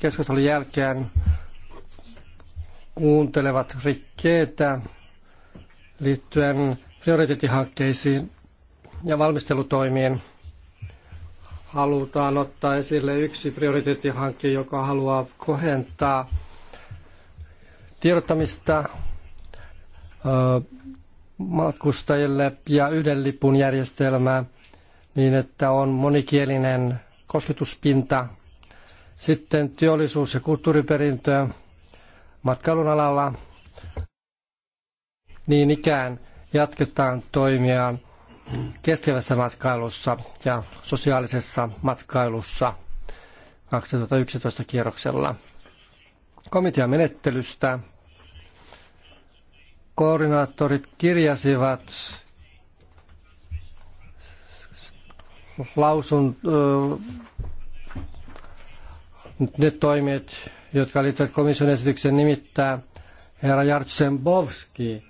keskustelun jälkeen kuuntelevat rikkeitä liittyen prioriteettihankkeisiin ja valmistelutoimiin. Halutaan ottaa esille yksi prioriteettihanke, joka haluaa kohentaa tiedottamista matkustajille ja yhden lipun järjestelmää niin, että on monikielinen kosketuspinta sitten teollisuus- ja kulttuuriperintöä matkailun alalla. Niin ikään jatketaan toimiaan kestävässä matkailussa ja sosiaalisessa matkailussa 2011 kierroksella. Komitean menettelystä koordinaattorit kirjasivat lausun, ne toimet, jotka liittyvät komission esityksen nimittää herra Jartsembovski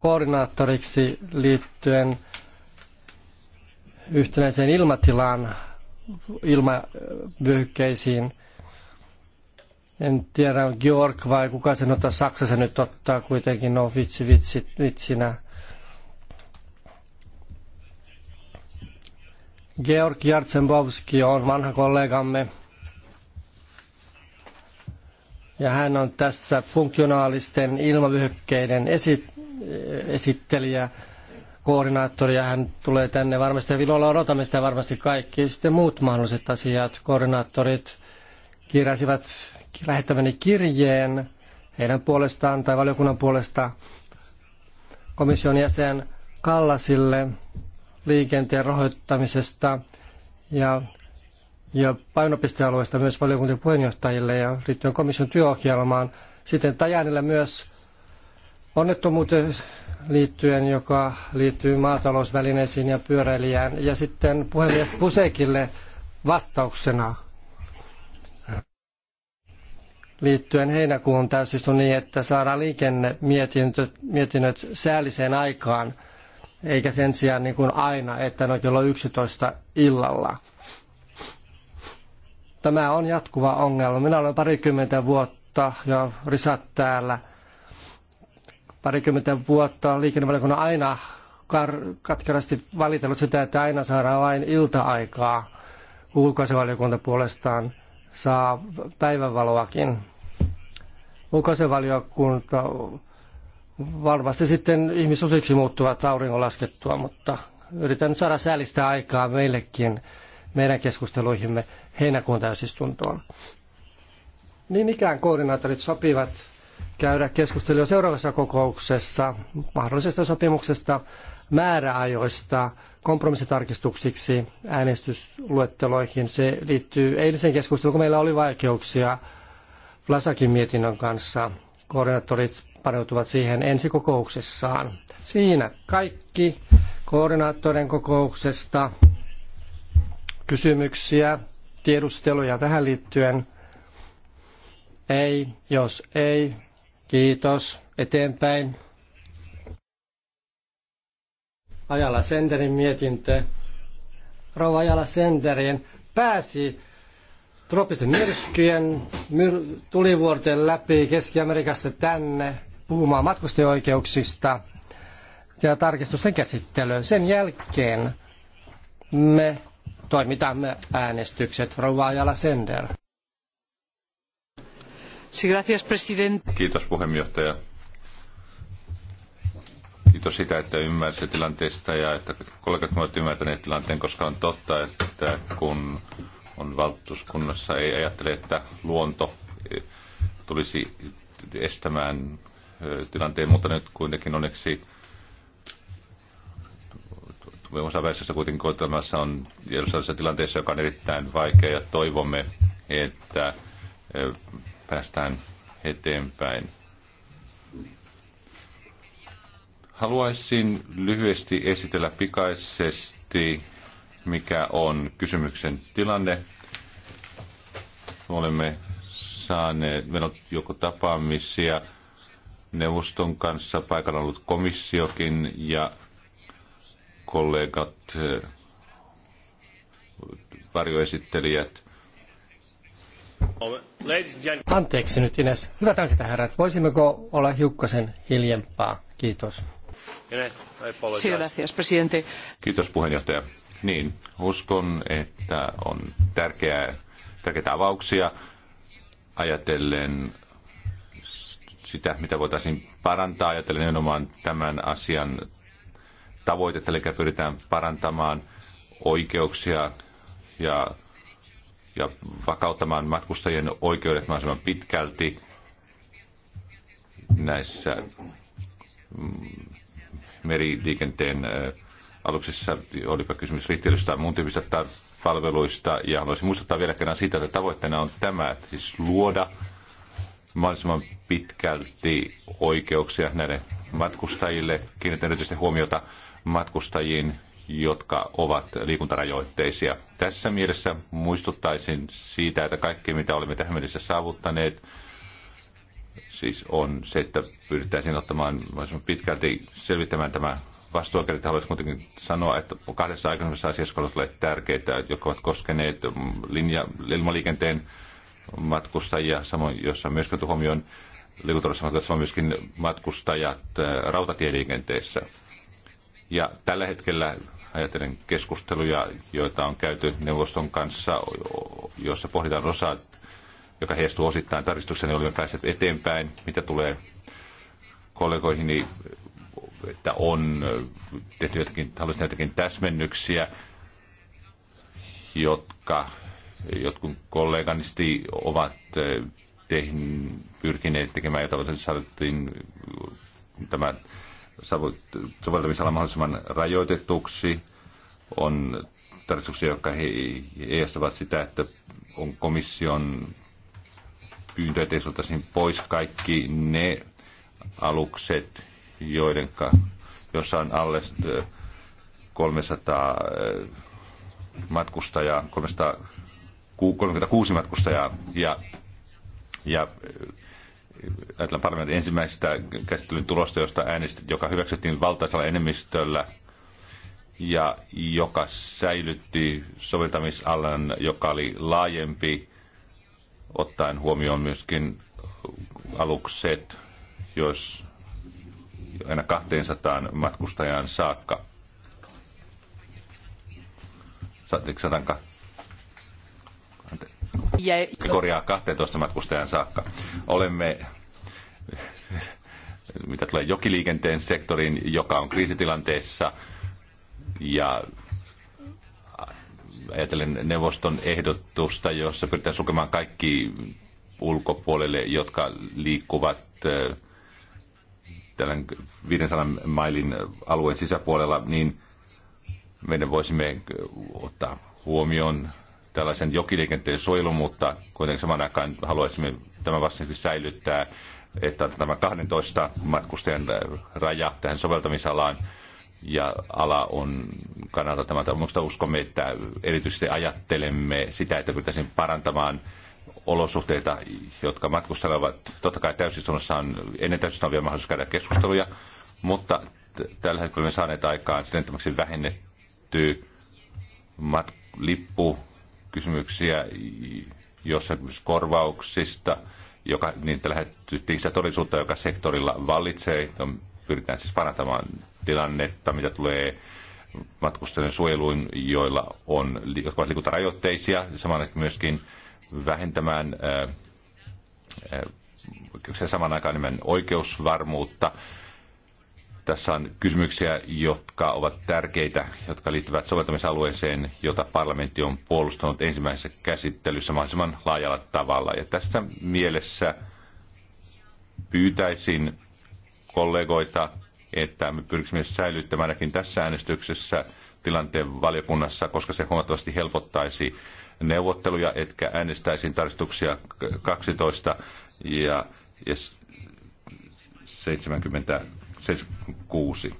koordinaattoriksi liittyen yhtenäiseen ilmatilaan, ilmavyöhykkeisiin. En tiedä, Georg vai kuka sen ottaa, Saksa se nyt ottaa kuitenkin, no vitsi, vitsi, vitsinä. Georg Jarzembowski on vanha kollegamme ja hän on tässä funktionaalisten ilmavyöhykkeiden esi- esittelijä, koordinaattori ja hän tulee tänne varmasti ja ilolla odotamme sitä varmasti kaikki. Sitten muut mahdolliset asiat, koordinaattorit kirjasivat lähettämäni kirjeen heidän puolestaan tai valiokunnan puolesta komission jäsen Kallasille liikenteen rahoittamisesta ja, ja painopistealueista myös valiokuntien puheenjohtajille ja liittyen komission työohjelmaan. Sitten Tajanilla myös onnettomuuteen liittyen, joka liittyy maatalousvälineisiin ja pyöräilijään. Ja sitten puhemies Pusekille vastauksena liittyen heinäkuun täysistuntoon niin, että saadaan liikennemietinnöt säälliseen aikaan – eikä sen sijaan niin kuin aina, että ne on kello 11 illalla. Tämä on jatkuva ongelma. Minä olen parikymmentä vuotta ja risat täällä. Parikymmentä vuotta liikennevaliokunnan aina kar- katkerasti valitellut sitä, että aina saadaan vain ilta-aikaa. Ulkoasevaliokunta puolestaan saa päivänvaloakin. Ulkoasevaliokunta varmasti sitten ihmisosiksi muuttuvat auringon laskettua, mutta yritän saada säällistä aikaa meillekin meidän keskusteluihimme heinäkuun täysistuntoon. Niin ikään koordinaattorit sopivat käydä keskustelua seuraavassa kokouksessa mahdollisesta sopimuksesta määräajoista kompromissitarkistuksiksi äänestysluetteloihin. Se liittyy eilisen keskusteluun, kun meillä oli vaikeuksia Vlasakin mietinnön kanssa. Koordinaattorit paneutuvat siihen ensi kokouksessaan. Siinä kaikki koordinaattorin kokouksesta kysymyksiä, tiedusteluja tähän liittyen. Ei, jos ei, kiitos, eteenpäin. Ajala Senderin mietintö. Rouva Ajala Senderin pääsi trooppisten myrskyjen myr- tulivuorten läpi Keski-Amerikasta tänne puhumaan matkustajoikeuksista ja tarkistusten käsittelyyn. Sen jälkeen me toimitamme äänestykset. Rouva Ajala Sender. Kiitos puheenjohtaja. Kiitos sitä, että ymmärsi tilanteesta ja että kollegat ovat ymmärtäneet tilanteen, koska on totta, että kun on valtuuskunnassa, ei ajattele, että luonto eh, tulisi estämään tilanteen, mutta nyt kuitenkin onneksi osa väestössä kuitenkin koetelmassa on sellaisessa tilanteessa, joka on erittäin vaikea ja toivomme, että päästään eteenpäin. Haluaisin lyhyesti esitellä pikaisesti, mikä on kysymyksen tilanne. Olemme saaneet, meillä on joko tapaamisia, neuvoston kanssa, paikalla ollut komissiokin ja kollegat, eh, varjoesittelijät. Anteeksi nyt Ines. Hyvät naiset herrat, voisimmeko olla hiukkasen hiljempaa? Kiitos. Kiitos puheenjohtaja. Niin, uskon, että on tärkeää, tärkeitä avauksia ajatellen sitä, mitä voitaisiin parantaa. Ajattelen nimenomaan tämän asian tavoitetta, eli pyritään parantamaan oikeuksia ja, ja vakauttamaan matkustajien oikeudet mahdollisimman pitkälti näissä mm, meriliikenteen aluksissa, olipa kysymys riittelystä tai muun tyyppisistä palveluista. Ja haluaisin muistuttaa vielä kerran siitä, että tavoitteena on tämä, että siis luoda mahdollisimman pitkälti oikeuksia näille matkustajille. Kiinnitän erityisesti huomiota matkustajiin, jotka ovat liikuntarajoitteisia. Tässä mielessä muistuttaisin siitä, että kaikki mitä olemme tähän mennessä saavuttaneet, siis on se, että pyrittäisiin ottamaan mahdollisimman pitkälti selvittämään tämä vastuuoikeudet. Haluaisin kuitenkin sanoa, että kahdessa aikaisemmassa asiassa on ollut tärkeitä, jotka ovat koskeneet linja, ilmaliikenteen matkustajia, samoin, jossa on myös huomioon liikuntarvoissa matkustajat, on myöskin matkustajat rautatieliikenteessä. Ja tällä hetkellä ajatellen keskusteluja, joita on käyty neuvoston kanssa, jossa pohditaan osaa, joka heistuu osittain tarkistuksen, niin olemme päässeet eteenpäin, mitä tulee kollegoihin, niin että on tehty jotakin, jotakin täsmennyksiä, jotka Jotkut kolleganisti ovat eh, tehn, pyrkineet tekemään jotain, että saatiin tämä soveltamisala mahdollisimman rajoitetuksi. On tarkoituksia, jotka he heijastavat sitä, että on komission pyyntö, että ei pois kaikki ne alukset, joiden, jossa on alle 300 matkustajaa, 300 36 matkustajaa ja, ja äh, ajatellaan parlamentin ensimmäisestä käsittelyn tulosta, josta äänestettiin, joka hyväksyttiin valtaisella enemmistöllä ja joka säilytti soveltamisalan, joka oli laajempi, ottaen huomioon myöskin alukset, jos aina 200 matkustajaan saakka. 102 Korjaa 12 matkustajan saakka. Olemme mitä tulee jokiliikenteen sektoriin, joka on kriisitilanteessa ja ajatellen neuvoston ehdotusta, jossa pyritään sulkemaan kaikki ulkopuolelle, jotka liikkuvat eh, tällainen 500 mailin alueen sisäpuolella, niin meidän voisimme ottaa huomioon tällaisen jokiliikenteen suojelun, mutta kuitenkin saman aikaan haluaisimme tämän vastaisesti säilyttää, että tämä 12 matkustajan raja tähän soveltamisalaan ja ala on kannalta tämä. Minusta uskomme, että erityisesti ajattelemme sitä, että pyytäisiin parantamaan olosuhteita, jotka matkustelevat. Totta kai täysistunnossa on, ennen täysistunnossa vielä mahdollisuus käydä keskusteluja, mutta tällä hetkellä me saaneet aikaan sinne vähennetty mat- lippu kysymyksiä, jossa kysymys korvauksista, joka, niin lähdettiin sitä todellisuutta, joka sektorilla vallitsee. Pyritään siis parantamaan tilannetta, mitä tulee matkustajien suojeluun, joilla on, jotka ovat liikuntarajoitteisia, samalla myöskin vähentämään ää, ää, saman aikaan nimen oikeusvarmuutta tässä on kysymyksiä, jotka ovat tärkeitä, jotka liittyvät soveltamisalueeseen, jota parlamentti on puolustanut ensimmäisessä käsittelyssä mahdollisimman laajalla tavalla. Ja tässä mielessä pyytäisin kollegoita, että me pyrkisimme säilyttämään tässä äänestyksessä tilanteen valiokunnassa, koska se huomattavasti helpottaisi neuvotteluja, etkä äänestäisiin tarkistuksia 12 ja, ja 70 76, siis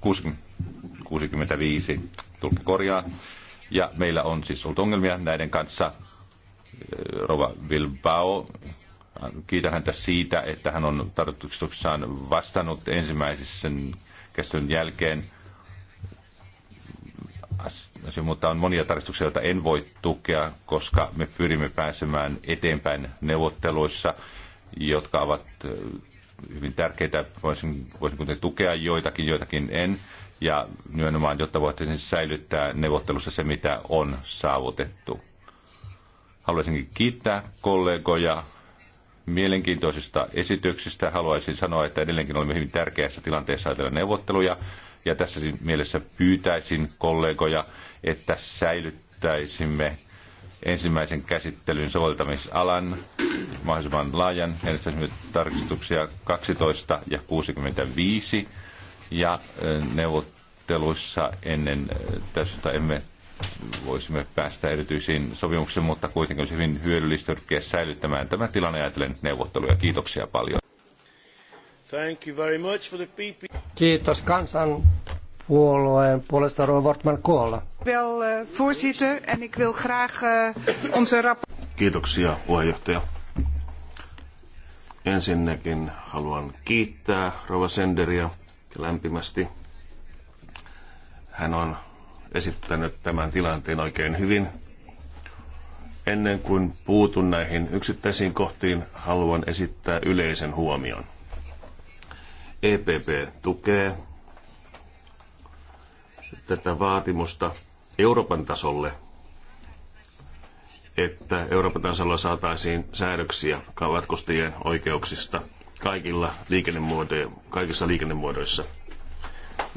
65 tulkki korjaa. Ja meillä on siis ollut ongelmia näiden kanssa. Rova Bilbao, kiitän häntä siitä, että hän on tarkoituksessaan vastannut ensimmäisen kestön jälkeen. Mutta on monia tarkistuksia, joita en voi tukea, koska me pyrimme pääsemään eteenpäin neuvotteluissa, jotka ovat hyvin tärkeitä. Voisin, voisin kuitenkin tukea joitakin, joitakin en. Ja nimenomaan, jotta voitaisiin säilyttää neuvottelussa se, mitä on saavutettu. Haluaisinkin kiittää kollegoja mielenkiintoisista esityksistä. Haluaisin sanoa, että edelleenkin olemme hyvin tärkeässä tilanteessa ajatella neuvotteluja. Ja tässä mielessä pyytäisin kollegoja, että säilyttäisimme ensimmäisen käsittelyn soveltamisalan mahdollisimman laajan. Äänestäisimme tarkistuksia 12 ja 65 ja neuvotteluissa ennen tästä emme voisimme päästä erityisiin sopimuksiin, mutta kuitenkin olisi hyvin hyödyllistä pyrkiä säilyttämään tämä tilanne ajatellen neuvotteluja. Kiitoksia paljon. Thank you very much for the PP. Kiitos kansanpuolueen puolesta Robert Mann Wel, eh, voorzitter, en ik wil graag eh, onze rapport... Kiitoksia, puheenjohtaja. Ensinnäkin haluan kiittää Rova Senderia lämpimästi. Hän on esittänyt tämän tilanteen oikein hyvin. Ennen kuin puutun näihin yksittäisiin kohtiin, haluan esittää yleisen huomion. EPP tukee tätä vaatimusta Euroopan tasolle, että Euroopan tasolla saataisiin säädöksiä matkustajien oikeuksista kaikilla liikennemuodoilla, kaikissa liikennemuodoissa,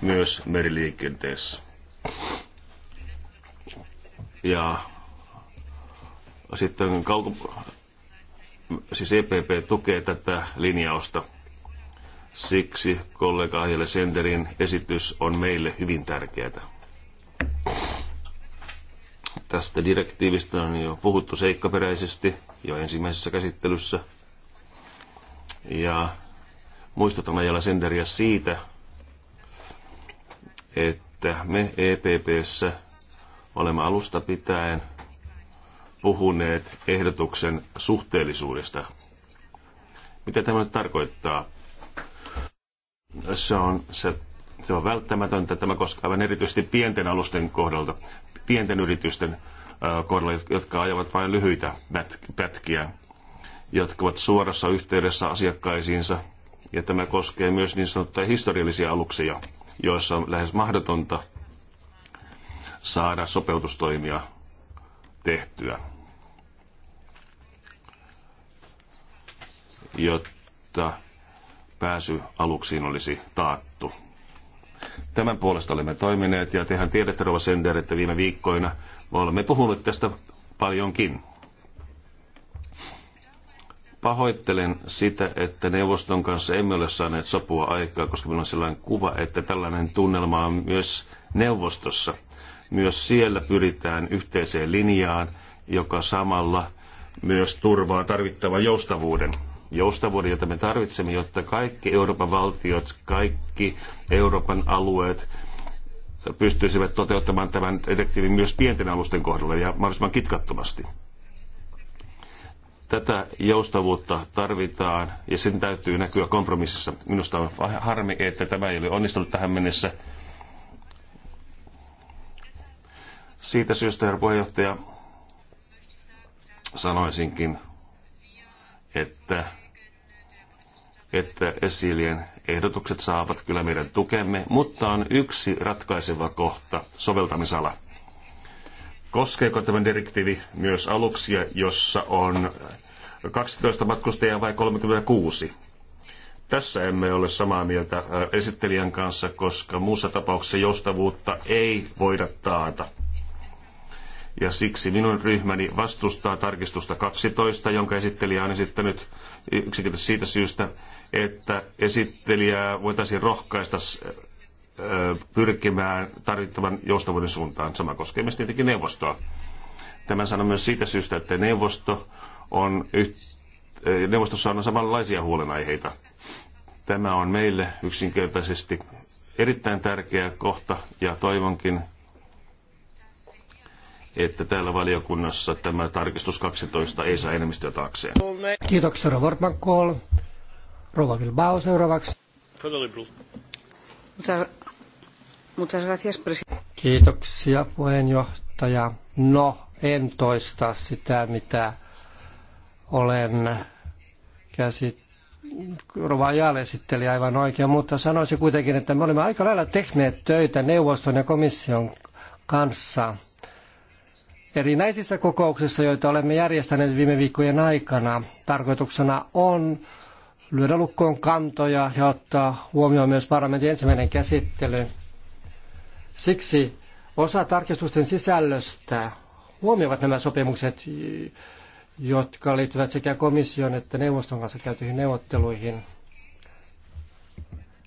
myös meriliikenteessä. Ja sitten kauko- siis EPP tukee tätä linjausta. Siksi kollega Ahjelle Senderin esitys on meille hyvin tärkeää. Tästä direktiivistä on jo puhuttu seikkaperäisesti jo ensimmäisessä käsittelyssä. Ja muistutan ajalla Senderiä siitä, että me EPPssä olemme alusta pitäen puhuneet ehdotuksen suhteellisuudesta. Mitä tämä nyt tarkoittaa? Se on, se, se on välttämätöntä. Tämä koskee vain erityisesti pienten alusten kohdalta pienten yritysten kohdalla, jotka ajavat vain lyhyitä pätkiä, jotka ovat suorassa yhteydessä asiakkaisiinsa. Ja tämä koskee myös niin sanottuja historiallisia aluksia, joissa on lähes mahdotonta saada sopeutustoimia tehtyä. Jotta pääsy aluksiin olisi taattu Tämän puolesta olemme toimineet ja tehän tiedätte, Rova Sender, että viime viikkoina me olemme puhuneet tästä paljonkin. Pahoittelen sitä, että neuvoston kanssa emme ole saaneet sopua aikaa, koska minulla on sellainen kuva, että tällainen tunnelma on myös neuvostossa. Myös siellä pyritään yhteiseen linjaan, joka samalla myös turvaa tarvittavan joustavuuden joustavuuden, jota me tarvitsemme, jotta kaikki Euroopan valtiot, kaikki Euroopan alueet pystyisivät toteuttamaan tämän direktiivin myös pienten alusten kohdalla ja mahdollisimman kitkattomasti. Tätä joustavuutta tarvitaan ja sen täytyy näkyä kompromississa. Minusta on harmi, että tämä ei ole onnistunut tähän mennessä. Siitä syystä, herra puheenjohtaja, sanoisinkin, että että Esilien ehdotukset saavat kyllä meidän tukemme, mutta on yksi ratkaiseva kohta, soveltamisala. Koskeeko tämä direktiivi myös aluksia, jossa on 12 matkustajaa vai 36? Tässä emme ole samaa mieltä esittelijän kanssa, koska muussa tapauksessa joustavuutta ei voida taata ja siksi minun ryhmäni vastustaa tarkistusta 12, jonka esittelijä on esittänyt yksinkertaisesti siitä syystä, että esittelijää voitaisiin rohkaista äh, pyrkimään tarvittavan joustavuuden suuntaan. Sama koskee myös tietenkin neuvostoa. Tämän sanon myös siitä syystä, että neuvosto on yht... Äh, neuvostossa on samanlaisia huolenaiheita. Tämä on meille yksinkertaisesti erittäin tärkeä kohta ja toivonkin, että täällä valiokunnassa tämä tarkistus 12 ei saa enemmistöä taakseen. Kiitoksia, Rova Wortman Kool. Rova Bilbao seuraavaksi. Kiitoksia, puheenjohtaja. No, en toista sitä, mitä olen käsit Rova Jaal esitteli aivan oikein, mutta sanoisin kuitenkin, että me olemme aika lailla tehneet töitä neuvoston ja komission kanssa – Erinäisissä kokouksissa, joita olemme järjestäneet viime viikkojen aikana, tarkoituksena on lyödä lukkoon kantoja ja ottaa huomioon myös parlamentin ensimmäinen käsittely. Siksi osa tarkistusten sisällöstä huomioivat nämä sopimukset, jotka liittyvät sekä komission että neuvoston kanssa käytyihin neuvotteluihin.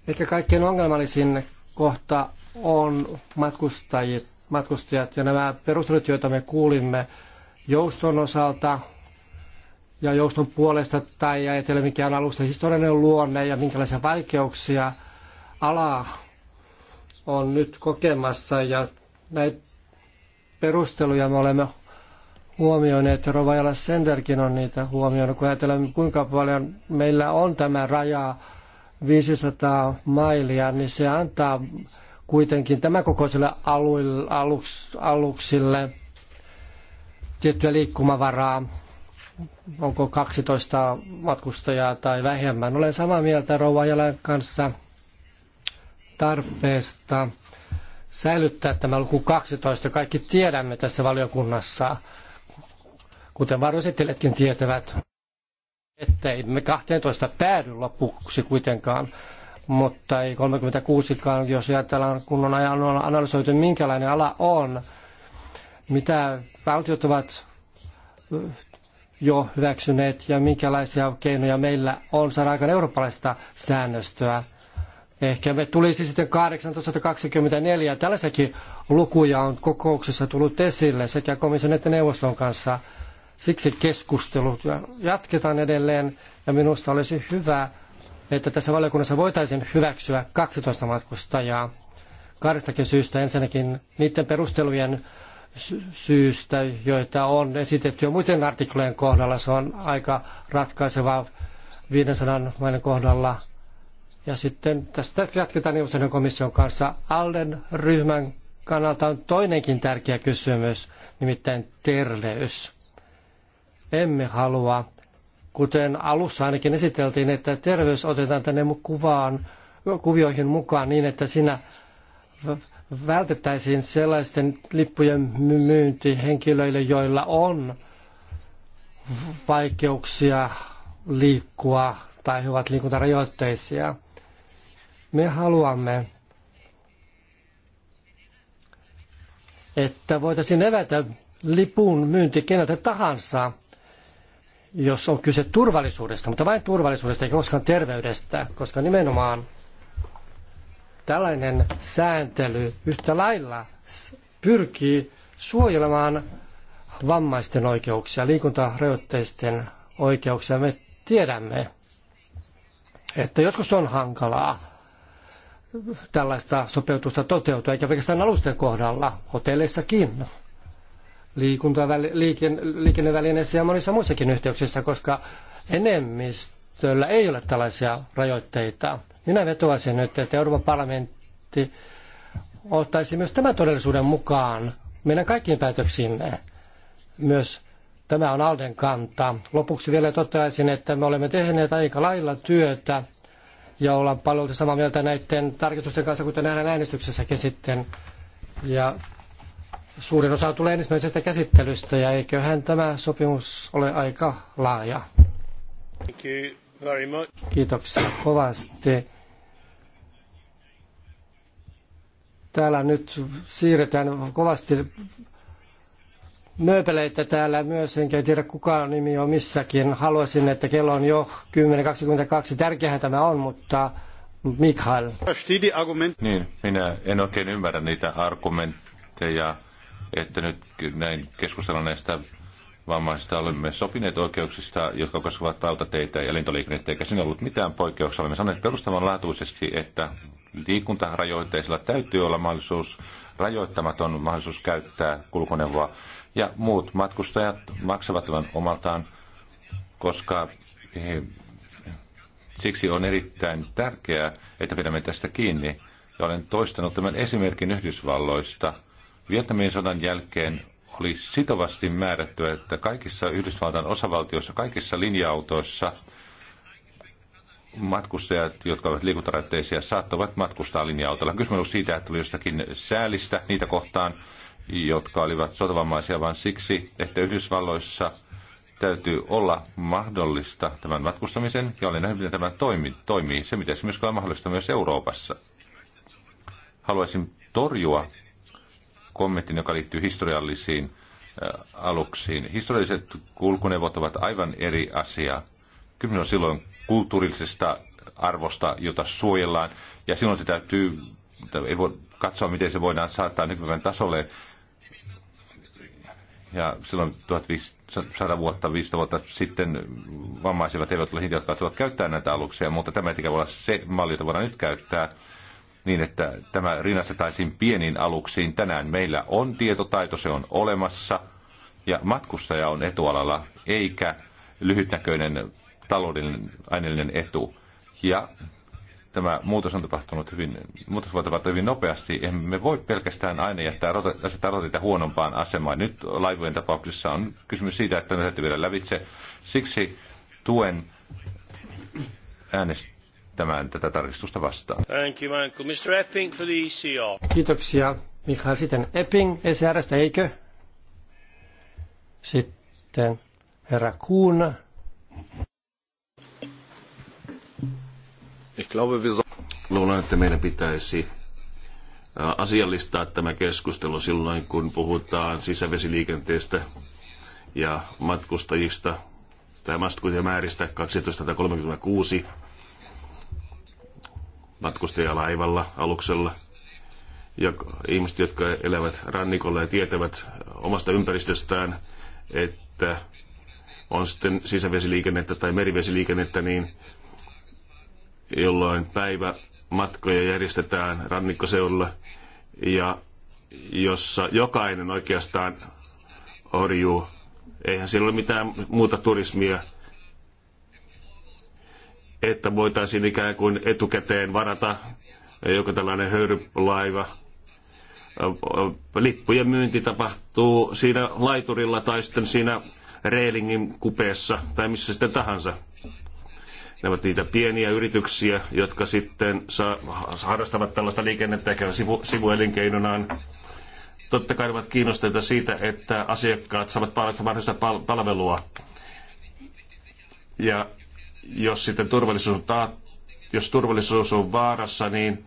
Ehkä kaikkein ongelmallisin kohta on matkustajien matkustajat ja nämä perustelut, joita me kuulimme jouston osalta ja jouston puolesta tai ajatella mikä on alusten historiallinen luonne ja minkälaisia vaikeuksia ala on nyt kokemassa ja näitä perusteluja me olemme huomioineet ja Rovajala Senderkin on niitä huomioinut, kun ajatellaan kuinka paljon meillä on tämä raja 500 mailia, niin se antaa kuitenkin tämä kokoisille aluks, aluksille tiettyä liikkumavaraa, onko 12 matkustajaa tai vähemmän. Olen samaa mieltä Rouva Jalan kanssa tarpeesta säilyttää tämä luku 12. Kaikki tiedämme tässä valiokunnassa, kuten varoesittelijätkin tietävät, ettei me 12 päädy lopuksi kuitenkaan mutta ei 36kaan, jos ajatellaan, kun on analysoitu, minkälainen ala on, mitä valtiot ovat jo hyväksyneet ja minkälaisia keinoja meillä on saada aikaan eurooppalaista säännöstöä. Ehkä me tulisi sitten 1824. Tällaisiakin lukuja on kokouksessa tullut esille sekä komission että neuvoston kanssa. Siksi keskustelut jatketaan edelleen ja minusta olisi hyvä, että tässä valiokunnassa voitaisiin hyväksyä 12 matkustajaa kahdestakin syystä. Ensinnäkin niiden perustelujen syystä, joita on esitetty jo muiden artiklojen kohdalla. Se on aika ratkaiseva 500 maiden kohdalla. Ja sitten tästä jatketaan neuvoston komission kanssa. Alden ryhmän kannalta on toinenkin tärkeä kysymys, nimittäin terveys. Emme halua kuten alussa ainakin esiteltiin, että terveys otetaan tänne kuvaan, kuvioihin mukaan niin, että siinä vältettäisiin sellaisten lippujen myynti henkilöille, joilla on vaikeuksia liikkua tai he ovat liikuntarajoitteisia. Me haluamme, että voitaisiin evätä lipun myynti keneltä tahansa – jos on kyse turvallisuudesta, mutta vain turvallisuudesta eikä koskaan terveydestä, koska nimenomaan tällainen sääntely yhtä lailla pyrkii suojelemaan vammaisten oikeuksia, liikuntarajoitteisten oikeuksia. Me tiedämme, että joskus on hankalaa tällaista sopeutusta toteutua, eikä pelkästään alusten kohdalla, hotelleissakin liiken, liikennevälineissä ja monissa muissakin yhteyksissä, koska enemmistöllä ei ole tällaisia rajoitteita. Minä vetoaisin nyt, että Euroopan parlamentti ottaisi myös tämän todellisuuden mukaan meidän kaikkiin päätöksiimme. Myös tämä on Alden kanta. Lopuksi vielä toteaisin, että me olemme tehneet aika lailla työtä ja ollaan paljon samaa mieltä näiden tarkistusten kanssa, kuten nähdään äänestyksessäkin sitten. Ja Suurin osa tulee ensimmäisestä käsittelystä ja eiköhän tämä sopimus ole aika laaja. Kiitoksia kovasti. Täällä nyt siirretään kovasti mööpeleitä täällä myös, enkä tiedä kuka nimi on missäkin. Haluaisin, että kello on jo 10.22. Tärkeähän tämä on, mutta Mikael. Niin, minä en oikein ymmärrä niitä argumentteja, että nyt näin keskustellaan näistä vammaisista olemme sopineet oikeuksista, jotka koskevat rautateitä ja lentoliikennettä, eikä siinä ollut mitään poikkeuksia. Olemme sanoneet perustavanlaatuisesti, että liikuntarajoitteisilla täytyy olla mahdollisuus, rajoittamaton mahdollisuus käyttää kulkuneuvoa. Ja muut matkustajat maksavat tämän omaltaan, koska he, siksi on erittäin tärkeää, että pidämme tästä kiinni. Ja olen toistanut tämän esimerkin Yhdysvalloista – Vietnamin sodan jälkeen oli sitovasti määrätty, että kaikissa Yhdysvaltain osavaltioissa, kaikissa linja-autoissa matkustajat, jotka ovat liikuntarajoitteisia, saattavat matkustaa linja-autolla. Kysymys on siitä, että oli jostakin säälistä niitä kohtaan, jotka olivat sotavammaisia, vaan siksi, että Yhdysvalloissa täytyy olla mahdollista tämän matkustamisen, ja olen nähnyt, miten tämä toimi, toimii. Se se myös on mahdollista myös Euroopassa. Haluaisin torjua kommentin, joka liittyy historiallisiin aluksiin. Historialliset kulkuneuvot ovat aivan eri asia. Kysymys on silloin kulttuurillisesta arvosta, jota suojellaan, ja silloin se täytyy ei voi katsoa, miten se voidaan saattaa nykypäivän tasolle. Ja silloin 1500 vuotta, 500 vuotta sitten vammaisivat eivät ole niitä, jotka ovat käyttää näitä aluksia, mutta tämä ei voi olla se malli, jota voidaan nyt käyttää niin, että tämä rinnastetaisiin pieniin aluksiin. Tänään meillä on tietotaito, se on olemassa ja matkustaja on etualalla, eikä lyhytnäköinen taloudellinen aineellinen etu. Ja tämä muutos on tapahtunut hyvin, muutos voi tapahtua hyvin nopeasti. Emme me voi pelkästään aina jättää asettaa roteita huonompaan asemaan. Nyt laivojen tapauksessa on kysymys siitä, että ne täytyy vielä lävitse. Siksi tuen äänestä tämän tätä tarkistusta vastaan. Thank you, Mr. Epping for the ECR. Kiitoksia. Mikael sitten Epping ECRstä, eikö? Sitten herra Kuuna. Luulen, että meidän pitäisi asiallistaa tämä keskustelu silloin, kun puhutaan sisävesiliikenteestä ja matkustajista tai matkustajamääristä 1236 matkustajalaivalla, aluksella. Ja ihmiset, jotka elävät rannikolla ja tietävät omasta ympäristöstään, että on sitten sisävesiliikennettä tai merivesiliikennettä, niin jolloin päivämatkoja järjestetään rannikkoseudulla ja jossa jokainen oikeastaan orjuu. Eihän siellä ole mitään muuta turismia että voitaisiin ikään kuin etukäteen varata joku tällainen höyrylaiva. Lippujen myynti tapahtuu siinä laiturilla tai sitten siinä reilingin kupeessa tai missä sitten tahansa. Ne ovat niitä pieniä yrityksiä, jotka sitten saa, harrastavat tällaista liikennettä ja sivu, sivuelinkeinonaan. Totta kai ovat kiinnostuneita siitä, että asiakkaat saavat parasta palvelua. Ja jos sitten turvallisuus on jos turvallisuus on vaarassa, niin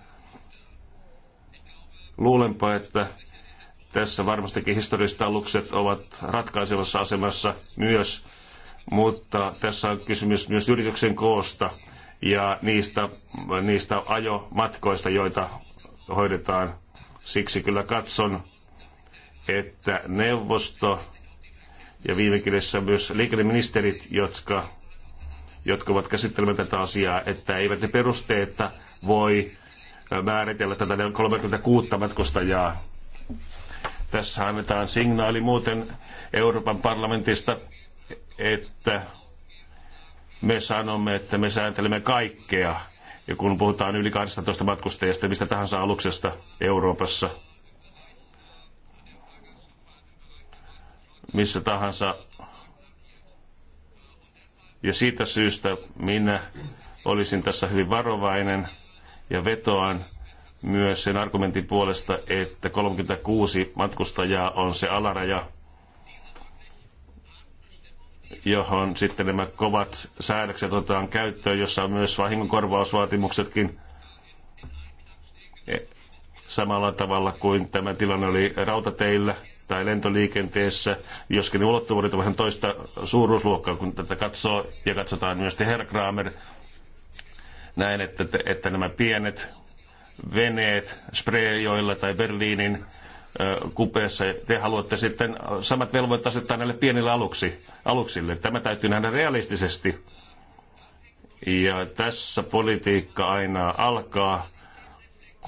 luulenpa, että tässä varmastikin historialliset alukset ovat ratkaisevassa asemassa myös, mutta tässä on kysymys myös yrityksen koosta ja niistä, niistä ajomatkoista, joita hoidetaan. Siksi kyllä katson, että neuvosto ja viime kädessä myös liikenneministerit, jotka jotka ovat käsittelemään tätä asiaa, että eivät ne perusteetta voi määritellä tätä 36 matkustajaa. Tässä annetaan signaali muuten Euroopan parlamentista, että me sanomme, että me sääntelemme kaikkea. Ja kun puhutaan yli 12 matkustajasta mistä tahansa aluksesta Euroopassa, missä tahansa ja siitä syystä minä olisin tässä hyvin varovainen ja vetoan myös sen argumentin puolesta, että 36 matkustajaa on se alaraja, johon sitten nämä kovat säädökset otetaan käyttöön, jossa on myös vahingonkorvausvaatimuksetkin e, samalla tavalla kuin tämä tilanne oli rautateillä – tai lentoliikenteessä, joskin ne ulottuvuudet on vähän toista suuruusluokkaa, kun tätä katsoo ja katsotaan myös Herr Kramer, näin, että, että nämä pienet veneet Spreejoilla tai Berliinin kupeessa. Te haluatte sitten samat velvoit asettaa näille pienille aluksi, aluksille. Tämä täytyy nähdä realistisesti. Ja tässä politiikka aina alkaa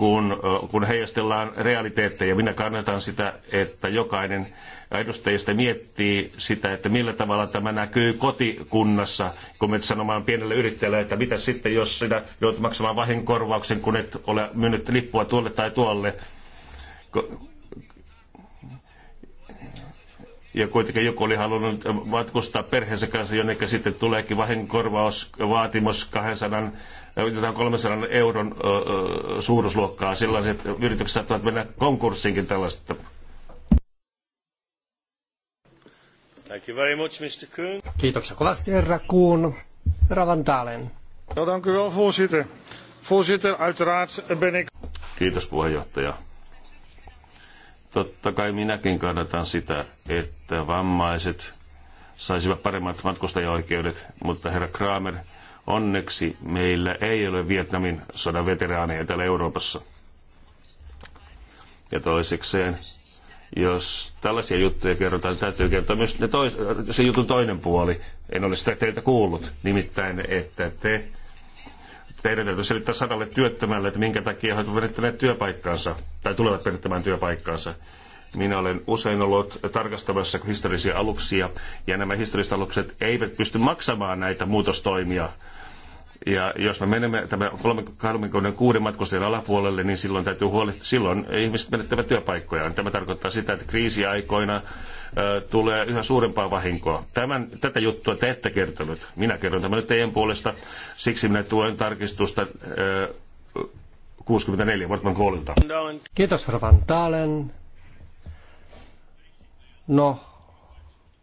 kun, kun heijastellaan realiteetteja. Minä kannatan sitä, että jokainen edustajista miettii sitä, että millä tavalla tämä näkyy kotikunnassa, kun me sanomaan pienelle yrittäjälle, että mitä sitten, jos sinä joudut maksamaan vahinkorvauksen, kun et ole myynyt lippua tuolle tai tuolle ja kuitenkin joku oli halunnut matkustaa perheensä kanssa jonnekin, sitten tuleekin vahinkorvausvaatimus 200, 300 euron äh, äh, suuruusluokkaa. Sellaiset yritykset saattavat mennä konkurssiinkin tällaista. Thank you very much, Mr. Kuhn. Kiitoksia kovasti, herra Kuhn. Herra Van No, voorzitter. Voorzitter, uiteraard ben ik... Kiitos, puheenjohtaja Totta kai minäkin kannatan sitä, että vammaiset saisivat paremmat matkustajaoikeudet, mutta herra Kramer, onneksi meillä ei ole Vietnamin sodan veteraaneja täällä Euroopassa. Ja toisekseen, jos tällaisia juttuja kerrotaan, täytyy kertoa myös ne tois, se jutun toinen puoli. En ole sitä teiltä kuullut, nimittäin, että te teidän täytyy selittää sadalle työttömälle, että minkä takia he ovat menettäneet työpaikkaansa tai tulevat menettämään työpaikkaansa. Minä olen usein ollut tarkastamassa historiallisia aluksia, ja nämä historialliset alukset eivät pysty maksamaan näitä muutostoimia. Ja jos me menemme tämän 36 matkustajan alapuolelle, niin silloin täytyy huolehtia, silloin ihmiset menettävät työpaikkojaan. Tämä tarkoittaa sitä, että kriisiaikoina ö, tulee yhä suurempaa vahinkoa. Tämän, tätä juttua te ette kertonut. Minä kerron tämän nyt teidän puolesta. Siksi minä tuen tarkistusta ö, 64 Wortman Koolilta. Kiitos, Ravan Taalen. No,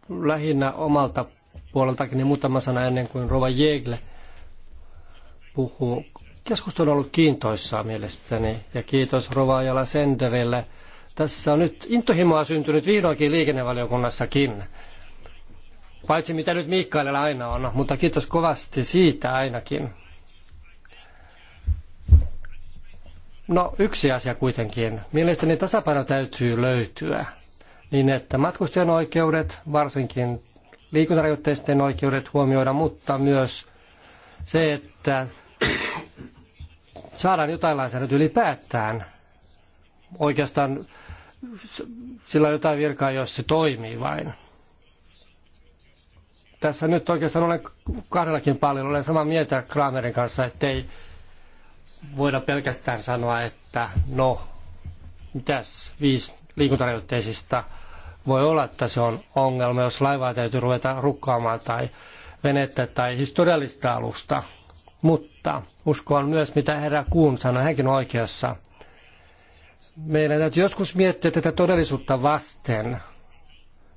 lähinnä omalta puoleltakin niin muutama sana ennen kuin Rova Jegle puhuu. Keskustelu on ollut kiintoissaa mielestäni ja kiitos Rovaajala Senderille. Tässä on nyt intohimoa syntynyt vihdoinkin liikennevaliokunnassakin. Paitsi mitä nyt Mikaelilla aina on, mutta kiitos kovasti siitä ainakin. No yksi asia kuitenkin. Mielestäni tasapaino täytyy löytyä niin, että matkustajan oikeudet, varsinkin liikuntarajoitteisten oikeudet huomioida, mutta myös se, että saadaan jotain lainsäädäntöä ylipäätään. Oikeastaan sillä on jotain virkaa, jos se toimii vain. Tässä nyt oikeastaan olen kahdellakin paljon, olen samaa mieltä Kramerin kanssa, ettei voida pelkästään sanoa, että no, mitäs viisi liikuntarajoitteisista voi olla, että se on ongelma, jos laivaa täytyy ruveta rukkaamaan tai venettä tai historiallista alusta. Mutta uskoa myös, mitä herra Kuun sanoi, hänkin on oikeassa. Meidän täytyy joskus miettiä tätä todellisuutta vasten.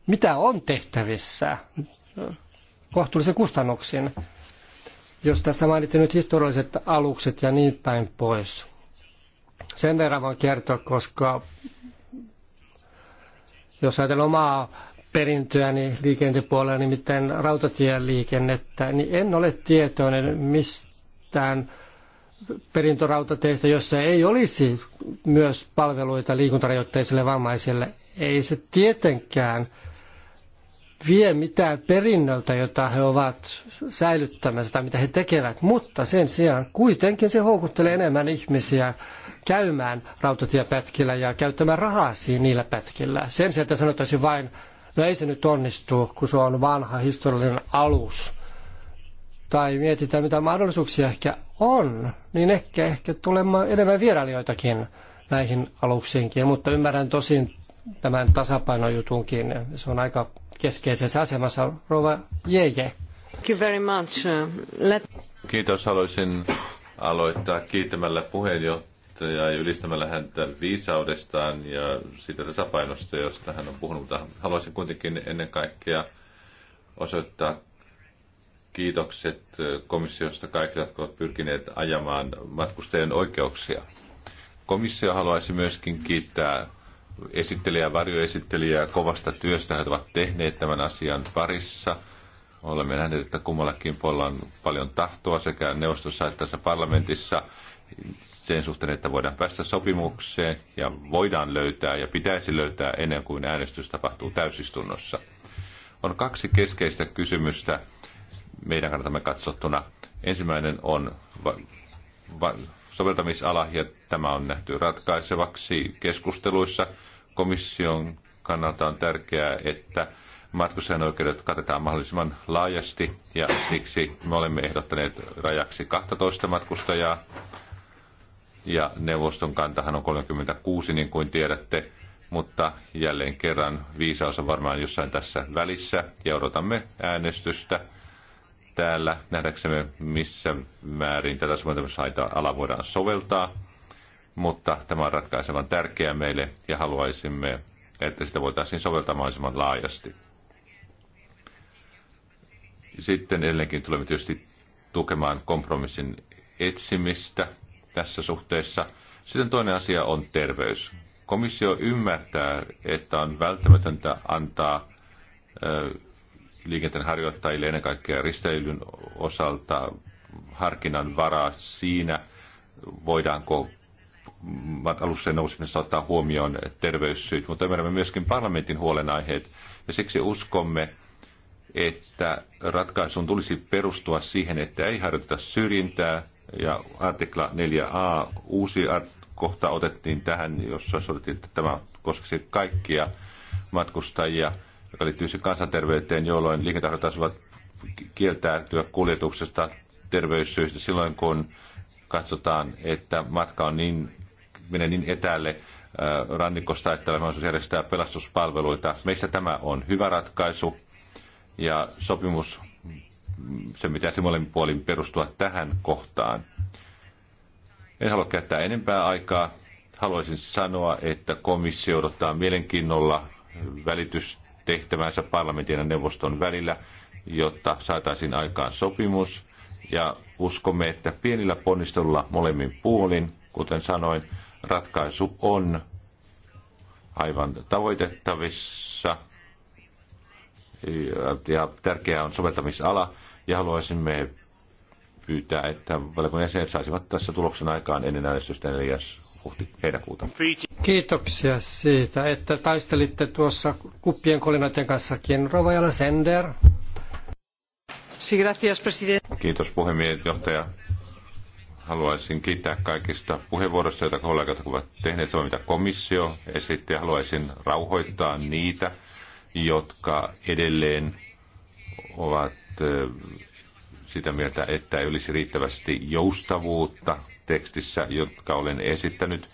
Mitä on tehtävissä kohtuullisen kustannuksin, jos tässä mainittiin nyt historialliset alukset ja niin päin pois. Sen verran voin kertoa, koska jos ajatellaan omaa perintöäni niin liikenteen puolella, nimittäin rautatieliikennettä, niin en ole tietoinen, mistä mistään perintörautateistä, jossa ei olisi myös palveluita liikuntarajoitteisille vammaisille. Ei se tietenkään vie mitään perinnöltä, jota he ovat säilyttämässä tai mitä he tekevät, mutta sen sijaan kuitenkin se houkuttelee enemmän ihmisiä käymään rautatiepätkillä ja käyttämään rahaa niillä pätkillä. Sen sijaan, että sanottaisiin vain, no ei se nyt onnistu, kun se on vanha historiallinen alus tai mietitään mitä mahdollisuuksia ehkä on, niin ehkä, ehkä tulemaan enemmän vierailijoitakin näihin aluksiinkin, mutta ymmärrän tosin tämän tasapainojutunkin. Se on aika keskeisessä asemassa. Rova Jeje. Thank you very much. Let... Kiitos. Haluaisin aloittaa kiittämällä puheenjohtajaa ja ylistämällä häntä viisaudestaan ja siitä tasapainosta, josta hän on puhunut. Mutta haluaisin kuitenkin ennen kaikkea osoittaa kiitokset komissiosta kaikille, jotka ovat pyrkineet ajamaan matkustajien oikeuksia. Komissio haluaisi myöskin kiittää esittelijä esittelijää, varjoesittelijää kovasta työstä, jotka ovat tehneet tämän asian parissa. Olemme nähneet, että kummallakin puolella on paljon tahtoa sekä neuvostossa että tässä parlamentissa sen suhteen, että voidaan päästä sopimukseen ja voidaan löytää ja pitäisi löytää ennen kuin äänestys tapahtuu täysistunnossa. On kaksi keskeistä kysymystä, meidän kannatamme katsottuna. Ensimmäinen on va- va- soveltamisala, ja tämä on nähty ratkaisevaksi keskusteluissa. Komission kannalta on tärkeää, että matkustajan oikeudet katetaan mahdollisimman laajasti, ja siksi me olemme ehdottaneet rajaksi 12 matkustajaa, ja neuvoston kantahan on 36, niin kuin tiedätte, mutta jälleen kerran viisaus on varmaan jossain tässä välissä, ja odotamme äänestystä täällä nähdäksemme, missä määrin tätä soveltamisaita-ala voidaan soveltaa, mutta tämä on ratkaisevan tärkeää meille ja haluaisimme, että sitä voitaisiin soveltaa mahdollisimman laajasti. Sitten edelleenkin tulemme tietysti tukemaan kompromissin etsimistä tässä suhteessa. Sitten toinen asia on terveys. Komissio ymmärtää, että on välttämätöntä antaa ö, liikenteen harjoittajille ennen kaikkea risteilyn osalta harkinnan varaa siinä, voidaanko alussa nousemisessa ottaa huomioon terveyssyyt, mutta ymmärrämme myöskin parlamentin huolenaiheet ja siksi uskomme, että ratkaisun tulisi perustua siihen, että ei harjoiteta syrjintää ja artikla 4a uusi kohta otettiin tähän, jossa sovittiin, että tämä koskisi kaikkia matkustajia – joka liittyisi siis kansanterveyteen, jolloin liikentahdot taisivat kieltäytyä kuljetuksesta terveyssyistä silloin, kun katsotaan, että matka on niin, menee niin etäälle äh, rannikosta, että on mahdollisuus järjestää pelastuspalveluita. Meistä tämä on hyvä ratkaisu ja sopimus, se se molemmin puolin perustua tähän kohtaan. En halua käyttää enempää aikaa. Haluaisin sanoa, että komissio odottaa mielenkiinnolla välitys, tehtävänsä parlamentin ja neuvoston välillä, jotta saataisiin aikaan sopimus. Ja uskomme, että pienillä ponnistelulla molemmin puolin, kuten sanoin, ratkaisu on aivan tavoitettavissa. Ja tärkeää on soveltamisala ja haluaisimme pyytää, että valiokunnan jäsenet saisivat tässä tuloksen aikaan ennen äänestystä 4. Huhti, heinäkuuta. Kiitoksia siitä, että taistelitte tuossa kuppien kolinoiden kanssakin. Rovajala Sender. Kiitos johtaja. Haluaisin kiittää kaikista puheenvuoroista, joita kollegat ovat tehneet, samoin mitä komissio esitti. Haluaisin rauhoittaa niitä, jotka edelleen ovat sitä mieltä, että ei olisi riittävästi joustavuutta tekstissä, jotka olen esittänyt.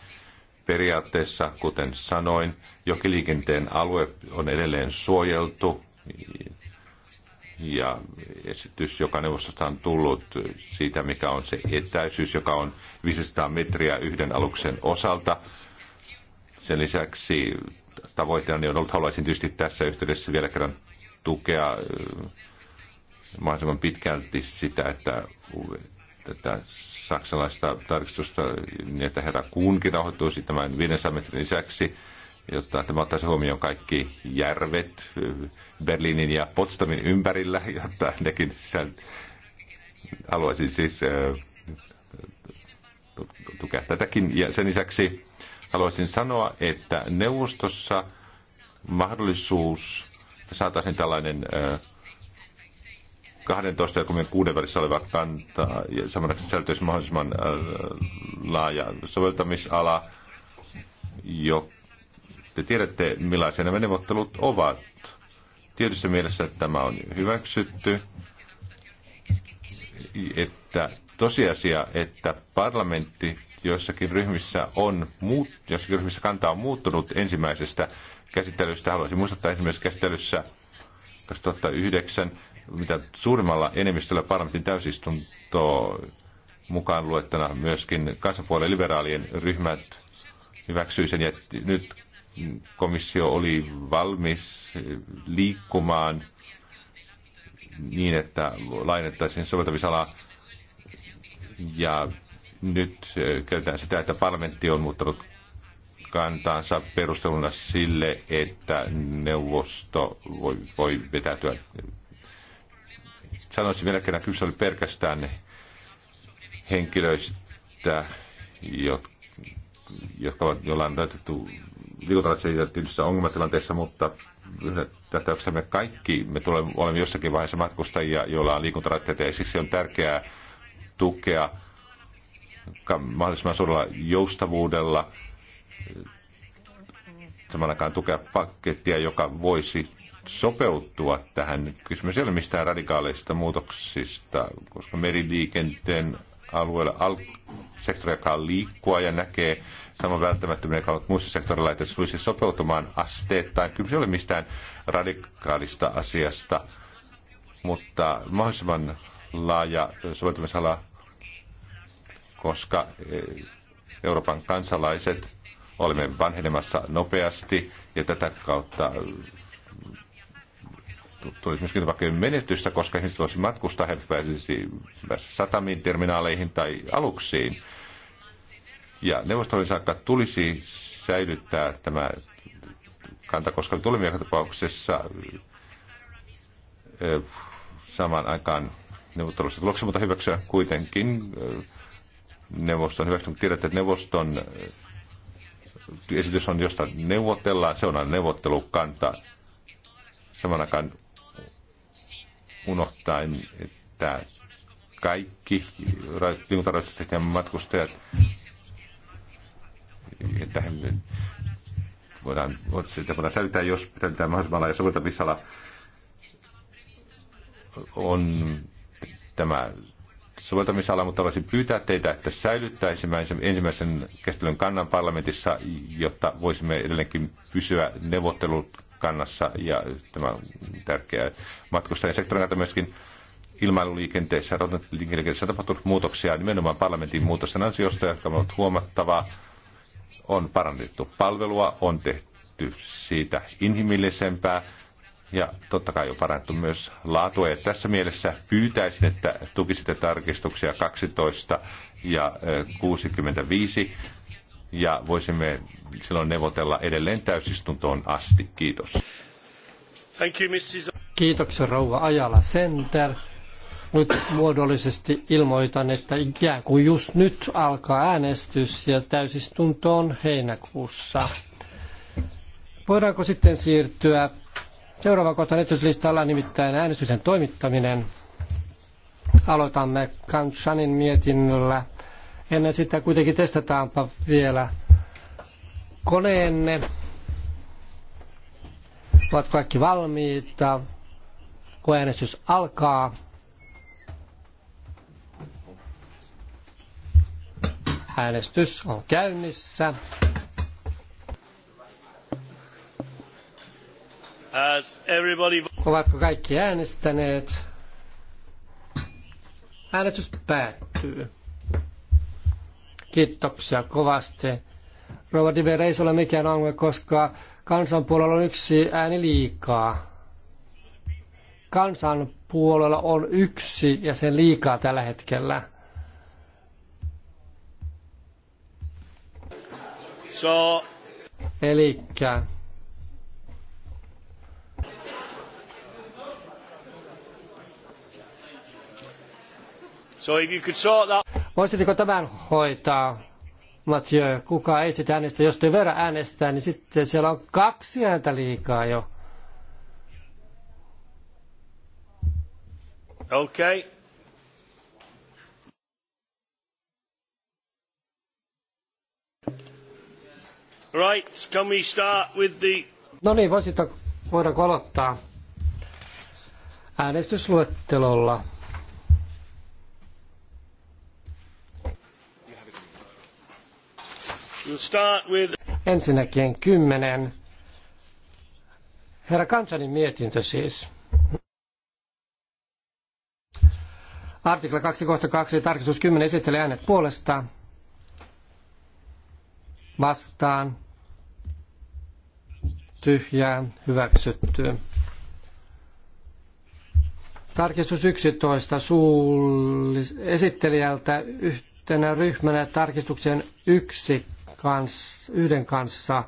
Periaatteessa, kuten sanoin, jokiliikenteen alue on edelleen suojeltu ja esitys, joka neuvostosta on tullut siitä, mikä on se etäisyys, joka on 500 metriä yhden aluksen osalta. Sen lisäksi tavoitteena on ollut, haluaisin tietysti tässä yhteydessä vielä kerran tukea mahdollisimman pitkälti sitä, että tätä saksalaista tarkistusta, niin että herra Kuunkin rahoittuisi tämän 500 metrin lisäksi, jotta tämä ottaisi huomioon kaikki järvet eh, Berliinin ja Potsdamin ympärillä, jotta nekin sisään, haluaisin siis eh, tukea tätäkin. Ja sen lisäksi haluaisin sanoa, että neuvostossa mahdollisuus, että saataisiin tällainen eh, 12 ja 36 välissä oleva kantaa ja samanlaista sisältyisi mahdollisimman äh, laaja soveltamisala, jo te tiedätte, millaisia nämä neuvottelut ovat. Tietyssä mielessä tämä on hyväksytty, että tosiasia, että parlamentti joissakin ryhmissä on muut, joissakin ryhmissä kanta on muuttunut ensimmäisestä käsittelystä. Haluaisin muistuttaa esimerkiksi käsittelyssä 2009 mitä suurimmalla enemmistöllä parlamentin täysistunto mukaan luettuna myöskin kansanpuolen liberaalien ryhmät hyväksyi sen. että nyt komissio oli valmis liikkumaan niin, että lainettaisiin soveltamisalaa ja nyt käytetään sitä, että parlamentti on muuttanut kantaansa perusteluna sille, että neuvosto voi, voi vetäytyä Sanoisin vielä kerran, kysymys oli pelkästään henkilöistä, jotka, jotka ovat jollain laitettu liikuntalaisessa ongelmatilanteessa, mutta tätä me kaikki, me tulemme, olemme jossakin vaiheessa matkustajia, joilla on liikuntarajoitteita, ja siksi on tärkeää tukea mahdollisimman suurella joustavuudella samanakaan tukea pakettia, joka voisi sopeutua tähän. Kysymys ei ole mistään radikaaleista muutoksista, koska meriliikenteen alueella al- sektori, joka liikkua ja näkee saman välttämättömyyden, joka on muissa sektoreilla, että se tulisi sopeutumaan asteittain. Kyllä se ei ole mistään radikaalista asiasta, mutta mahdollisimman laaja soveltamisala, koska eh, Euroopan kansalaiset olemme vanhenemassa nopeasti ja tätä kautta tulisi myöskin vaikka menetystä, koska ihmiset olisi matkustaa, he pääsisi satamiin, terminaaleihin tai aluksiin. Ja neuvostoliin saakka tulisi säilyttää tämä kanta, koska tuli tapauksessa saman aikaan neuvottelussa tuloksen, mutta hyväksyä kuitenkin neuvoston hyväksynyt tiedätte, että neuvoston esitys on, josta neuvotellaan, se on aina neuvottelukanta. Saman aikaan unohtaen, että kaikki liikuntarajoitukset ja matkustajat, että he voidaan, voidaan säilyttää, jos tämä mahdollisimman laaja soveltamisala, on tämä soveltamisala, mutta haluaisin pyytää teitä, että säilyttäisimme ensimmäisen kestelyn kannan parlamentissa, jotta voisimme edelleenkin pysyä neuvottelut kannassa ja tämä on tärkeää matkustajien sektorin myöskin ilmailuliikenteessä ja rautatieliikenteessä on tapahtunut muutoksia nimenomaan parlamentin muutosten ansiosta, jotka ovat huomattavaa. On parannettu palvelua, on tehty siitä inhimillisempää ja totta kai on parannettu myös laatua. Ja tässä mielessä pyytäisin, että tukisitte tarkistuksia 12 ja 65 eh, ja voisimme silloin neuvotella edelleen täysistuntoon asti. Kiitos. Thank you, Mrs. Kiitoksia rouva Ajala Center. Nyt muodollisesti ilmoitan, että ikään kuin just nyt alkaa äänestys ja täysistunto on heinäkuussa. Voidaanko sitten siirtyä seuraava kohtaan esityslistalla nimittäin äänestyksen toimittaminen. Aloitamme Kansanin mietinnöllä. Ennen sitä kuitenkin testataanpa vielä koneenne. Ovat kaikki valmiita. Koeäänestys alkaa. Äänestys on käynnissä. As everybody... Ovatko kaikki äänestäneet? Äänestys päättyy. Kiitoksia kovasti. Rouva Diber ei ole mikään ongelma, koska kansanpuolella on yksi ääni liikaa. Kansanpuolella on yksi ja sen liikaa tällä hetkellä. So. Elikkä. So if you could sort that Voisitteko tämän hoitaa, Mathieu? Kuka ei sitä äänestä? Jos te verran äänestää, niin sitten siellä on kaksi ääntä liikaa jo. Okei. Okay. Right, can we start with the... No niin, voisitko, voidaanko aloittaa äänestysluettelolla? With... Ensinnäkin kymmenen. Herra Kansanin mietintö siis. Artikla 2.2 tarkistus 10 esittelee äänet puolesta vastaan tyhjää hyväksytty. Tarkistus 11 suullis- esittelijältä yhtenä ryhmänä tarkistuksen yksi kans, yhden kanssa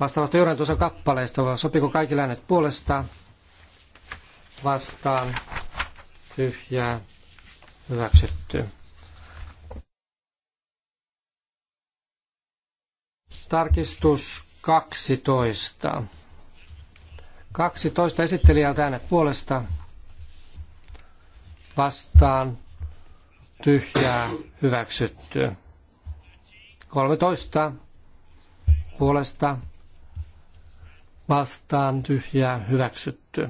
vastaavasta johdantosa kappaleesta. Sopiko kaikki äänet puolesta? Vastaan. Tyhjää. Hyväksytty. Tarkistus 12. 12 esittelijältä äänet puolesta vastaan tyhjää hyväksytty. 13 puolesta vastaan tyhjää hyväksytty.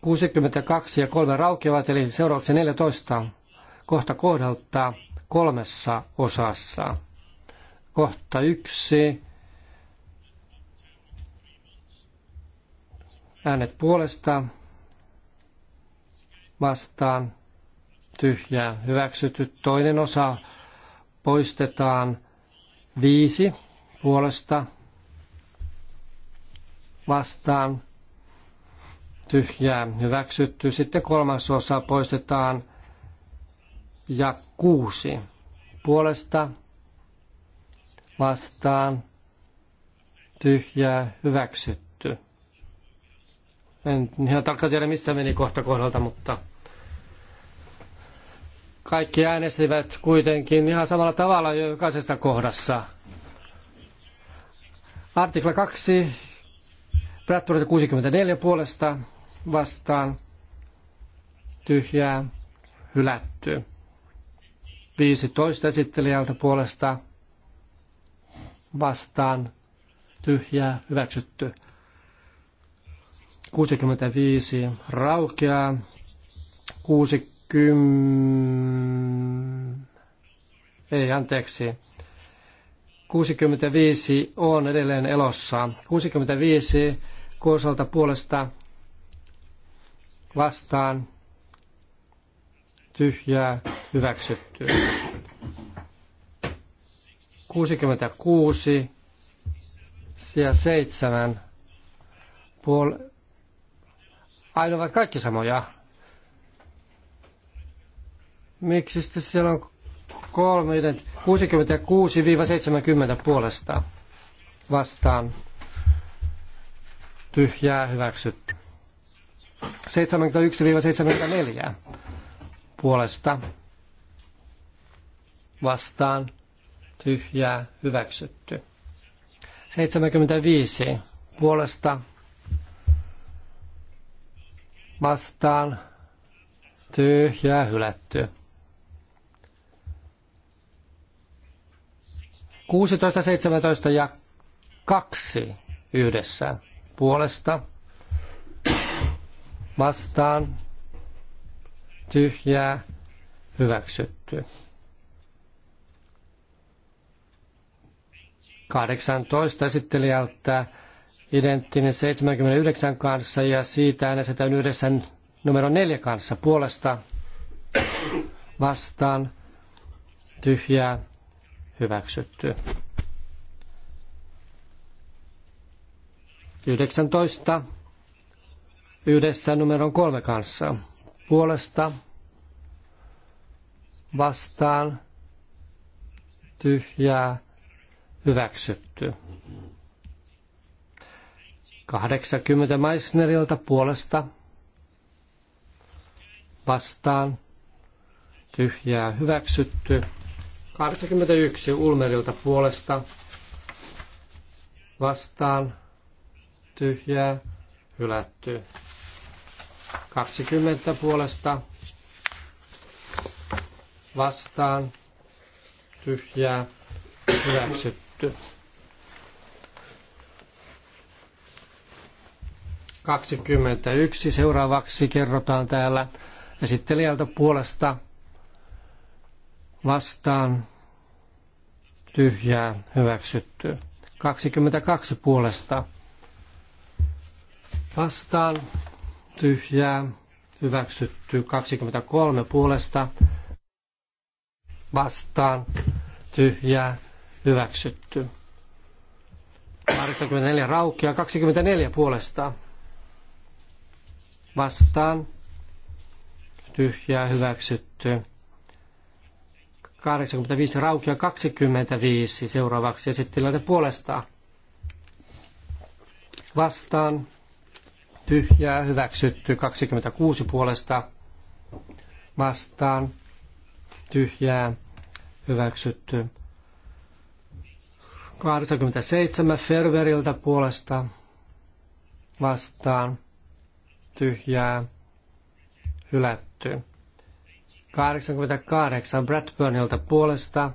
Kuusikymmentäkaksi ja kolme raukeavat, eli seuraavaksi 14 kohta kohdalta kolmessa osassa. Kohta yksi. Äänet puolesta vastaan tyhjää hyväksytty. Toinen osa poistetaan viisi puolesta vastaan tyhjää hyväksytty. Sitten kolmas osa poistetaan ja kuusi puolesta vastaan tyhjää hyväksytty. En ihan tarkkaan tiedä, missä meni kohta kohdalta, mutta kaikki äänestivät kuitenkin ihan samalla tavalla jokaisessa kohdassa. Artikla 2, Bradford 64 puolesta vastaan tyhjää hylätty. 15 esittelijältä puolesta vastaan tyhjää hyväksytty. 65 raukeaa. 6, kym... ei anteeksi, 65 on edelleen elossa. 65 kuosolta puolesta vastaan tyhjää hyväksytty. 66 sija 7 puol... Aina kaikki samoja. Miksi sitten siellä on kolme, 66-70 puolesta vastaan tyhjää hyväksytty. 71-74 puolesta vastaan tyhjää hyväksytty. 75 puolesta vastaan tyhjää hylätty. 16, 17 ja 2 yhdessä puolesta vastaan tyhjää hyväksytty. 18 esittelijältä identtinen 79 kanssa ja siitä äänestetään yhdessä numero 4 kanssa puolesta vastaan tyhjää hyväksytty. 19 yhdessä numeron kolme kanssa. Puolesta vastaan tyhjää hyväksytty. 80 Meissnerilta puolesta vastaan tyhjää hyväksytty. 81 Ulmerilta puolesta vastaan tyhjää hylätty. 20 puolesta vastaan tyhjää hyväksytty. 21 seuraavaksi kerrotaan täällä esittelijältä puolesta vastaan tyhjää hyväksytty. 22 puolesta vastaan tyhjää hyväksytty. 23 puolesta vastaan tyhjää hyväksytty. 84 raukia, 24 puolesta vastaan tyhjää hyväksytty. 85 raukia 25 seuraavaksi esittelijältä puolestaan. Vastaan tyhjää hyväksytty 26 puolesta. Vastaan tyhjää hyväksytty 87 Ferveriltä puolesta. Vastaan tyhjää hylätty 88 Bradburnilta puolesta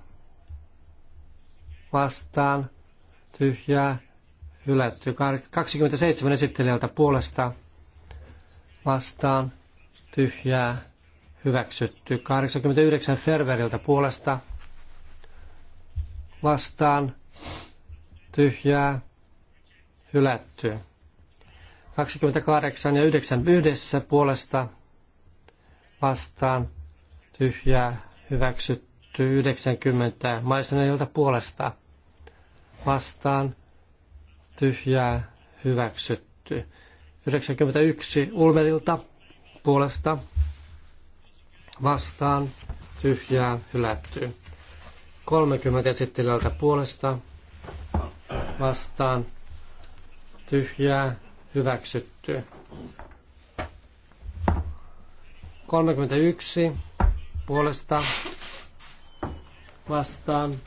vastaan tyhjää hylätty. 27 esittelijältä puolesta vastaan tyhjää hyväksytty. 89 Ferveriltä puolesta vastaan tyhjää hylätty. 28 ja 9 yhdessä puolesta vastaan tyhjää hyväksytty 90 maiseneilta puolesta vastaan tyhjää hyväksytty 91 Ulmerilta puolesta vastaan tyhjää hylätty 30 esittelijältä puolesta vastaan tyhjää hyväksytty 31 puolesta vastaan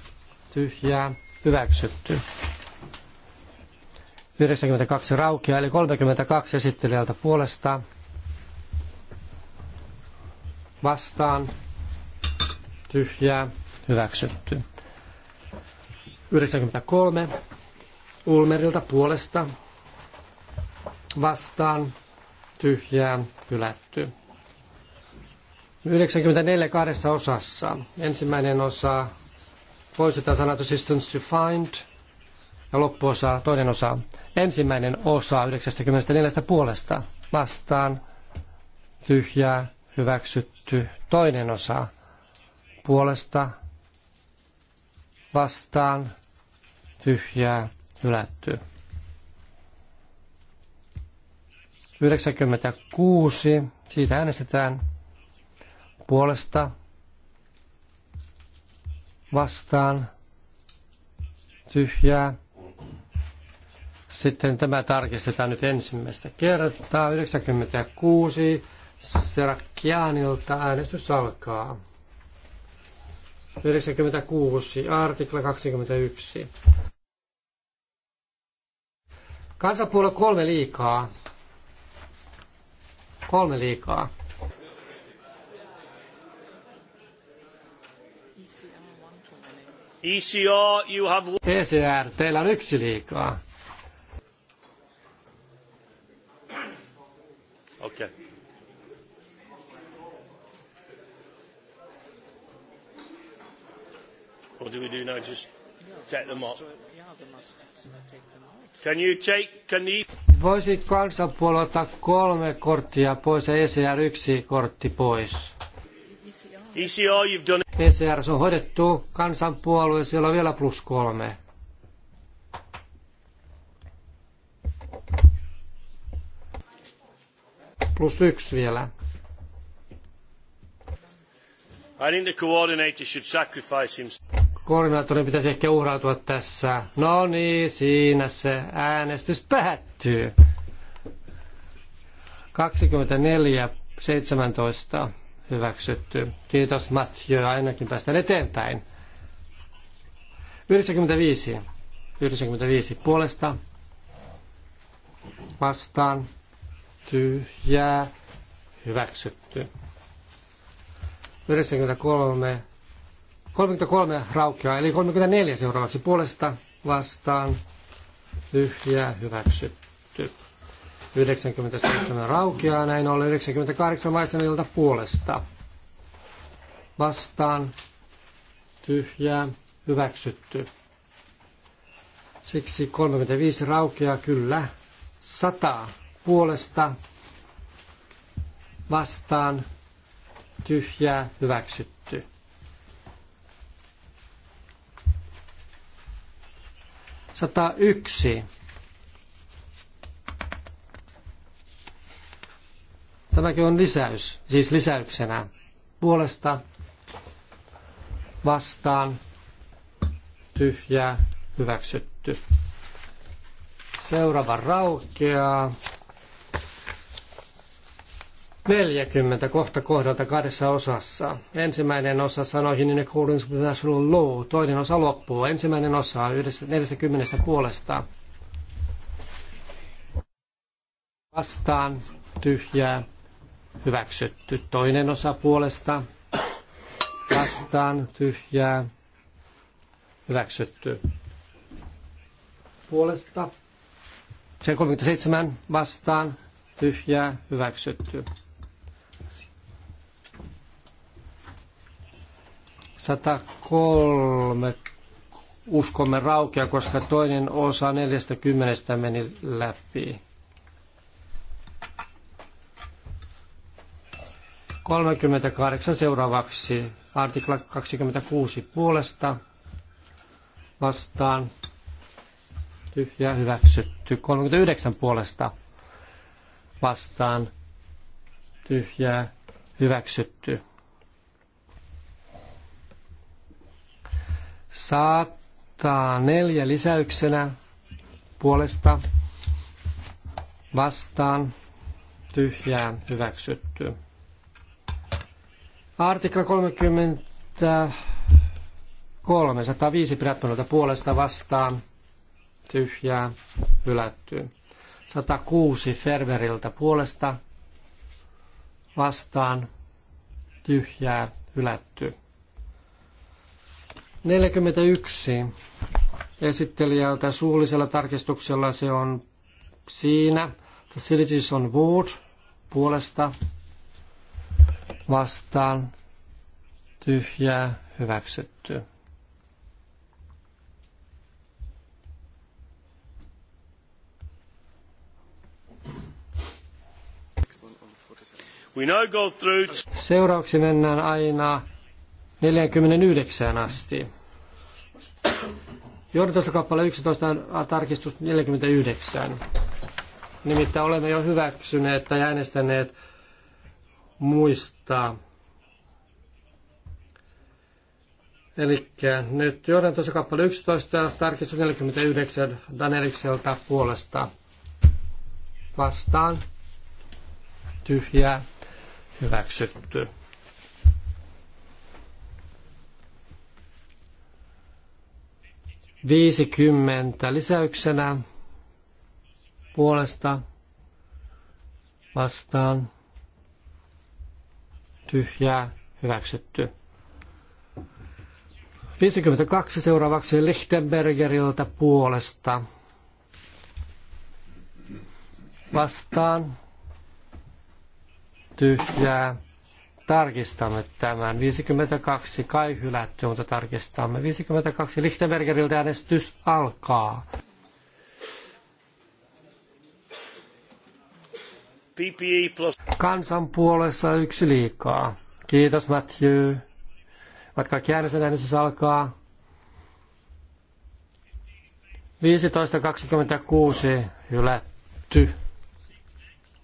tyhjää hyväksytty. 92 raukia eli 32 esittelijältä puolesta vastaan tyhjää hyväksytty. 93 Ulmerilta puolesta vastaan tyhjää hylätty. 94 kahdessa osassa. Ensimmäinen osa poistetaan sanat assistance to find ja loppuosa toinen osa. Ensimmäinen osa 94 puolesta vastaan tyhjää hyväksytty. Toinen osa puolesta vastaan tyhjää hylätty. 96. Siitä äänestetään puolesta vastaan tyhjää. Sitten tämä tarkistetaan nyt ensimmäistä kertaa. 96 Serakianilta äänestys alkaa. 96, artikla 21. Kansapuolue kolme liikaa. Kolme liikaa. ECR, you have... ECR, teillä on yksi liikaa. Okei. Okay. What do we do now? Just take them off. Can you take, can kansanpuolue ottaa kolme korttia pois ja ECR yksi kortti pois. ECR, you've done ECR on hoidettu kansanpuolue, siellä on vielä plus kolme. Plus yksi vielä. I think the coordinator should sacrifice himself. Koordinaattorin pitäisi ehkä uhrautua tässä. No niin, siinä se äänestys päättyy. 24.17 hyväksytty. Kiitos Mathieu, ainakin päästään eteenpäin. 95. 95 puolesta vastaan tyhjää hyväksytty. 93 33 raukeaa, eli 34 seuraavaksi puolesta vastaan tyhjää hyväksytty. 97 raukeaa, näin ollen 98 ilta puolesta. Vastaan tyhjää hyväksytty. Siksi 35 raukeaa kyllä. 100 puolesta vastaan tyhjää hyväksytty. Sata yksi Tämäkin on lisäys, siis lisäyksenä puolesta vastaan tyhjää hyväksytty. Seuraava raukeaa. 40 kohta kohdalta kahdessa osassa. Ensimmäinen osa sanoihin in accordance with national law. Toinen osa loppuu. Ensimmäinen osa 40 puolesta. Vastaan tyhjää hyväksytty. Toinen osa puolesta vastaan tyhjää hyväksytty. Puolesta sen 37 vastaan tyhjää hyväksytty. 103 uskomme raukea, koska toinen osa 40 meni läpi. 38 seuraavaksi artikla 26 puolesta vastaan tyhjä hyväksytty. 39 puolesta vastaan tyhjä hyväksytty. Saattaa neljä lisäyksenä puolesta vastaan tyhjään hyväksytty. Artikla 30 305 pidättämältä puolesta vastaan tyhjää hylätty. 106 Ferveriltä puolesta vastaan tyhjää hylätty. 41 esittelijältä suullisella tarkistuksella se on siinä. Facilities on board puolesta vastaan tyhjää hyväksytty. We now go through... Seuraavaksi mennään aina 49 asti. Johdantossa kappale 11 tarkistus 49. Nimittäin olemme jo hyväksyneet tai äänestäneet muistaa. Eli nyt Jordan tuossa kappale 11, tarkistus 49 Danielikselta puolesta vastaan. Tyhjää hyväksytty. Viisikymmentä lisäyksenä puolesta vastaan tyhjää hyväksytty. 52 seuraavaksi Lichtenbergeriltä puolesta. Vastaan tyhjää. Tarkistamme tämän. 52 kai hylätty, mutta tarkistamme. 52 Lichtenbergeriltä äänestys alkaa. PPE plus... Kansan puolessa yksi liikaa. Kiitos Matthew. Vaikka kaikki äänestys alkaa. 15.26 hylätty.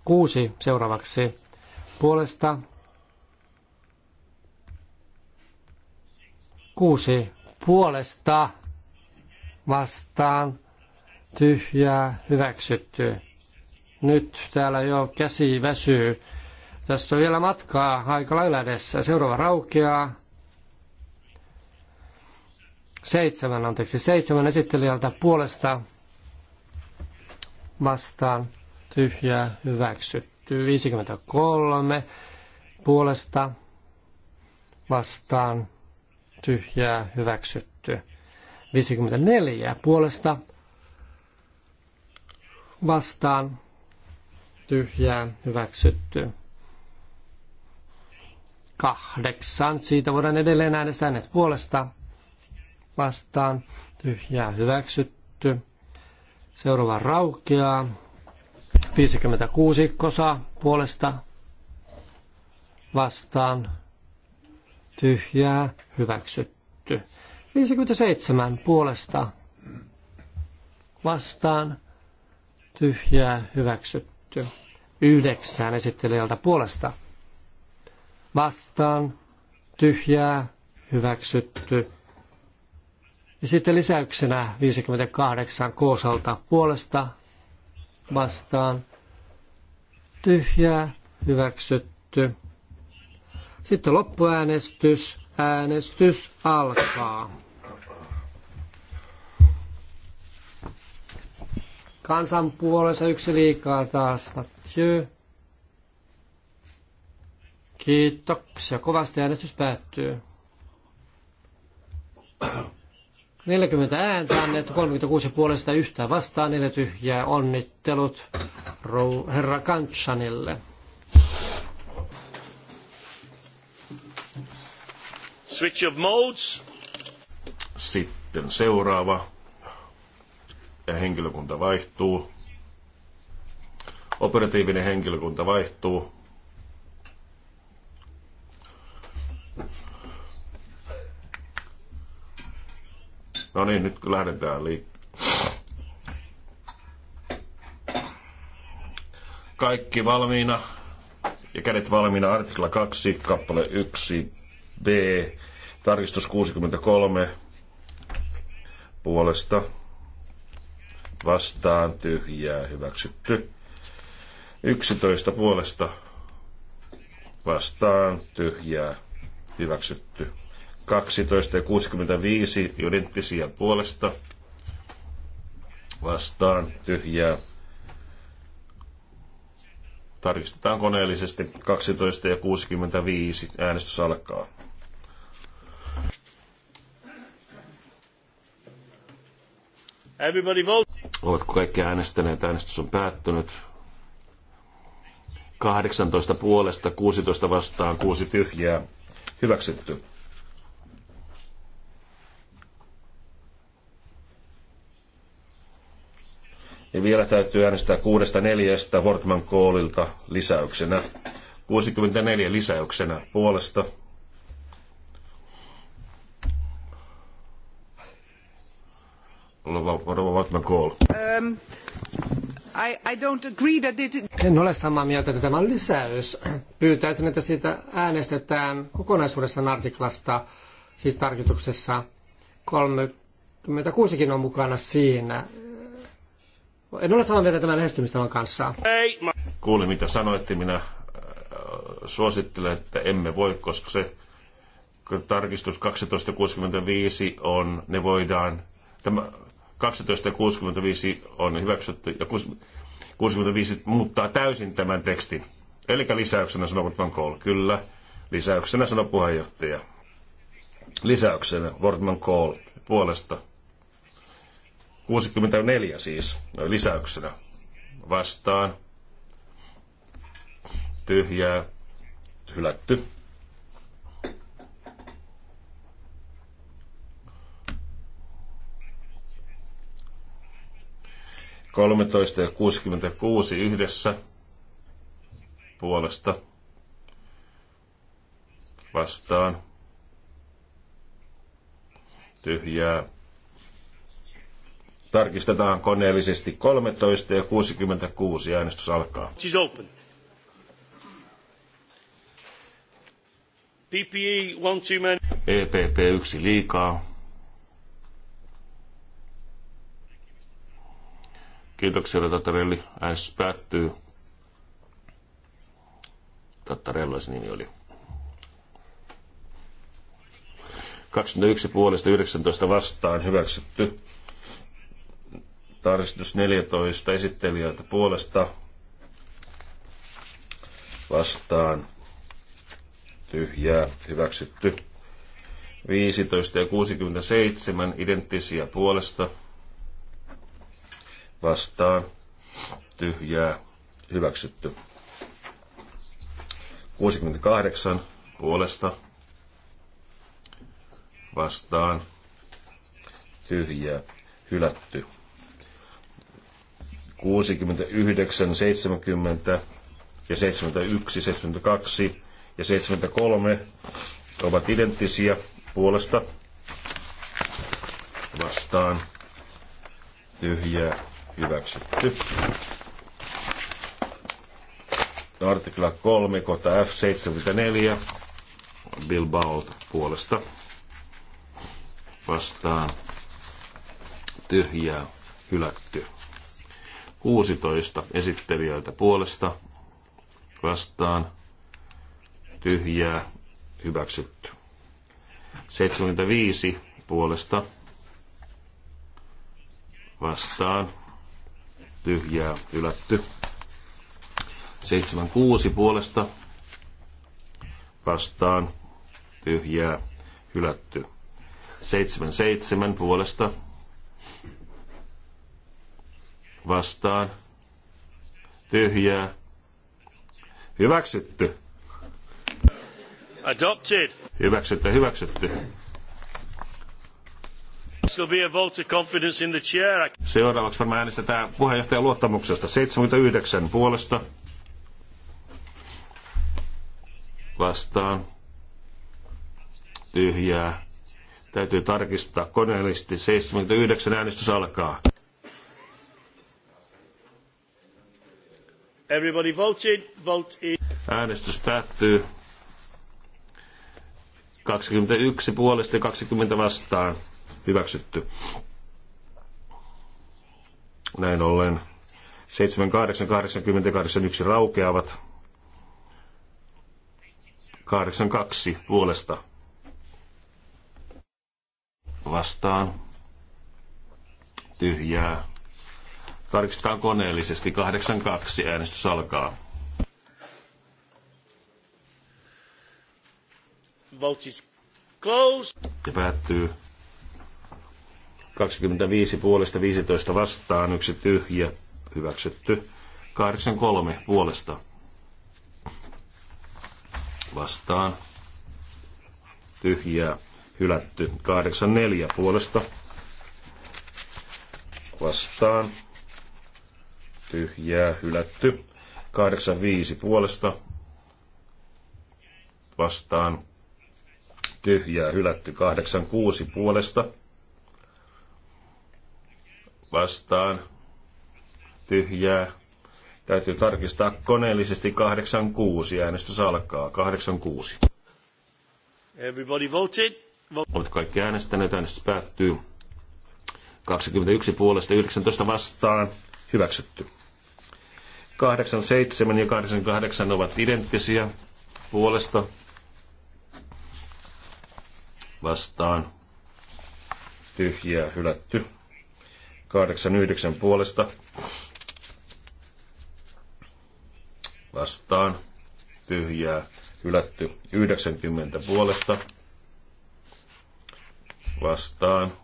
Kuusi seuraavaksi puolesta. Kuusi puolesta vastaan tyhjää hyväksytty. Nyt täällä jo käsi väsyy. Tästä on vielä matkaa aika lailla edessä. Seuraava raukeaa. Seitsemän, anteeksi, seitsemän esittelijältä puolesta vastaan tyhjää hyväksytty. 53 puolesta vastaan tyhjää hyväksytty. 54 puolesta vastaan tyhjää hyväksytty. Kahdeksan. Siitä voidaan edelleen äänestää hänet puolesta vastaan tyhjää hyväksytty. Seuraava raukeaa. 56 kosa puolesta vastaan tyhjää hyväksytty. 57 puolesta vastaan tyhjää hyväksytty yhdeksän esittelijältä puolesta. Vastaan, tyhjää, hyväksytty. Ja sitten lisäyksenä 58 koosalta puolesta vastaan, tyhjää, hyväksytty. Sitten loppuäänestys, äänestys alkaa. Kansan puolensa yksi liikaa taas, Mathieu. Kiitoksia. Kovasti äänestys päättyy. 40 ääntä annettu, 36 puolesta yhtään vastaan, neljä tyhjää. Onnittelut herra Kantsanille. Switch of modes. Sitten seuraava ja henkilökunta vaihtuu, operatiivinen henkilökunta vaihtuu, No niin, nyt kun lähdetään liikkeelle. Kaikki valmiina ja kädet valmiina. Artikla 2, kappale 1, B, tarkistus 63 puolesta vastaan tyhjää hyväksytty. 11 puolesta vastaan tyhjää hyväksytty. 12 ja 65 identtisiä puolesta vastaan tyhjää. Tarkistetaan koneellisesti 12 ja 65 äänestys alkaa. Everybody vote. Ovatko kaikki äänestäneet? Äänestys on päättynyt. 18 puolesta, 16 vastaan, 6 tyhjää. Hyväksytty. Ja vielä täytyy äänestää kuudesta neljästä Hortman Koolilta lisäyksenä. 64 lisäyksenä puolesta En ole samaa mieltä, että tämä on lisäys. Pyytäisin, että siitä äänestetään kokonaisuudessaan artiklasta, siis tarkoituksessa 36kin on mukana siinä. En ole samaa mieltä tämän lähestymistavan kanssa. Ei, mä... Kuulin mitä sanoitte, minä äh, suosittelen, että emme voi, koska se tarkistus 1265 on, ne voidaan, tämä 12 ja 65 on hyväksytty ja 65 muuttaa täysin tämän tekstin. Eli lisäyksenä sanoo Wortman Kohl. Kyllä, lisäyksenä sanoo puheenjohtaja. Lisäyksenä Wortman Kohl puolesta. 64 siis lisäyksenä vastaan. Tyhjää, hylätty. 13 ja 66 yhdessä puolesta vastaan tyhjää. Tarkistetaan koneellisesti 13 ja 66 äänestys alkaa. She's open. PPE, one too many. EPP yksi liikaa. Kiitoksia, Tattarelli. Äänestys päättyy. Tattarella se nimi oli. 21 puolesta 19 vastaan hyväksytty. Tarkistus 14 esittelijöitä puolesta vastaan tyhjää hyväksytty. 15 ja 67 identtisiä puolesta vastaan tyhjää hyväksytty. 68 puolesta vastaan tyhjää hylätty. 69, 70 ja 71, 72 ja 73 ovat identtisiä puolesta vastaan tyhjää hyväksytty. Artikla 3, kohta F74, Bilbao puolesta vastaan tyhjää hylätty. 16 esittelijöiltä puolesta vastaan tyhjää hyväksytty. 75 puolesta vastaan tyhjää hylätty. 76 puolesta vastaan tyhjää hylätty. 77 puolesta vastaan tyhjää hyväksytty. Adopted. Hyväksytty, hyväksytty. Seuraavaksi varmaan äänestetään puheenjohtajan luottamuksesta. 79 puolesta. Vastaan. Tyhjää. Täytyy tarkistaa koneellisesti. 79 äänestys alkaa. Everybody voted. Vote in. Äänestys päättyy. 21 puolesta ja 20 vastaan hyväksytty. Näin ollen 7, 8, 80 raukeavat. 82 puolesta vastaan tyhjää. Tarkistetaan koneellisesti. 82 äänestys alkaa. Vote is closed. Ja päättyy. 25 puolesta 15 vastaan, yksi tyhjä, hyväksytty. 83 puolesta vastaan, tyhjää, hylätty. 84 puolesta vastaan, tyhjää, hylätty. 85 puolesta vastaan, tyhjää, hylätty. 86 puolesta vastaan tyhjää. Täytyy tarkistaa koneellisesti 86. Äänestys alkaa. 86. Everybody voted. Olet kaikki äänestäneet. Äänestys päättyy. 21 puolesta 19 vastaan. Hyväksytty. 87 ja 88 ovat identtisiä puolesta vastaan. Tyhjää hylätty. 89 puolesta vastaan tyhjää hylätty 90 puolesta vastaan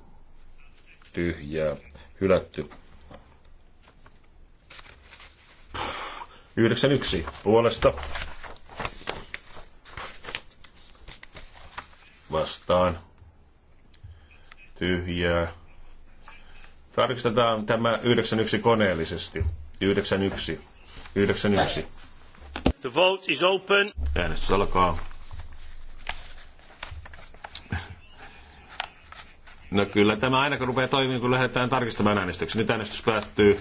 tyhjää hylätty 91 puolesta vastaan tyhjää Tarkistetaan tämä 91 koneellisesti. 91. 91. The vote is open. Äänestys alkaa. No kyllä tämä aina kun rupeaa toimimaan, kun lähdetään tarkistamaan äänestyksen, niin äänestys päättyy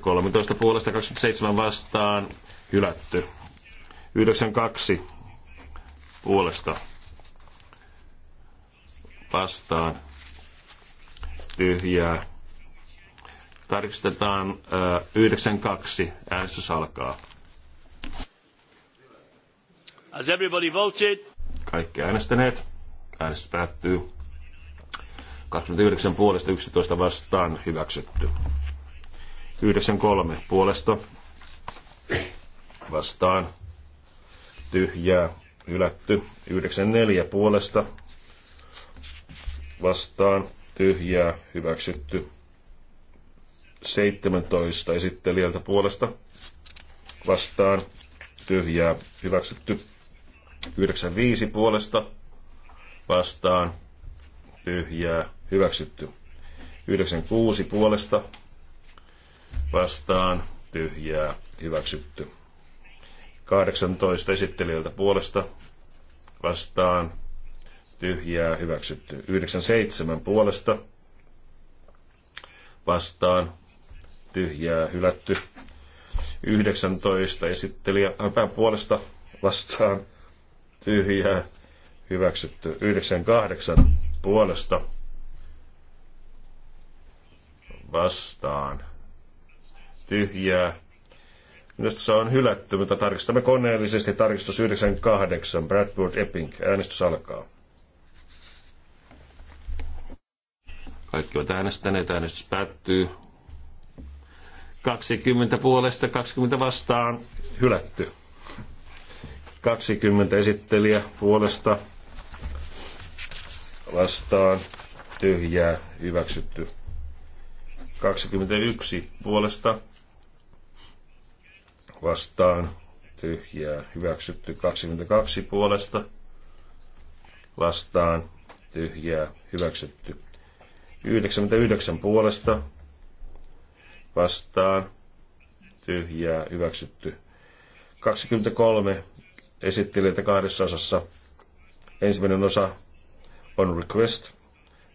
13 puolesta 27 vastaan hylätty. 92 puolesta vastaan tyhjää. Tarkistetaan 92. Äänestys alkaa. Has everybody voted? Kaikki äänestäneet. Äänestys päättyy. 29 puolesta 11 vastaan hyväksytty. 93 puolesta vastaan tyhjää hylätty. 94 puolesta vastaan tyhjää hyväksytty. 17 esittelijältä puolesta vastaan tyhjää hyväksytty. 95 puolesta vastaan tyhjää hyväksytty. 96 puolesta vastaan tyhjää hyväksytty. 18 esittelijältä puolesta vastaan tyhjää hyväksytty. 97 puolesta vastaan tyhjää hylätty. 19 esittelijä äh, pää puolesta vastaan tyhjää hyväksytty. 98 puolesta vastaan tyhjää. Minusta se on hylätty, mutta tarkistamme koneellisesti tarkistus 98. Bradford Epping. Äänestys alkaa. Kaikki ovat äänestäneet. Äänestys päättyy. 20 puolesta, 20 vastaan. Hylätty. 20 esittelijä puolesta vastaan. Tyhjää. Hyväksytty. 21 puolesta vastaan tyhjää. Hyväksytty 22 puolesta vastaan tyhjää. Hyväksytty 99 puolesta vastaan tyhjää hyväksytty. 23 esittelijöitä kahdessa osassa. Ensimmäinen osa on request,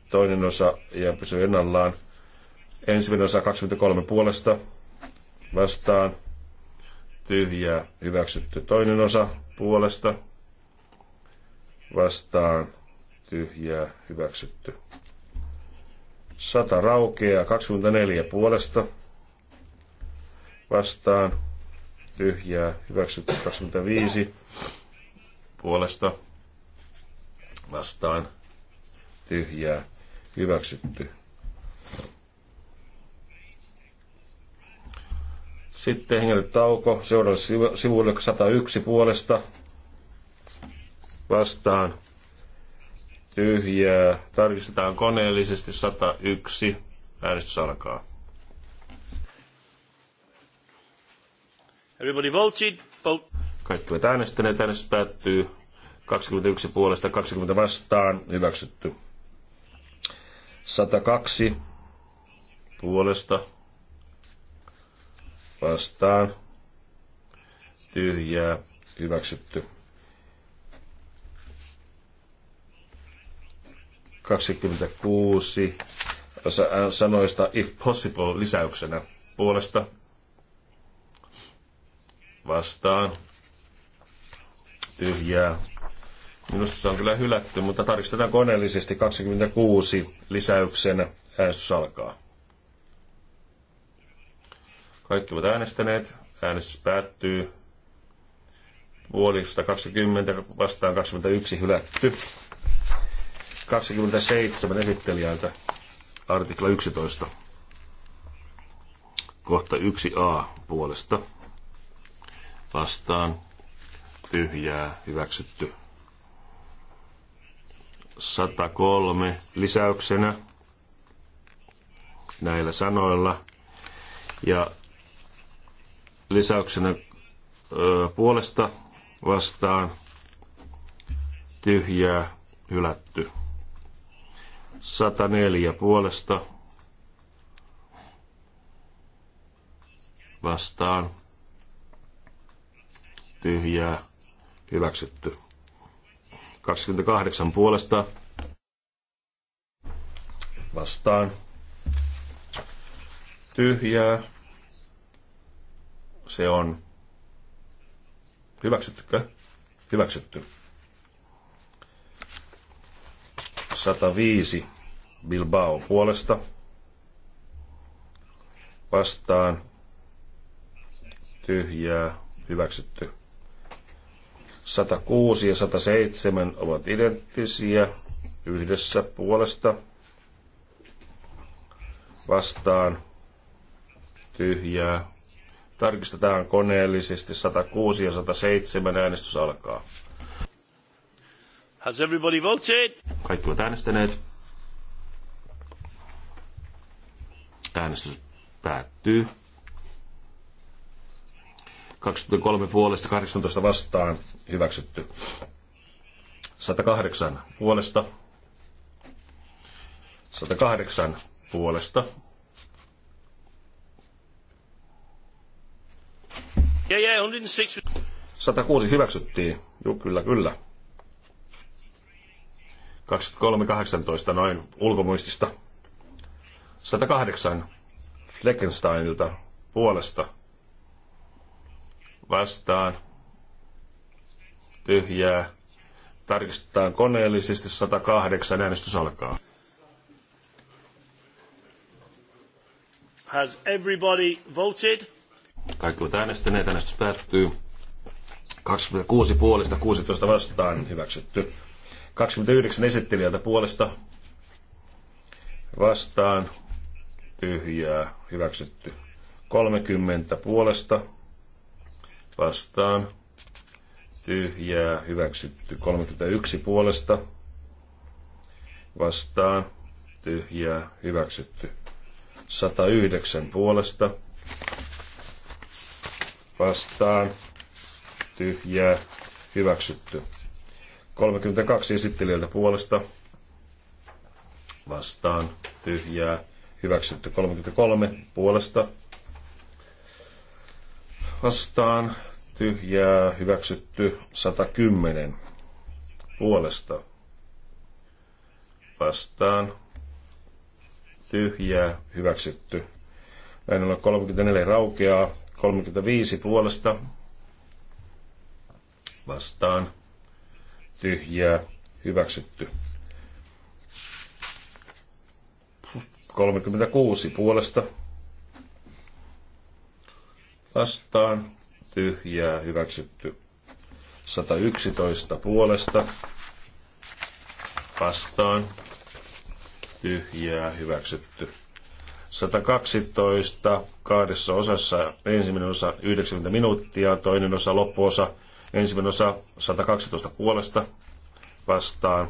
toinen osa ja pysyy ennallaan. Ensimmäinen osa 23 puolesta vastaan tyhjää hyväksytty. Toinen osa puolesta vastaan tyhjää hyväksytty. 100 raukeaa, 24 puolesta vastaan, tyhjää, hyväksytty 25 puolesta vastaan, tyhjää, hyväksytty. Sitten hengellinen tauko, seuraavalle sivulle 101 puolesta vastaan, tyhjää. Tarkistetaan koneellisesti 101. Äänestys alkaa. Everybody voted. Vote. Kaikki ovat äänestäneet. Äänestys päättyy 21 puolesta 20 vastaan. Hyväksytty. 102 puolesta vastaan. Tyhjää. Hyväksytty. 26 äh, sanoista if possible lisäyksenä puolesta vastaan tyhjää. Minusta se on kyllä hylätty, mutta tarkistetaan koneellisesti 26 lisäyksenä äänestys alkaa. Kaikki ovat äänestäneet. Äänestys päättyy. Puolista 20 vastaan 21 hylätty. 27 esittelijältä artikla 11. Kohta 1a puolesta vastaan tyhjää hyväksytty. 103 lisäyksenä näillä sanoilla ja lisäyksenä ö, puolesta vastaan tyhjää hylätty. 104 puolesta vastaan tyhjää hyväksytty. 28 puolesta vastaan tyhjää. Se on hyväksyttykö? Hyväksytty. 105 Bilbao puolesta vastaan tyhjää hyväksytty. 106 ja 107 ovat identtisiä yhdessä puolesta vastaan tyhjää. Tarkistetaan koneellisesti 106 ja 107 äänestys alkaa. Has everybody voted? Kaikki ovat äänestäneet. Äänestys päättyy. 23 puolesta 18 vastaan hyväksytty. 108 puolesta. 108 puolesta. Yeah, yeah, 106. 106 hyväksyttiin. Joo, kyllä, kyllä. 23.18 noin ulkomuistista. 108 Fleckensteinilta puolesta vastaan tyhjää. Tarkistetaan koneellisesti 108 äänestys alkaa. Has everybody voted? Kaikki ovat äänestäneet, äänestys päättyy. 26 puolesta 16 vastaan hyväksytty. 29 esittelijältä puolesta vastaan tyhjää hyväksytty. 30 puolesta vastaan tyhjää hyväksytty. 31 puolesta vastaan tyhjää hyväksytty. 109 puolesta vastaan tyhjää hyväksytty. 32 esittelijältä puolesta vastaan tyhjää hyväksytty 33 puolesta vastaan tyhjää hyväksytty 110 puolesta vastaan tyhjää hyväksytty. Näin on 34 raukeaa, 35 puolesta vastaan tyhjää hyväksytty. 36 puolesta vastaan tyhjää hyväksytty. 111 puolesta vastaan tyhjää hyväksytty. 112 kahdessa osassa, ensimmäinen osa 90 minuuttia, toinen osa loppuosa Ensimmäinen osa 112 puolesta vastaan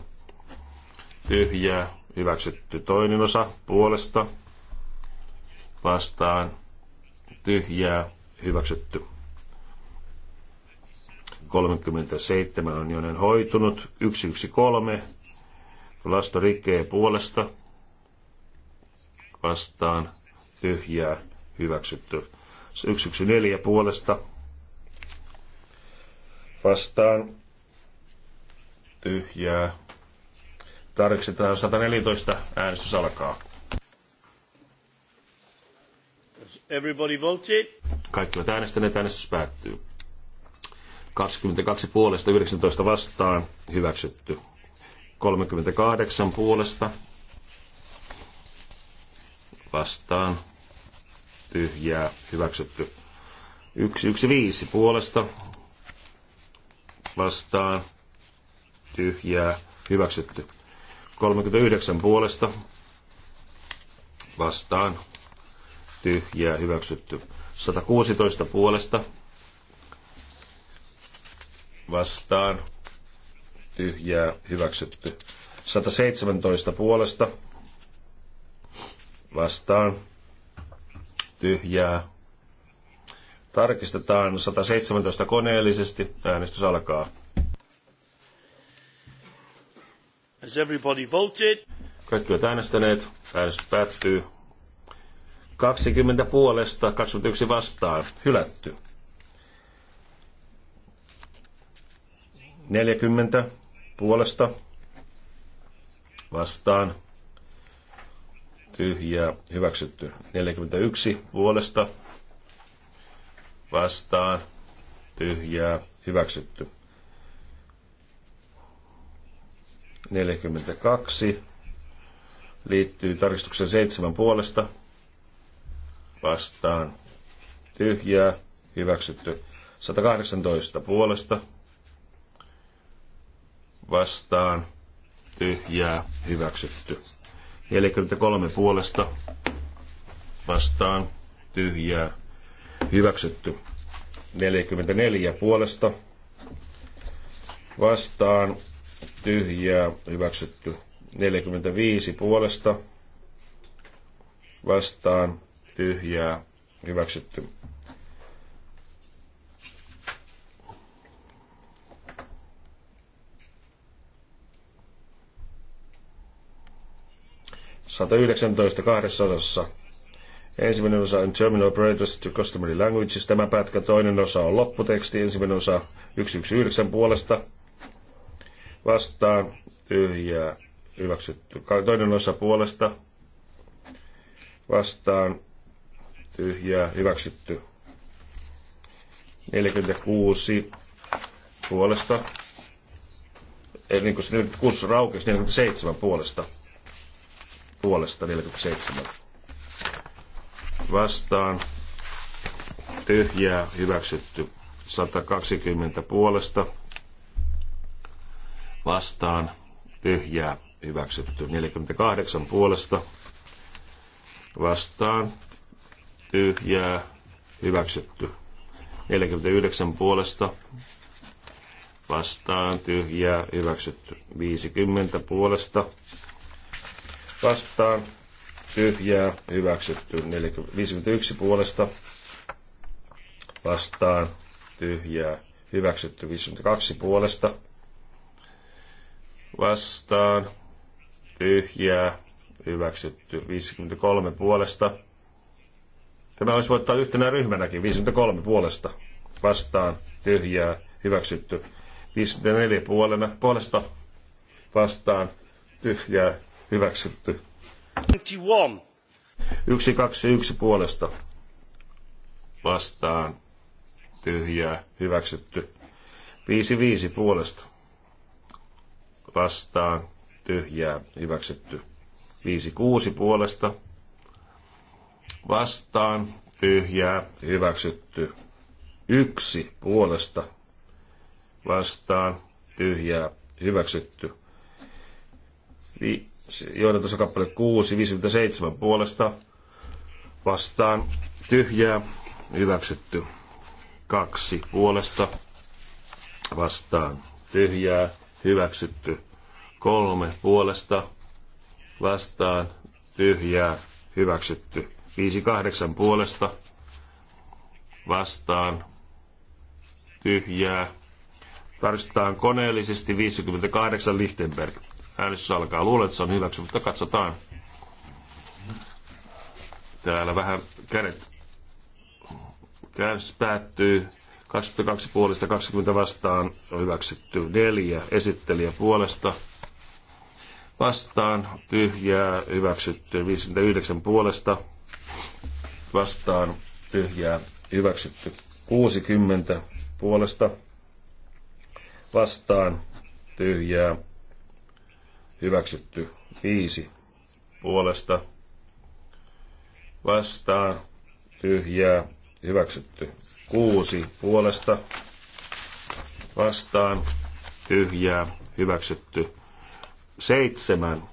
tyhjää hyväksytty. Toinen osa puolesta vastaan tyhjää hyväksytty. 37 on jonen hoitunut. 113 Lasto Rikkee puolesta vastaan tyhjää hyväksytty. 114 puolesta vastaan tyhjää. Tarkistetaan 114. Äänestys alkaa. Everybody voted. Kaikki ovat äänestäneet. Äänestys päättyy. 22 puolesta 19 vastaan hyväksytty. 38 puolesta vastaan tyhjää hyväksytty. 115 puolesta vastaan tyhjää hyväksytty. 39 puolesta vastaan tyhjää hyväksytty. 116 puolesta vastaan tyhjää hyväksytty. 117 puolesta vastaan tyhjää Tarkistetaan 117 koneellisesti. Äänestys alkaa. Has everybody voted? Kaikki ovat äänestäneet. Äänestys päättyy. 20 puolesta, 21 vastaan. Hylätty. 40 puolesta vastaan. Tyhjää hyväksytty. 41 puolesta vastaan tyhjää hyväksytty. 42 liittyy tarkistuksen 7 puolesta vastaan tyhjää hyväksytty. 118 puolesta vastaan tyhjää hyväksytty. 43 puolesta vastaan tyhjää hyväksytty. 44 puolesta vastaan tyhjää hyväksytty. 45 puolesta vastaan tyhjää hyväksytty. Sata yhdeksäntoista kahdessa osassa Ensimmäinen osa on Terminal Operators to Customary Languages, tämä pätkä. Toinen osa on lopputeksti, ensimmäinen osa 119 puolesta vastaan, tyhjää, hyväksytty. Toinen osa puolesta vastaan, tyhjää, hyväksytty. 46 puolesta. Ei, eh, niin kuin 46 raukesi, 47 puolesta. Puolesta 47 vastaan tyhjää hyväksytty 120 puolesta vastaan tyhjää hyväksytty 48 puolesta vastaan tyhjää hyväksytty 49 puolesta vastaan tyhjää hyväksytty 50 puolesta vastaan tyhjää, hyväksytty 51 puolesta, vastaan tyhjää, hyväksytty 52 puolesta, vastaan tyhjää, hyväksytty 53 puolesta. Tämä olisi voittaa yhtenä ryhmänäkin, 53 puolesta, vastaan tyhjää, hyväksytty 54 puolena, puolesta, vastaan tyhjää, hyväksytty Yksi, kaksi, yksi puolesta. Vastaan. Tyhjää. Hyväksytty. Viisi, viisi puolesta. Vastaan. Tyhjää. Hyväksytty. Viisi, kuusi puolesta. Vastaan. Tyhjää. Hyväksytty. Yksi puolesta. Vastaan. Tyhjää. Hyväksytty. Vi- Johdatussa kappale 6, 57 puolesta vastaan tyhjää, hyväksytty. Kaksi puolesta vastaan tyhjää, hyväksytty. Kolme puolesta vastaan tyhjää, hyväksytty. Viisi kahdeksan puolesta vastaan tyhjää. Tarkistetaan koneellisesti 58 Lichtenberg. Äänestys alkaa. Luulen, että se on hyväksy, mutta katsotaan. Täällä vähän kädet. Käännös päättyy. 22 puolesta 20 vastaan on hyväksytty neljä esittelijä puolesta. Vastaan tyhjää hyväksytty 59 puolesta. Vastaan tyhjää hyväksytty 60 puolesta. Vastaan tyhjää hyväksytty. Viisi puolesta vastaan tyhjää hyväksytty. Kuusi puolesta vastaan tyhjää hyväksytty. Seitsemän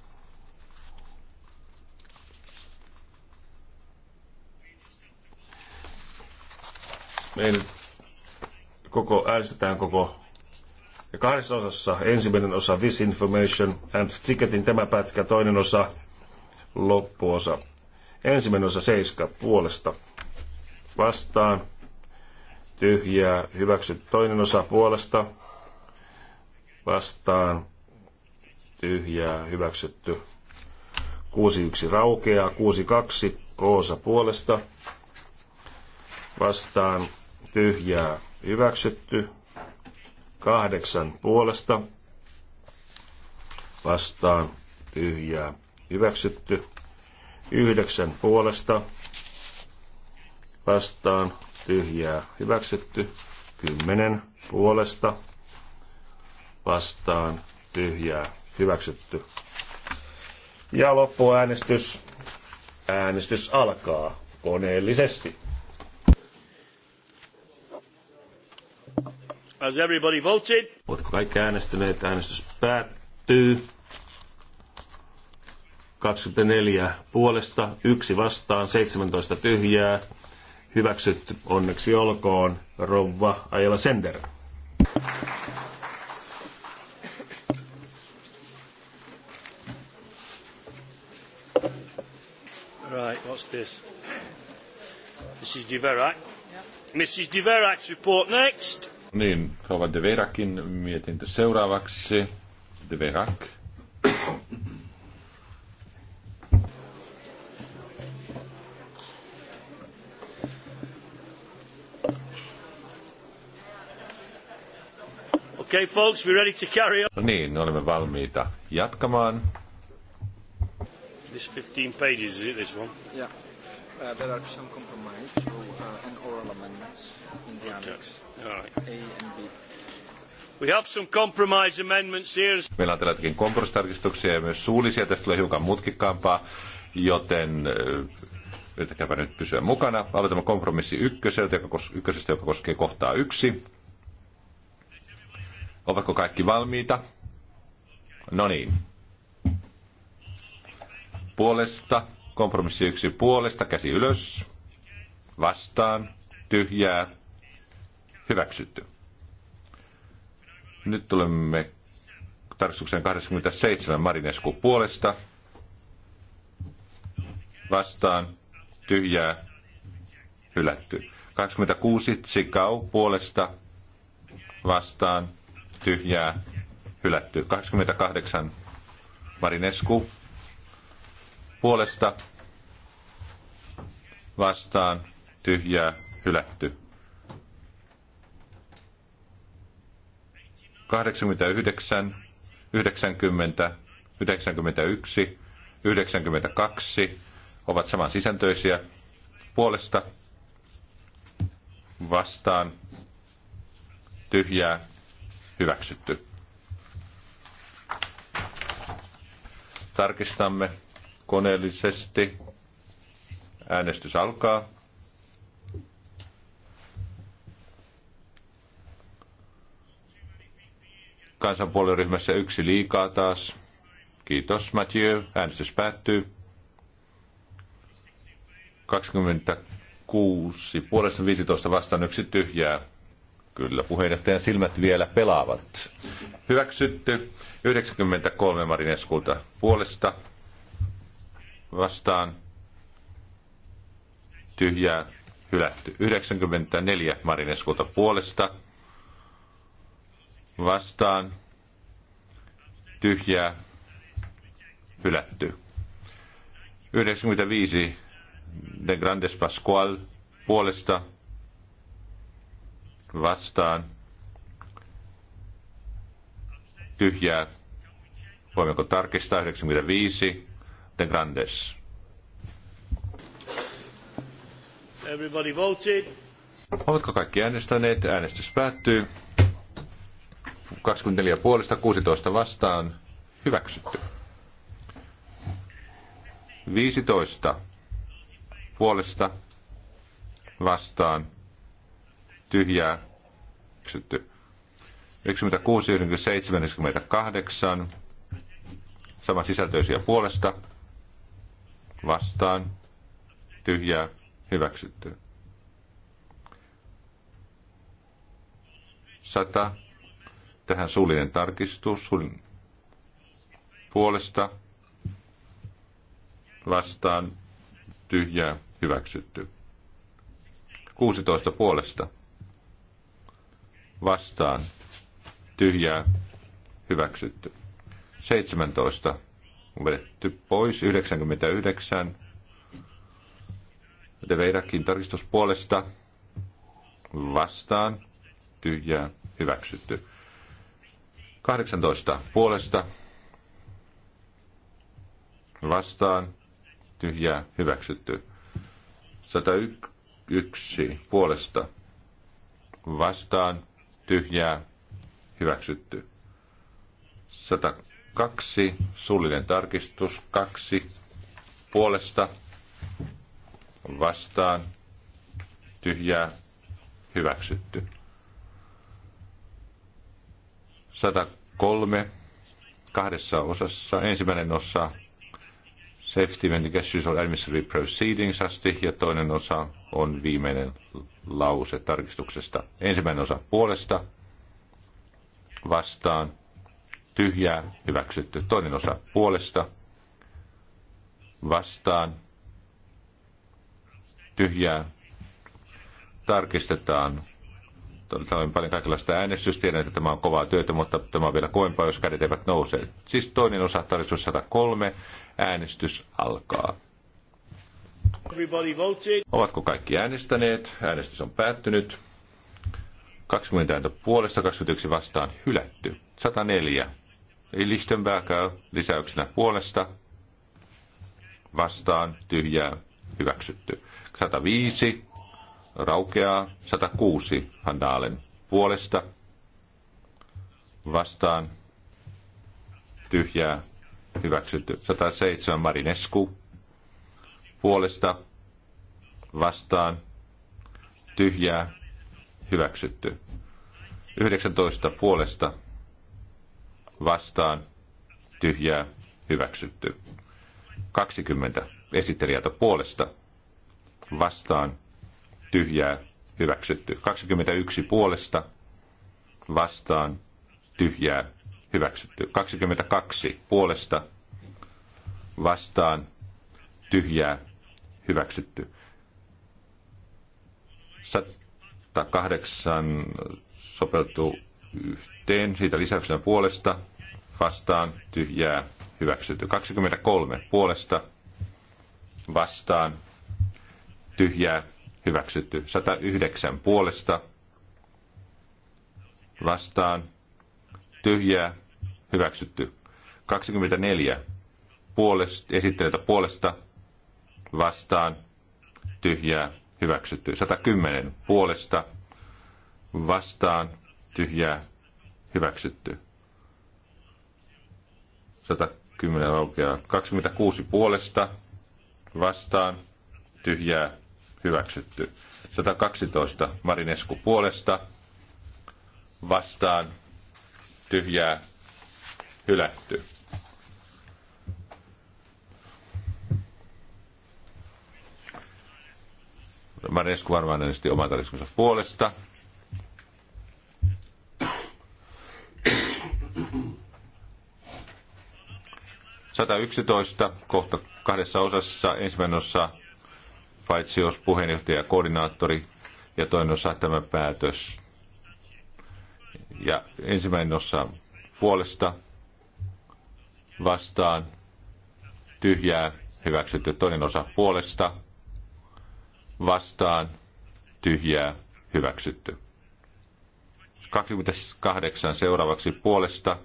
meillä koko, äänestetään koko ja kahdessa osassa, ensimmäinen osa Information and Ticketin tämä pätkä, toinen osa loppuosa. Ensimmäinen osa seiska puolesta vastaan, tyhjää, hyväksy toinen osa puolesta vastaan, tyhjää, hyväksytty. 61 raukeaa, 62 koosa puolesta vastaan, tyhjää, hyväksytty kahdeksan puolesta vastaan tyhjää hyväksytty. Yhdeksän puolesta vastaan tyhjää hyväksytty. Kymmenen puolesta vastaan tyhjää hyväksytty. Ja loppuäänestys. Äänestys alkaa koneellisesti. Has everybody voted? Oletko kaikki äänestyneet? Äänestys päättyy. 24 puolesta, yksi vastaan, 17 tyhjää. Hyväksytty onneksi olkoon rouva Ajela Sender. Right, what's this? This is Mrs. Deverac's report next. Niin, Rova de Verakin mietintö seuraavaksi. De Verak. Okay, folks, we're ready to carry on. No niin, olemme valmiita jatkamaan. This 15 pages, is it this one? Yeah. Uh, there are some compromise so, uh, and oral amendments in the okay. annex. We have some compromise amendments here. Meillä on tälläkin kompromissitarkistuksia ja myös suullisia. Tästä tulee hiukan mutkikkaampaa, joten eh, yritäkääpä nyt pysyä mukana. Aloitamme kompromissi ykköseltä, joka kos- ykkösestä, joka koskee kohtaa yksi. Ovatko kaikki valmiita? No niin. Puolesta, kompromissi yksi puolesta, käsi ylös, vastaan, tyhjää, Hyväksytty. Nyt tulemme tarkistukseen 27 Marinesku puolesta. Vastaan tyhjää hylätty. 26 Tsikau puolesta vastaan tyhjää hylätty. 28 Marinesku puolesta vastaan tyhjää hylätty. 89, 90, 91, 92 ovat saman sisältöisiä puolesta vastaan tyhjää hyväksytty. Tarkistamme koneellisesti. Äänestys alkaa. kansanpuolueryhmässä yksi liikaa taas. Kiitos Mathieu. Äänestys päättyy. 26 puolesta 15 vastaan yksi tyhjää. Kyllä, puheenjohtajan silmät vielä pelaavat. Hyväksytty 93 Marineskulta puolesta vastaan tyhjää hylätty. 94 Marineskulta puolesta vastaan, tyhjää, hylätty. 95 De Grandes Pascual puolesta vastaan tyhjää. Voimmeko tarkistaa 95 De Grandes. Everybody voted. Ovatko kaikki äänestäneet? Äänestys päättyy. 24 puolesta, 16 vastaan. Hyväksytty. 15 puolesta vastaan tyhjää hyväksytty. 96, 97, 98 saman sisältöisiä puolesta vastaan tyhjää hyväksytty. 100, tähän suullinen tarkistus suullinen puolesta vastaan tyhjää hyväksytty. 16 puolesta vastaan tyhjää hyväksytty. 17 vedetty pois 99 De Veirakin tarkistus puolesta vastaan tyhjää hyväksytty. 18 puolesta vastaan tyhjää hyväksytty. 101 puolesta vastaan tyhjää hyväksytty. 102 suullinen tarkistus 2 puolesta vastaan tyhjää hyväksytty. 103 kahdessa osassa. Ensimmäinen osa Safety and Casual Administrative Proceedings asti ja toinen osa on viimeinen lause tarkistuksesta. Ensimmäinen osa puolesta vastaan tyhjää hyväksytty. Toinen osa puolesta vastaan tyhjää tarkistetaan Täällä on paljon kaikenlaista äänestystä. Tiedän, että tämä on kovaa työtä, mutta tämä on vielä koempaa, jos kädet eivät nouse. Siis toinen osa, tarkistus 103. Äänestys alkaa. Ovatko kaikki äänestäneet? Äänestys on päättynyt. 20 ääntä puolesta, 21 vastaan hylätty. 104. Lichtenberg lisäyksenä puolesta. Vastaan tyhjää hyväksytty. 105 raukeaa 106 handaalen Dalen puolesta vastaan tyhjää hyväksytty 107 Marinescu puolesta vastaan tyhjää hyväksytty 19 puolesta vastaan tyhjää hyväksytty 20 esittelijältä puolesta vastaan tyhjää hyväksytty. 21 puolesta vastaan tyhjää hyväksytty. 22 puolesta vastaan tyhjää hyväksytty. 108 sopeutuu yhteen, siitä lisäyksenä puolesta vastaan tyhjää hyväksytty. 23 puolesta vastaan tyhjää hyväksytty. 109 puolesta vastaan tyhjää hyväksytty. 24 puolesta, esittelijöitä puolesta vastaan tyhjää hyväksytty. 110 puolesta vastaan tyhjää hyväksytty. 110 aukeaa. 26 puolesta vastaan tyhjää hyväksytty. 112 Marinesku puolesta vastaan tyhjää hylätty. Marinesku varmaan äänesti oman tarjouksessa puolesta. Sata yksitoista kohta kahdessa osassa ensimmäinen osa paitsi jos puheenjohtaja ja koordinaattori ja toinen osa tämä päätös. Ja ensimmäinen osa puolesta vastaan tyhjää hyväksytty. Toinen osa puolesta vastaan tyhjää hyväksytty. 28 seuraavaksi puolesta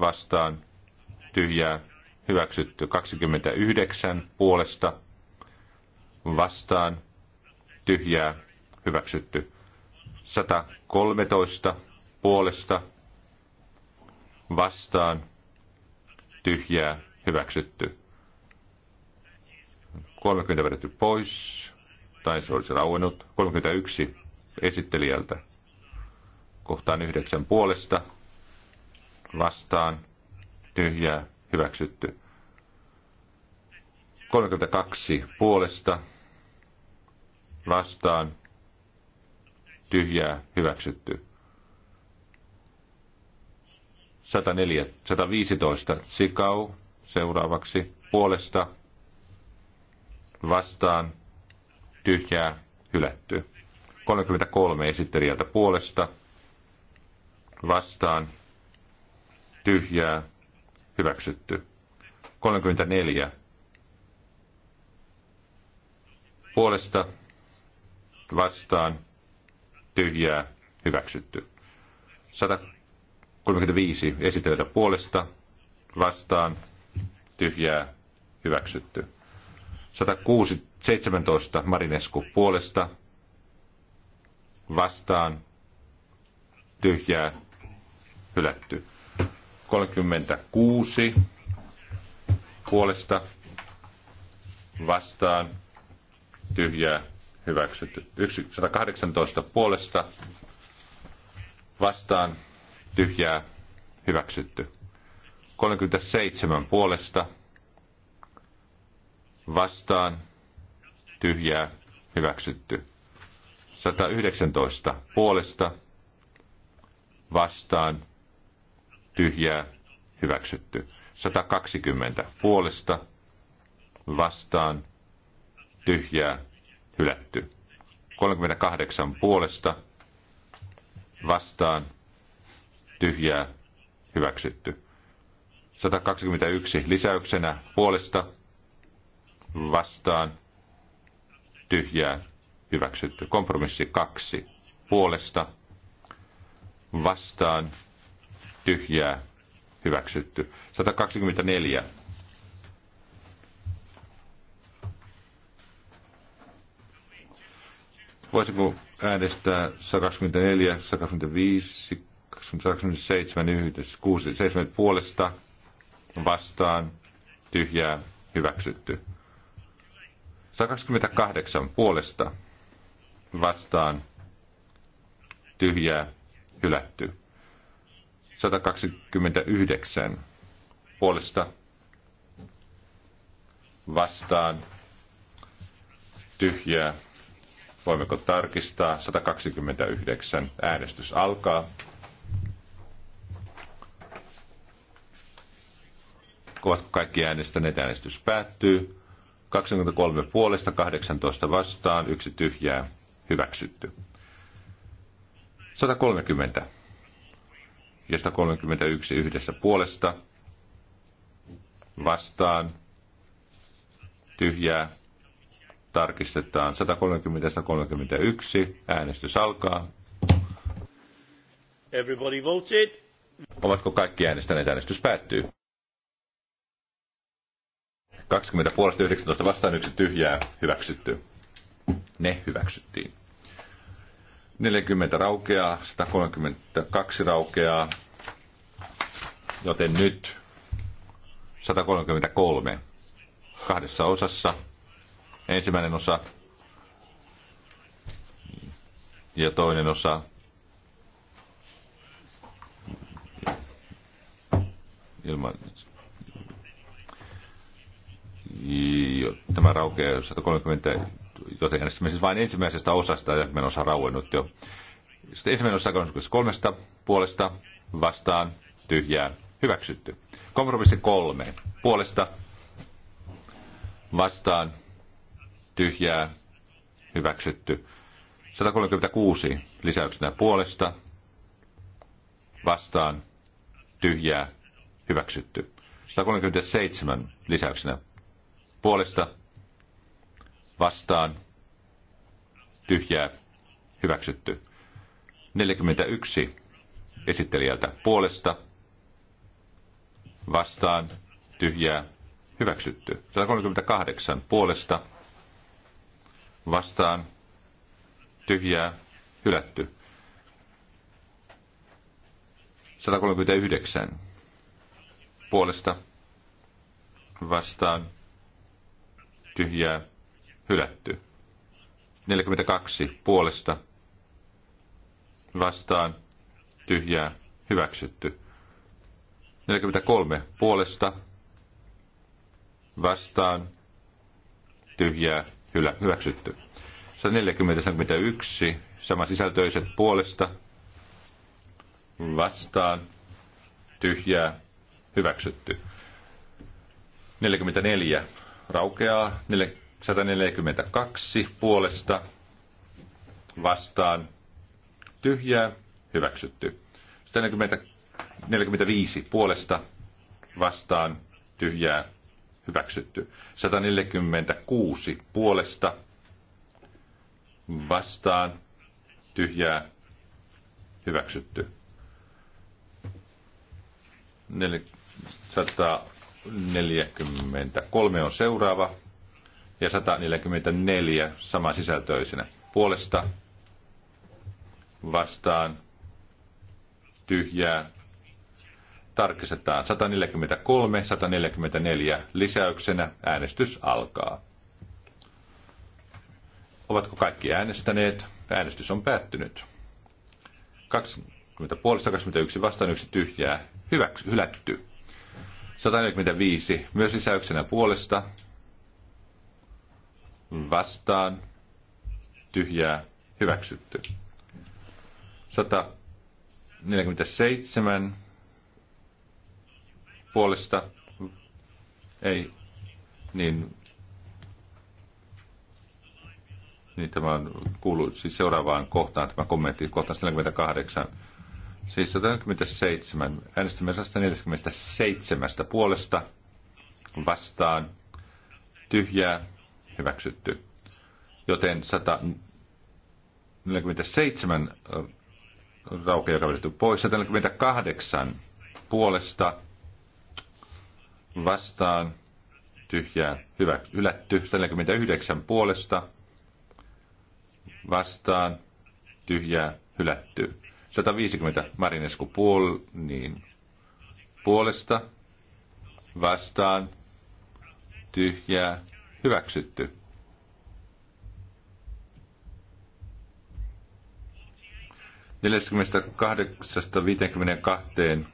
vastaan tyhjää hyväksytty. 29 puolesta vastaan tyhjää hyväksytty. 113 puolesta vastaan tyhjää hyväksytty. 30 vedetty pois, tai se olisi rauennut. 31 esittelijältä kohtaan 9 puolesta vastaan tyhjää hyväksytty. 32 puolesta vastaan tyhjää hyväksytty. 104, 115 Sikau seuraavaksi puolesta vastaan tyhjää hylätty. 33 esittelijältä puolesta vastaan tyhjää hyväksytty. 34 puolesta vastaan tyhjää hyväksytty. 135 esitellä puolesta vastaan tyhjää hyväksytty. 117 Marinesku puolesta vastaan tyhjää hylätty. 36 puolesta vastaan tyhjää hyväksytty. 118 puolesta vastaan tyhjää hyväksytty. 37 puolesta vastaan tyhjää hyväksytty. 119 puolesta vastaan tyhjää, hyväksytty. 120 puolesta, vastaan, tyhjää, hylätty. 38 puolesta, vastaan, tyhjää, hyväksytty. 121 lisäyksenä puolesta, vastaan, tyhjää, hyväksytty. Kompromissi 2 puolesta, vastaan, tyhjää, hyväksytty. 124. Voisiko äänestää 124, 125, 127, 1, 6, puolesta vastaan tyhjää hyväksytty. 128 puolesta vastaan tyhjää hylätty. 129 puolesta vastaan tyhjää. Voimmeko tarkistaa? 129. Äänestys alkaa. Ovatko kaikki äänestäneet? Äänestys päättyy. 23 puolesta, 18 vastaan, yksi tyhjää, hyväksytty. 130 ja 131 yhdessä puolesta vastaan tyhjää tarkistetaan 130-131. Äänestys alkaa. Everybody voted. Ovatko kaikki äänestäneet? Äänestys päättyy. 20 puolesta 19 vastaan yksi tyhjää hyväksytty. Ne hyväksyttiin. 40 raukeaa, 132 raukeaa, joten nyt 133 kahdessa osassa. Ensimmäinen osa ja toinen osa. Ilman, tämä raukeaa 130 joten äänestimme siis vain ensimmäisestä osasta, ja menossa rauennut jo. Sitten ensimmäinen osa kolmesta puolesta vastaan tyhjään hyväksytty. Kompromissi kolme puolesta vastaan tyhjää hyväksytty. 136 lisäyksenä puolesta vastaan tyhjää hyväksytty. 137 lisäyksenä puolesta vastaan tyhjää hyväksytty. 41 esittelijältä puolesta vastaan tyhjää hyväksytty. 138 puolesta vastaan tyhjää hylätty. 139 puolesta vastaan tyhjää hylätty. 42 puolesta vastaan tyhjää hyväksytty. 43 puolesta vastaan tyhjää hylä, hyväksytty. 140 sama sisältöiset puolesta vastaan tyhjää hyväksytty. 44 raukeaa, 142 puolesta vastaan tyhjää hyväksytty. 145 puolesta vastaan tyhjää hyväksytty. 146 puolesta vastaan tyhjää hyväksytty. 143 on seuraava ja 144 sama sisältöisenä. Puolesta vastaan tyhjää tarkistetaan 143, 144 lisäyksenä. Äänestys alkaa. Ovatko kaikki äänestäneet? Äänestys on päättynyt. 20 puolesta 21 vastaan yksi tyhjää. Hyväksy, hylätty. 145 myös lisäyksenä puolesta vastaan, tyhjää, hyväksytty. 147 puolesta, ei, niin, niin tämä on kuuluu siis seuraavaan kohtaan, tämä kommentti, kohta 48. Siis 147, äänestämme 147 puolesta vastaan, tyhjää, hyväksytty. Joten 147 raukeja joka vedetty pois, 148 puolesta vastaan tyhjää hyvä, hylätty, 149 puolesta vastaan tyhjää hylätty. 150 Marinesku puol, niin, puolesta vastaan tyhjää Hyväksytty. kahteen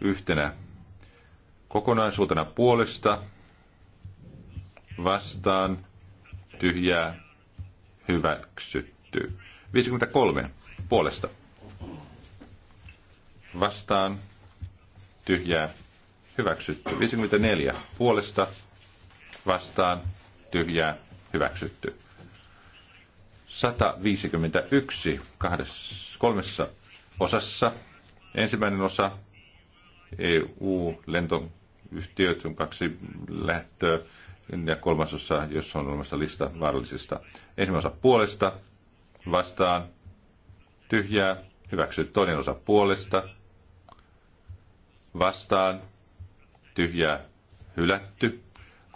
yhtenä kokonaisuutena puolesta vastaan tyhjää hyväksytty. 53 puolesta vastaan tyhjää hyväksytty. 54 puolesta vastaan tyhjää hyväksytty. 151 kahdessa, kolmessa osassa. Ensimmäinen osa EU-lentoyhtiöt on kaksi lähtöä ja kolmas osa, jos on olemassa lista vaarallisista. Ensimmäinen osa puolesta vastaan tyhjää hyväksytty. toinen osa puolesta vastaan tyhjää hylätty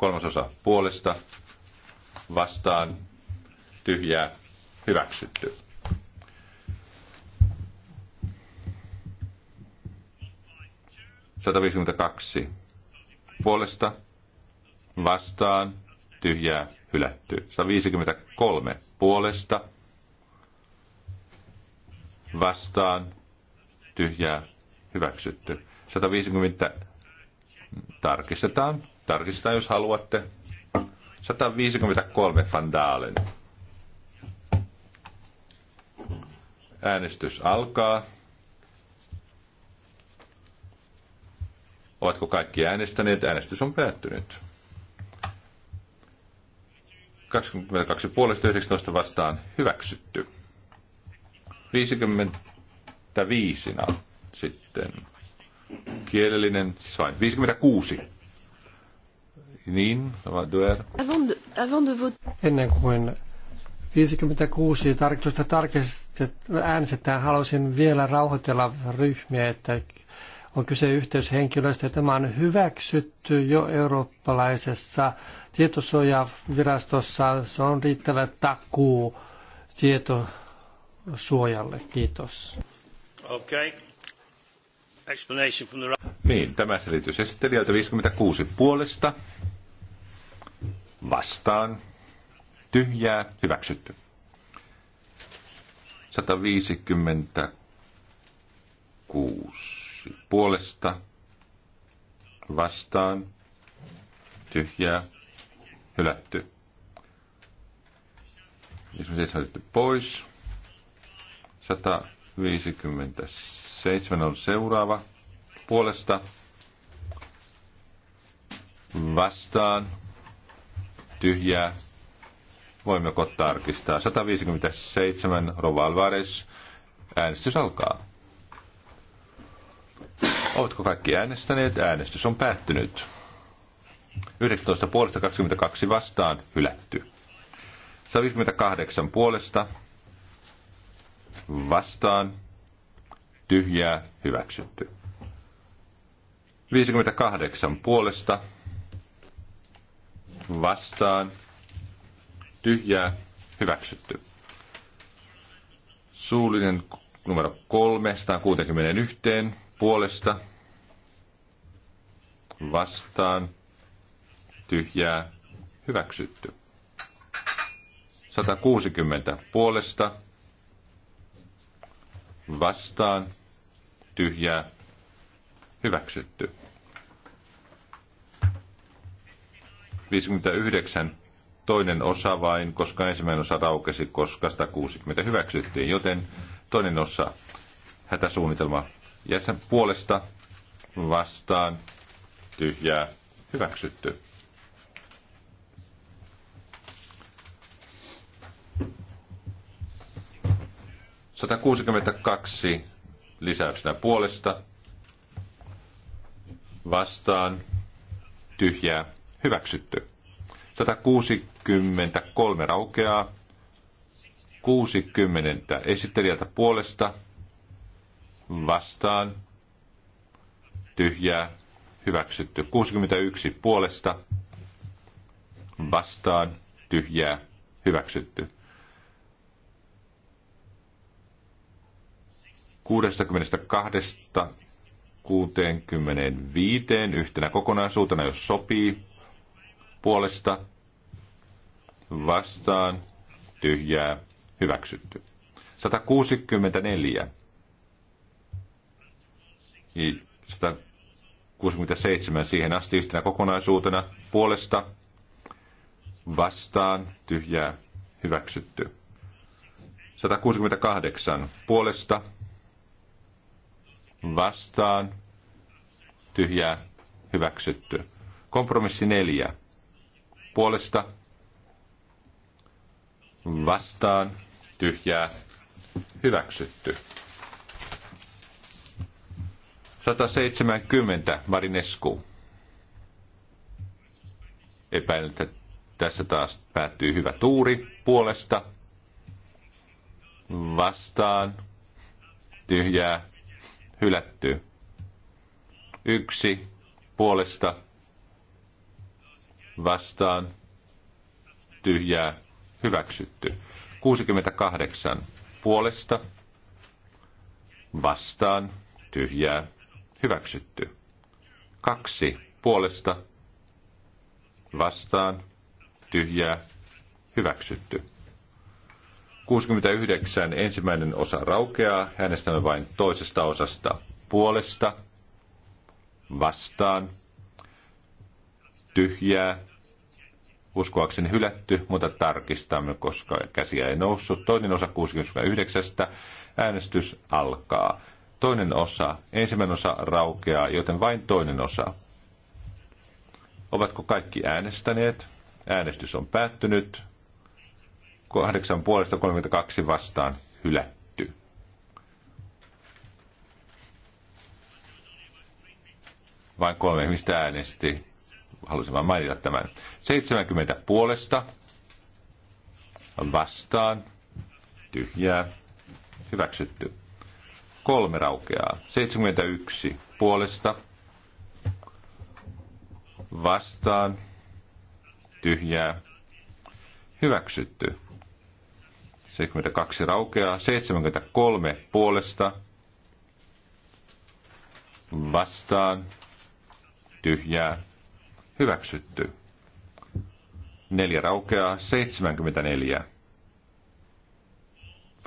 kolmasosa puolesta vastaan tyhjää hyväksytty. kaksi puolesta vastaan tyhjää hylätty. 153 puolesta vastaan tyhjää hyväksytty. 150 tarkistetaan. Tarkistetaan, jos haluatte. 153 fandaalen. Äänestys alkaa. Ovatko kaikki äänestäneet? Äänestys on päättynyt. 22 puolesta 19 vastaan hyväksytty. 55 sitten. Kielellinen, siis vain 56 niin, Duer. Ennen kuin 56 tarkistusta äänestetään, haluaisin vielä rauhoitella ryhmiä, että on kyse yhteyshenkilöistä. Tämä on hyväksytty jo eurooppalaisessa tietosuojavirastossa. Se on riittävä takuu tietosuojalle. Kiitos. Okay. Explanation from the... Niin, tämä selitys esittelijöiltä 56 puolesta vastaan, tyhjää, hyväksytty. 156 puolesta, vastaan, tyhjää, hylätty. 57 otettu pois. 157 on seuraava puolesta vastaan tyhjää. Voimmeko tarkistaa? 157, Rova Alvarez. Äänestys alkaa. Ovatko kaikki äänestäneet? Äänestys on päättynyt. 19 puolesta 22 vastaan hylätty. 158 puolesta vastaan tyhjää hyväksytty. 58 puolesta vastaan, tyhjää, hyväksytty. Suullinen numero 361 puolesta, vastaan, tyhjää, hyväksytty. 160 puolesta, vastaan, tyhjää, hyväksytty. 59 toinen osa vain, koska ensimmäinen osa raukesi, koska 160 hyväksyttiin, joten toinen osa hätäsuunnitelma jäsen puolesta vastaan tyhjää hyväksytty. kaksi lisäyksenä puolesta vastaan tyhjää hyväksytty. 163 raukeaa. 60 esittelijältä puolesta vastaan tyhjää hyväksytty. 61 puolesta vastaan tyhjää hyväksytty. 62 65 yhtenä kokonaisuutena, jos sopii puolesta vastaan tyhjää hyväksytty. 164 167 siihen asti yhtenä kokonaisuutena puolesta vastaan tyhjää hyväksytty. 168 puolesta vastaan tyhjää hyväksytty. Kompromissi neljä puolesta vastaan tyhjää hyväksytty. 170 Marinescu. Epäilen, että tässä taas päättyy hyvä tuuri puolesta. Vastaan. Tyhjää. Hylätty. Yksi puolesta vastaan, tyhjää, hyväksytty. 68 puolesta, vastaan, tyhjää, hyväksytty. Kaksi puolesta, vastaan, tyhjää, hyväksytty. 69 ensimmäinen osa raukeaa, äänestämme vain toisesta osasta puolesta, vastaan, tyhjää, uskoakseni hylätty, mutta tarkistamme, koska käsiä ei noussut. Toinen osa 69. Äänestys alkaa. Toinen osa, ensimmäinen osa raukeaa, joten vain toinen osa. Ovatko kaikki äänestäneet? Äänestys on päättynyt. 8.5.32 vastaan hylätty. Vain kolme ihmistä äänesti halusin vain mainita tämän. 70 puolesta vastaan tyhjää hyväksytty. Kolme raukeaa. 71 puolesta vastaan tyhjää hyväksytty. 72 raukeaa. 73 puolesta vastaan tyhjää Hyväksytty. Neljä raukeaa. 74.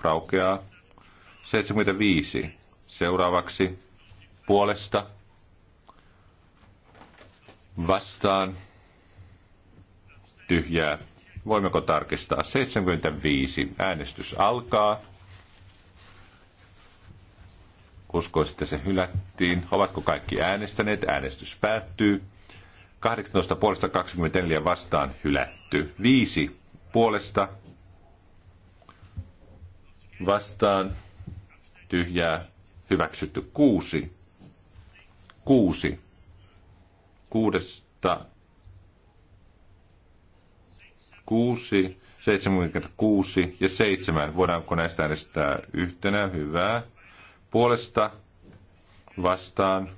Raukeaa. 75. Seuraavaksi puolesta vastaan tyhjää. Voimmeko tarkistaa? 75. Äänestys alkaa. Uskoisin, että se hylättiin. Ovatko kaikki äänestäneet? Äänestys päättyy. 18 puolesta 24 vastaan hylätty. 5 puolesta vastaan tyhjää hyväksytty. 6. 6. Kuudesta 6, 76 ja 7. Voidaanko näistä äänestää yhtenä? Hyvää. Puolesta vastaan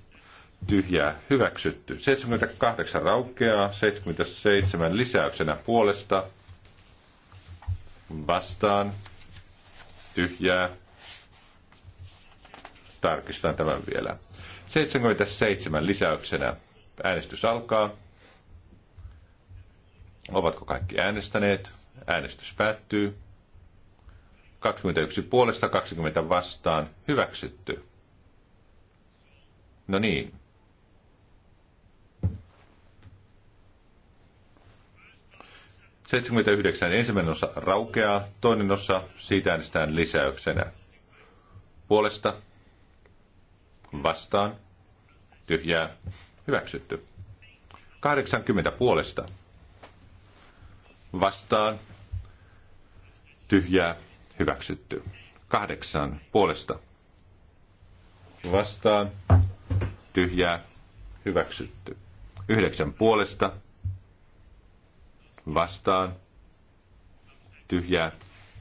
tyhjää hyväksytty. 78 raukeaa, 77 lisäyksenä puolesta vastaan tyhjää. Tarkistan tämän vielä. 77 lisäyksenä äänestys alkaa. Ovatko kaikki äänestäneet? Äänestys päättyy. 21 puolesta, 20 vastaan. Hyväksytty. No niin, 79 ensimmäinen osa raukeaa, toinen osa siitä äänestään lisäyksenä. Puolesta, vastaan, tyhjää, hyväksytty. 80 puolesta, vastaan, tyhjää, hyväksytty. 8 puolesta, vastaan, tyhjää, hyväksytty. 9 puolesta, vastaan, tyhjää,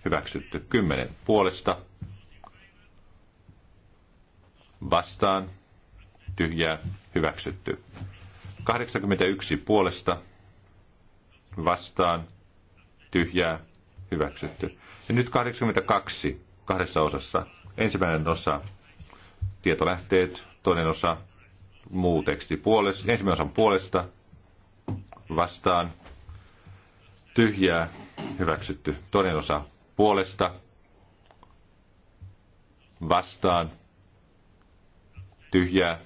hyväksytty. 10 puolesta, vastaan, tyhjää, hyväksytty. 81 puolesta, vastaan, tyhjää, hyväksytty. Ja nyt 82 kahdessa osassa. Ensimmäinen osa tietolähteet, toinen osa muu teksti puolesta, ensimmäinen osan puolesta, vastaan, tyhjää, hyväksytty. Toinen osa puolesta, vastaan, tyhjää.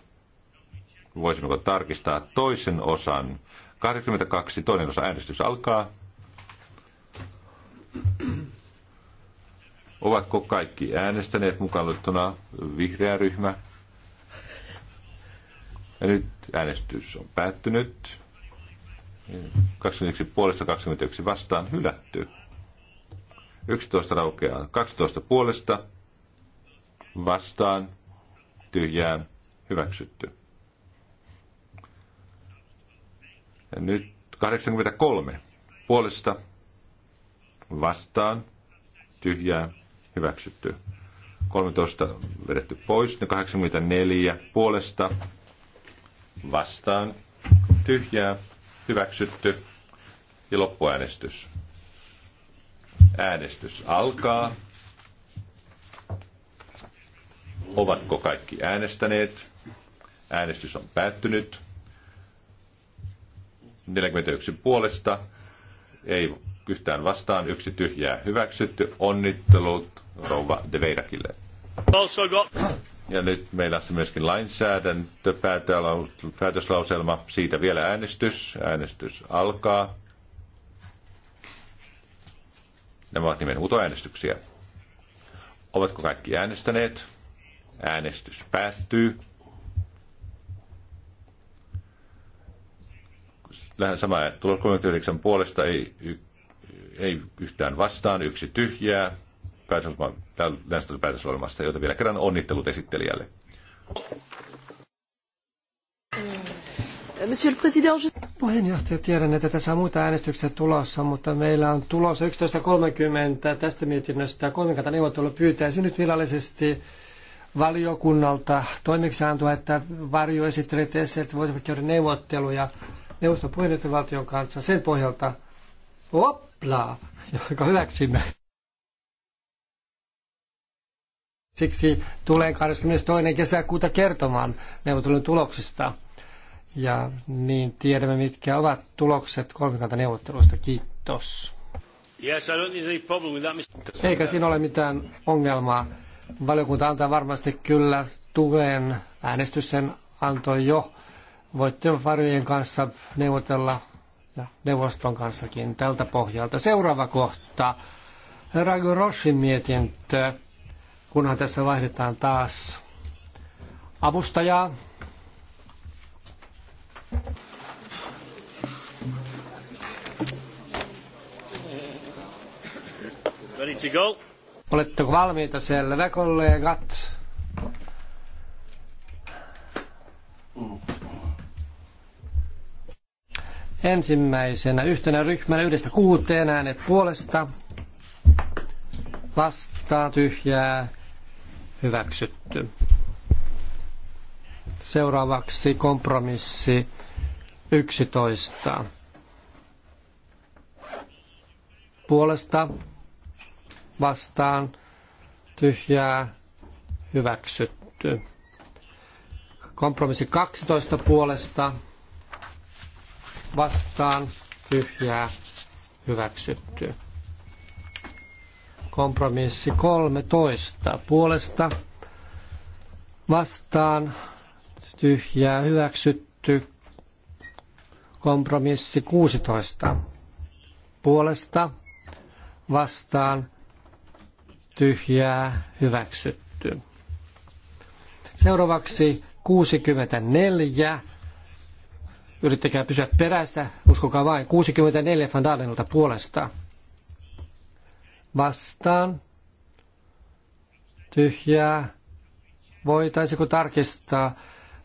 Voisimmeko tarkistaa toisen osan? 82, toinen osa äänestys alkaa. Ovatko kaikki äänestäneet mukaan luettuna vihreä ryhmä? Ja nyt äänestys on päättynyt. 21 puolesta 21 vastaan hylätty. 11 raukeaa 12 puolesta vastaan tyhjää hyväksytty. Ja nyt 83 puolesta vastaan tyhjää hyväksytty. 13 vedetty pois, Ja 84 puolesta vastaan tyhjää hyväksytty. Ja loppuäänestys. Äänestys alkaa. Ovatko kaikki äänestäneet? Äänestys on päättynyt. 41 puolesta, ei yhtään vastaan, yksi tyhjää hyväksytty. Onnittelut rouva De Veidakille. Ja nyt meillä on myöskin lainsäädäntöpäätöslauselma. Siitä vielä äänestys. Äänestys alkaa. Nämä ovat nimenhuutoäänestyksiä. Ovatko kaikki äänestäneet? Äänestys päättyy. Lähden sama tulos 39 puolesta, ei, ei yhtään vastaan, yksi tyhjää päätöslauselmasta, joita vielä kerran onnittelut esittelijälle. Monsieur le Président, je... Puheenjohtaja, tiedän, että tässä on muita äänestyksiä tulossa, mutta meillä on tulossa 11.30 tästä mietinnöstä. Kolmikanta neuvottelu pyytäisi nyt virallisesti valiokunnalta toimeksiantoa, että tässä, että voisivat käydä neuvotteluja neuvoston puheenjohtajavaltion kanssa sen pohjalta, oplaa, jonka hyväksymme. Siksi tulee 22. kesäkuuta kertomaan neuvottelun tuloksista. Ja niin tiedämme, mitkä ovat tulokset kolmikantaneuvotteluista. Kiitos. Yes, Eikä siinä ole mitään ongelmaa. Valiokunta antaa varmasti kyllä tuen. Äänestys sen antoi jo. Voitte varjojen kanssa neuvotella ja neuvoston kanssakin tältä pohjalta. Seuraava kohta. Herra Roshin mietintö kunhan tässä vaihdetaan taas avustajaa. Ready to go. Oletteko valmiita selvä, kollegat? Ensimmäisenä yhtenä ryhmänä yhdestä kuuteen äänet puolesta. Vastaa tyhjää hyväksytty. Seuraavaksi kompromissi 11. Puolesta vastaan tyhjää hyväksytty. Kompromissi 12 puolesta vastaan tyhjää hyväksytty. Kompromissi 13 puolesta vastaan tyhjää hyväksytty. Kompromissi 16 puolesta vastaan tyhjää hyväksytty. Seuraavaksi 64. Yrittäkää pysyä perässä, uskokaa vain. 64 Van Dalenilta puolesta vastaan tyhjää. Voitaisiko tarkistaa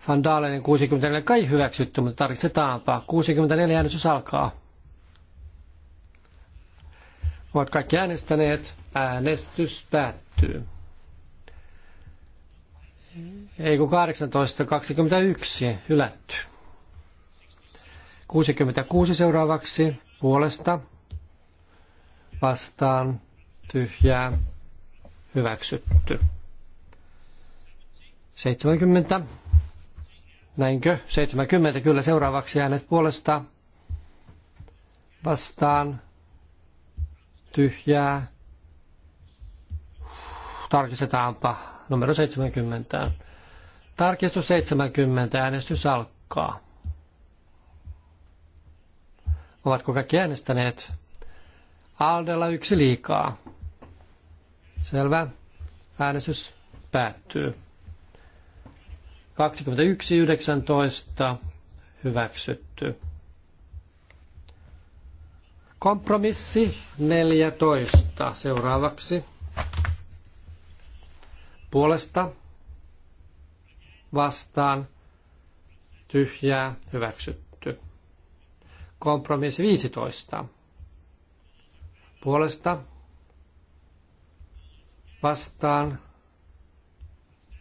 Van Dalenin 64 kai hyväksytty, mutta tarkistetaanpa. 64 äänestys alkaa. Ovat kaikki äänestäneet. Äänestys päättyy. Ei kun 18.21 hylätty. 66 seuraavaksi puolesta vastaan tyhjää hyväksytty. 70. Näinkö? 70 kyllä seuraavaksi äänet puolesta vastaan tyhjää. Tarkistetaanpa numero 70. Tarkistus 70. Äänestys alkaa. Ovatko kaikki äänestäneet? Aldella yksi liikaa. Selvä. Äänestys päättyy. 21.19 hyväksytty. Kompromissi 14 seuraavaksi. Puolesta vastaan tyhjää hyväksytty. Kompromissi 15. Puolesta vastaan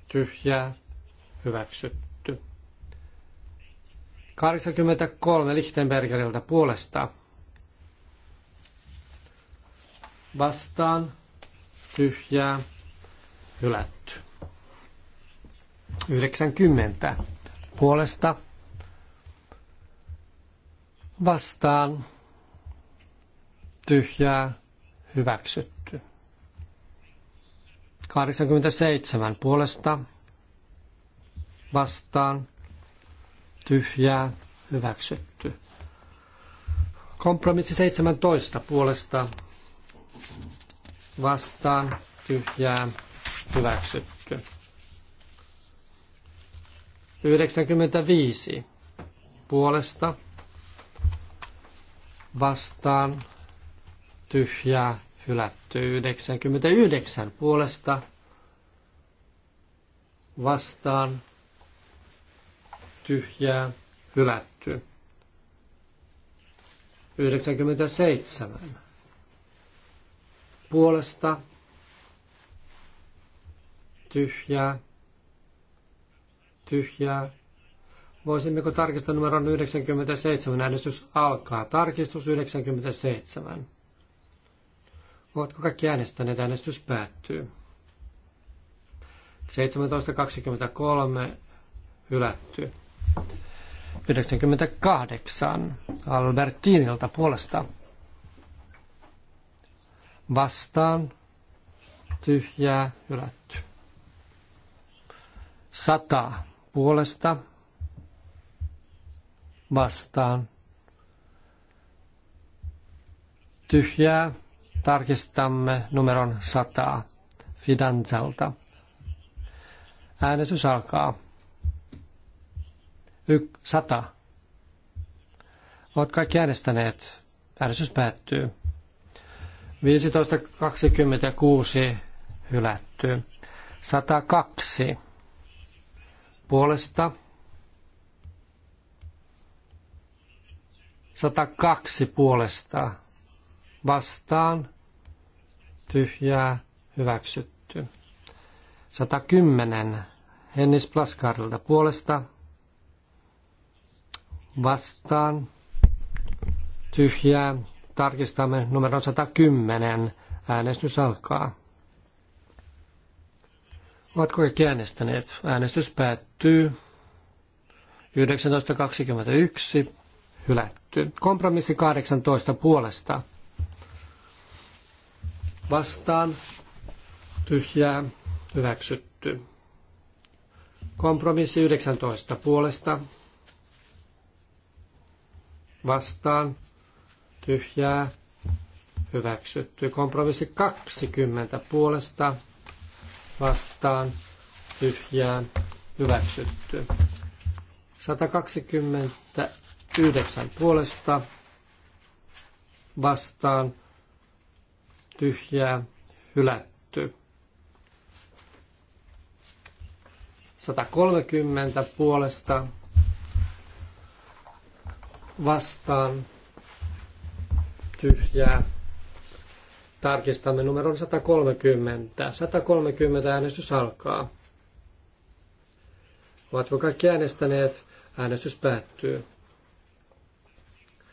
tyhjää hyväksytty. 83 Lichtenbergeriltä puolesta vastaan tyhjää hylätty. 90 puolesta vastaan tyhjää hyväksytty. 87 puolesta vastaan tyhjää hyväksytty. Kompromissi 17 puolesta vastaan tyhjää hyväksytty. 95 puolesta vastaan tyhjää hylätty 99 puolesta vastaan tyhjää hylätty 97 puolesta tyhjää tyhjää Voisimmeko tarkistaa numeron 97? Äänestys alkaa. Tarkistus 97. Ovatko kaikki äänestäneet? Äänestys päättyy. 17.23 hylätty. 98 Albertinilta puolesta vastaan tyhjää hylätty. 100 puolesta vastaan tyhjää Tarkistamme numeron 100 Fidanzalta. Äänestys alkaa. Y- 100. Ovat kaikki äänestäneet. Äänestys päättyy. 15.26 hylätty. 102 puolesta. 102 puolesta vastaan tyhjää hyväksytty. 110 Hennis Plaskardilta puolesta vastaan tyhjää. Tarkistamme numero 110. Äänestys alkaa. Ovatko kaikki äänestäneet? Äänestys päättyy. 19.21. Hylätty. Kompromissi 18 puolesta vastaan tyhjää hyväksytty. Kompromissi 19 puolesta vastaan tyhjää hyväksytty. Kompromissi 20 puolesta vastaan tyhjää hyväksytty. 129 puolesta vastaan tyhjää hylätty. 130 puolesta vastaan tyhjää. Tarkistamme numeron 130. 130 äänestys alkaa. Ovatko kaikki äänestäneet? Äänestys päättyy.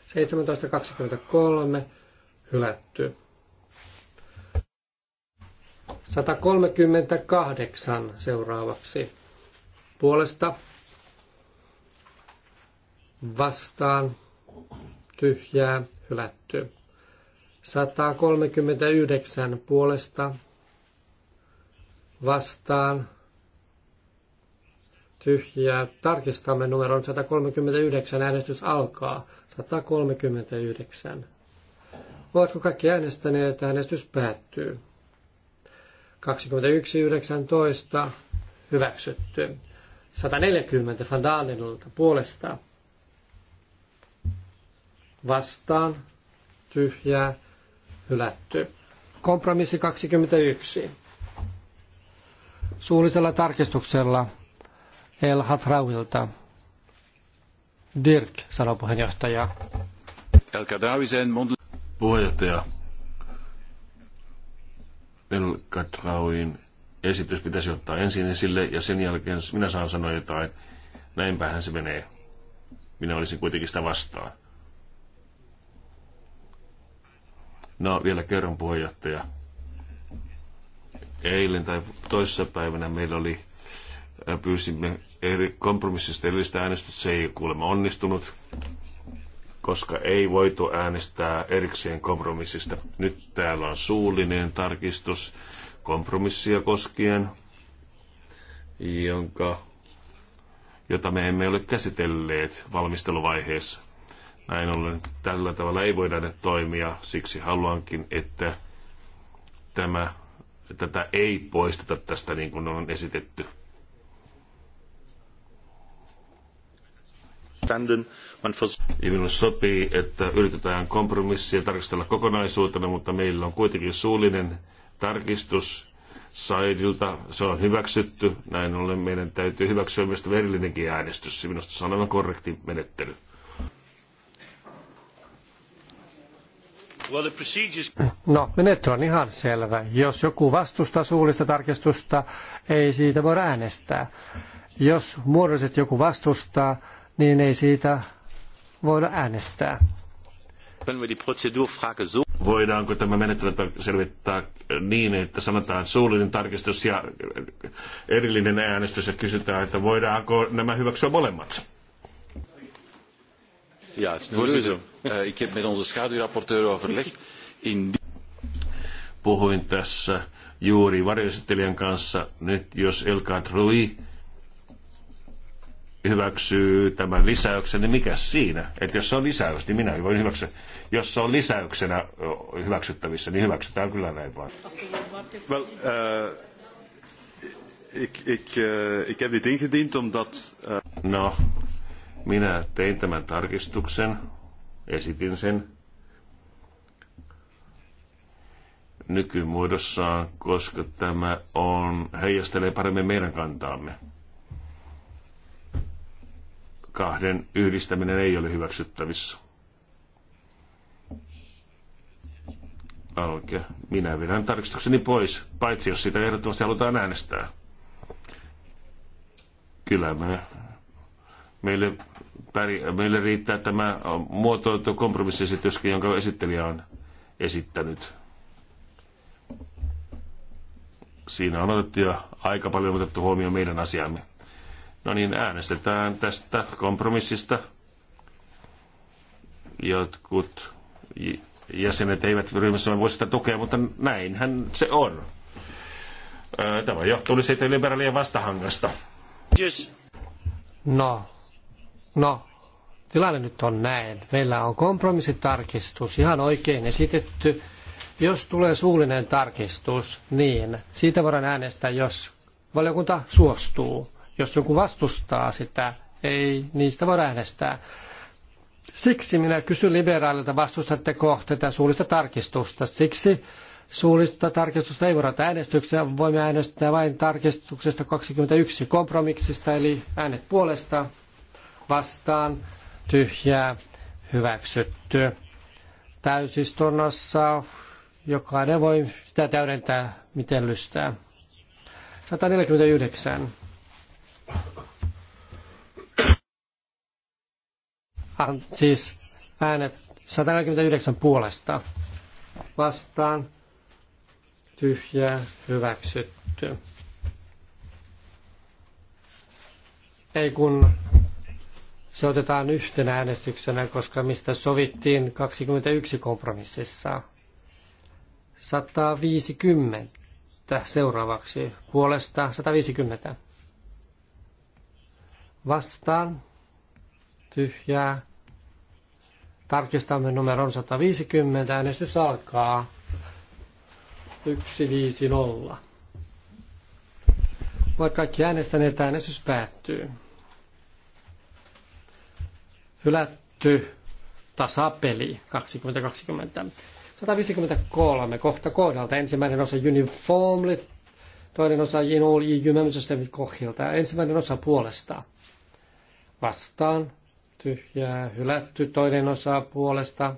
17.23 hylätty. 138 seuraavaksi puolesta vastaan tyhjää hylätty. 139 puolesta vastaan tyhjää. Tarkistamme numeron 139. Äänestys alkaa. 139. Ovatko kaikki äänestäneet? Äänestys päättyy. 21.19 hyväksytty. 140 Fandalenilta puolesta vastaan tyhjää hylätty. Kompromissi 21. Suullisella tarkistuksella El Hatrauilta. Dirk, sanoi puheenjohtaja. Puheenjohtaja, El esitys pitäisi ottaa ensin esille ja sen jälkeen minä saan sanoa jotain. Näinpähän se menee. Minä olisin kuitenkin sitä vastaan. No vielä kerran puheenjohtaja. Eilen tai toisessa päivänä meillä oli, äh, pyysimme eri kompromissista erillistä äänestystä. Se ei kuulemma onnistunut koska ei voitu äänestää erikseen kompromissista. Nyt täällä on suullinen tarkistus kompromissia koskien, jonka, jota me emme ole käsitelleet valmisteluvaiheessa. Näin ollen tällä tavalla ei voida ne toimia, siksi haluankin, että tämä, tätä ei poisteta tästä niin kuin on esitetty. verstanden. Man Minulle sopii, että yritetään kompromissia tarkastella kokonaisuutena, mutta meillä on kuitenkin suullinen tarkistus Saidilta. Se on hyväksytty. Näin ollen meidän täytyy hyväksyä myös verillinenkin äänestys. Minusta se on aivan korrekti menettely. No, menettely on ihan selvä. Jos joku vastustaa suullista tarkistusta, ei siitä voi äänestää. Jos muodollisesti joku vastustaa, niin ei siitä voida äänestää. Voidaanko tämä menettelypä selvittää niin, että sanotaan suullinen tarkistus ja erillinen äänestys ja kysytään, että voidaanko nämä hyväksyä molemmat? Ja, eh, ik heb met onze schaduwrapporteur overlegd. Puhuin tässä juuri varjoesittelijän kanssa. Nyt jos Elkaat Rui hyväksyy tämän lisäyksen, niin mikä siinä? Että jos se on lisäys, niin minä voin hyväksyä. Jos se on lisäyksenä hyväksyttävissä, niin hyväksytään kyllä näin vaan. Well, uh... Eh, ik, ik, uh, ik heb dit ingediend omdat... Uh... No, minä tein tämän tarkistuksen, esitin sen nykymuodossaan, koska tämä on, heijastelee paremmin meidän kantaamme kahden yhdistäminen ei ole hyväksyttävissä. Alke. Minä vedän tarkistukseni pois, paitsi jos sitä ehdottomasti halutaan äänestää. Kyllä me, meille, pär, meille riittää tämä muotoiltu kompromissiesityskin, jonka esittelijä on esittänyt. Siinä on otettu jo aika paljon otettu huomioon meidän asiamme. No niin, äänestetään tästä kompromissista. Jotkut jäsenet eivät ryhmässä voi sitä tukea, mutta näinhän se on. Tämä johtuu siitä liberaalien vastahangasta. Yes. No, no, tilanne nyt on näin. Meillä on kompromissitarkistus ihan oikein esitetty. Jos tulee suullinen tarkistus, niin siitä voidaan äänestää, jos valiokunta suostuu. Jos joku vastustaa sitä, ei niistä voi äänestää. Siksi minä kysyn liberaalilta, vastustatteko tätä suullista tarkistusta? Siksi suullista tarkistusta ei voida äänestykseen, voimme äänestää vain tarkistuksesta 21 kompromissista, eli äänet puolesta, vastaan, tyhjää, hyväksytty. Täysistunnossa jokainen voi sitä täydentää, miten lystää. 149 siis äänet 149 puolesta vastaan tyhjää hyväksytty. Ei kun se otetaan yhtenä äänestyksenä, koska mistä sovittiin 21 kompromississa. 150 seuraavaksi puolesta 150 vastaan, tyhjää. Tarkistamme numeron 150, äänestys alkaa 150. Ovat kaikki äänestäneet, äänestys päättyy. Hylätty tasapeli 2020. 153 kohta kohdalta. Ensimmäinen osa Uniformly, toinen osa Jinul Jymämisestä kohdalta. Ensimmäinen osa puolesta vastaan, tyhjää, hylätty toinen osa puolesta,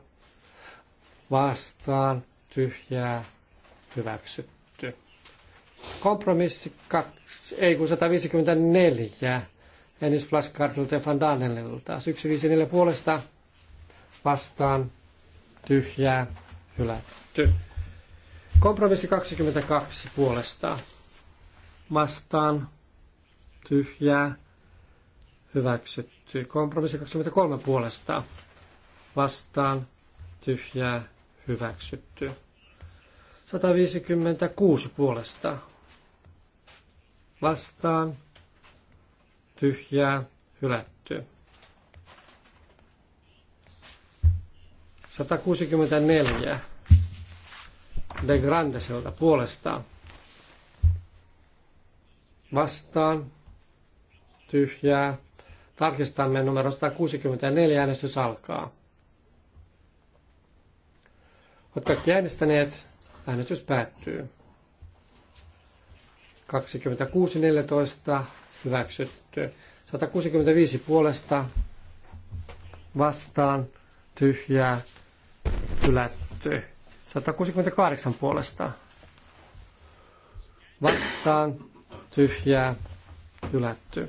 vastaan, tyhjää, hyväksytty. Kompromissi 2, ei kun 154, Ennis Plaskartilta ja Van Danelilta. 154 puolesta, vastaan, tyhjää, hylätty. Kompromissi 22 puolesta, vastaan, tyhjää, hyväksytty. Kompromissi 23 puolesta vastaan tyhjää hyväksytty. 156 puolesta vastaan tyhjää hylätty. 164 De Grandeselta puolestaan vastaan tyhjää Tarkistamme numero 164, äänestys alkaa. Olet kaikki äänestäneet, äänestys päättyy. 26.14 hyväksytty. 165 puolesta vastaan tyhjää hylätty. 168 puolesta vastaan tyhjää hylätty.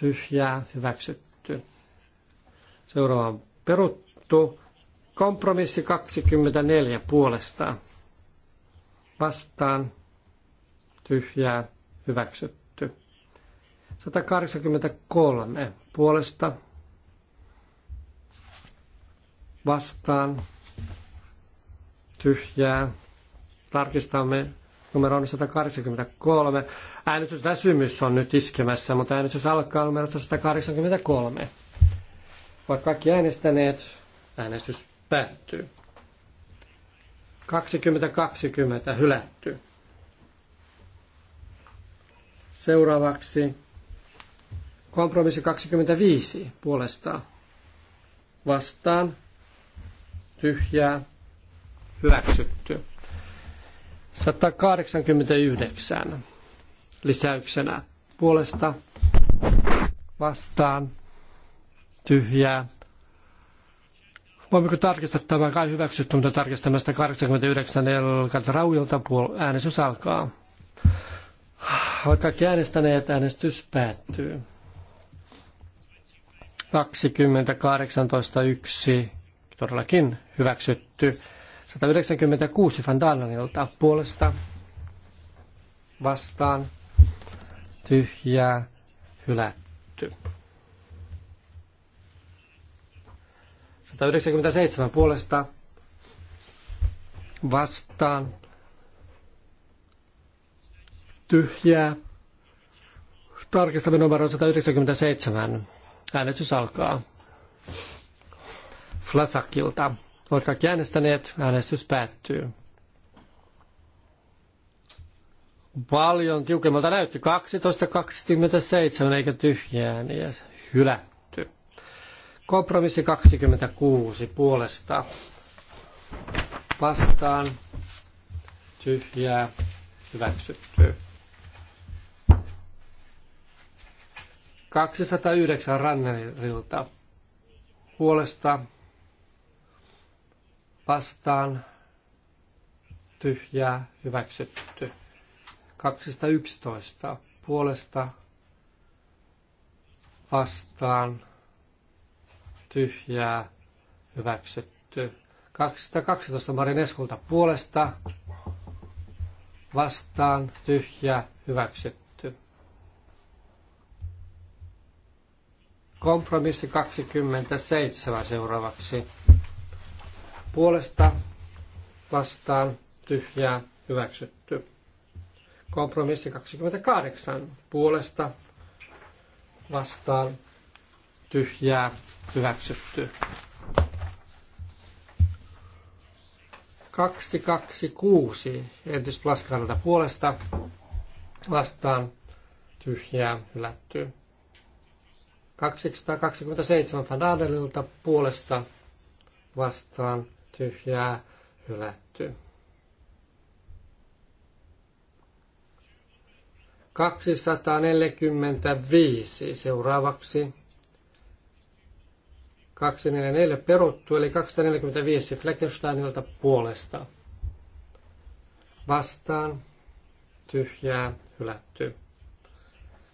tyhjää, hyväksytty. Seuraava on peruttu. Kompromissi 24 puolesta. Vastaan, tyhjää, hyväksytty. 183 puolesta. Vastaan, tyhjää. Tarkistamme numeroon 183. Äänestysväsymys on nyt iskemässä, mutta äänestys alkaa numerosta 183. Ovat kaikki äänestäneet, äänestys päättyy. 2020 hylätty. Seuraavaksi kompromissi 25 puolesta Vastaan. Tyhjää. Hyväksytty. 189 lisäyksenä puolesta vastaan tyhjää. Voimmeko tarkistaa tämän kai hyväksytty, mutta tarkistamasta 89 elkalta raujolta puol- äänestys alkaa. Ovat kaikki äänestäneet, äänestys päättyy. 20, 18, 1, todellakin hyväksytty. 196 Van Dalenilta puolesta vastaan tyhjää hylätty. 197 puolesta vastaan tyhjää. Tarkistamme numero 197. Äänestys alkaa. Flasakilta. Ovat kaikki äänestäneet. Äänestys päättyy. Paljon tiukemmalta näytti. 12.27 eikä tyhjää niin hylätty. Kompromissi 26 puolesta. Vastaan. Tyhjää. Hyväksytty. 209 Rannerilta puolesta vastaan tyhjää hyväksytty. 211 puolesta vastaan tyhjää hyväksytty. 212 Marin Eskulta puolesta vastaan tyhjä hyväksytty. Kompromissi 27 seuraavaksi puolesta vastaan tyhjää hyväksytty. Kompromissi 28 puolesta vastaan tyhjää hyväksytty. 226 Entis Plaskanalta puolesta vastaan tyhjää hylätty. 227 Van puolesta vastaan tyhjää hylätty. 245 seuraavaksi. 244 peruttu, eli 245 Fleckensteinilta puolesta. Vastaan tyhjää hylätty.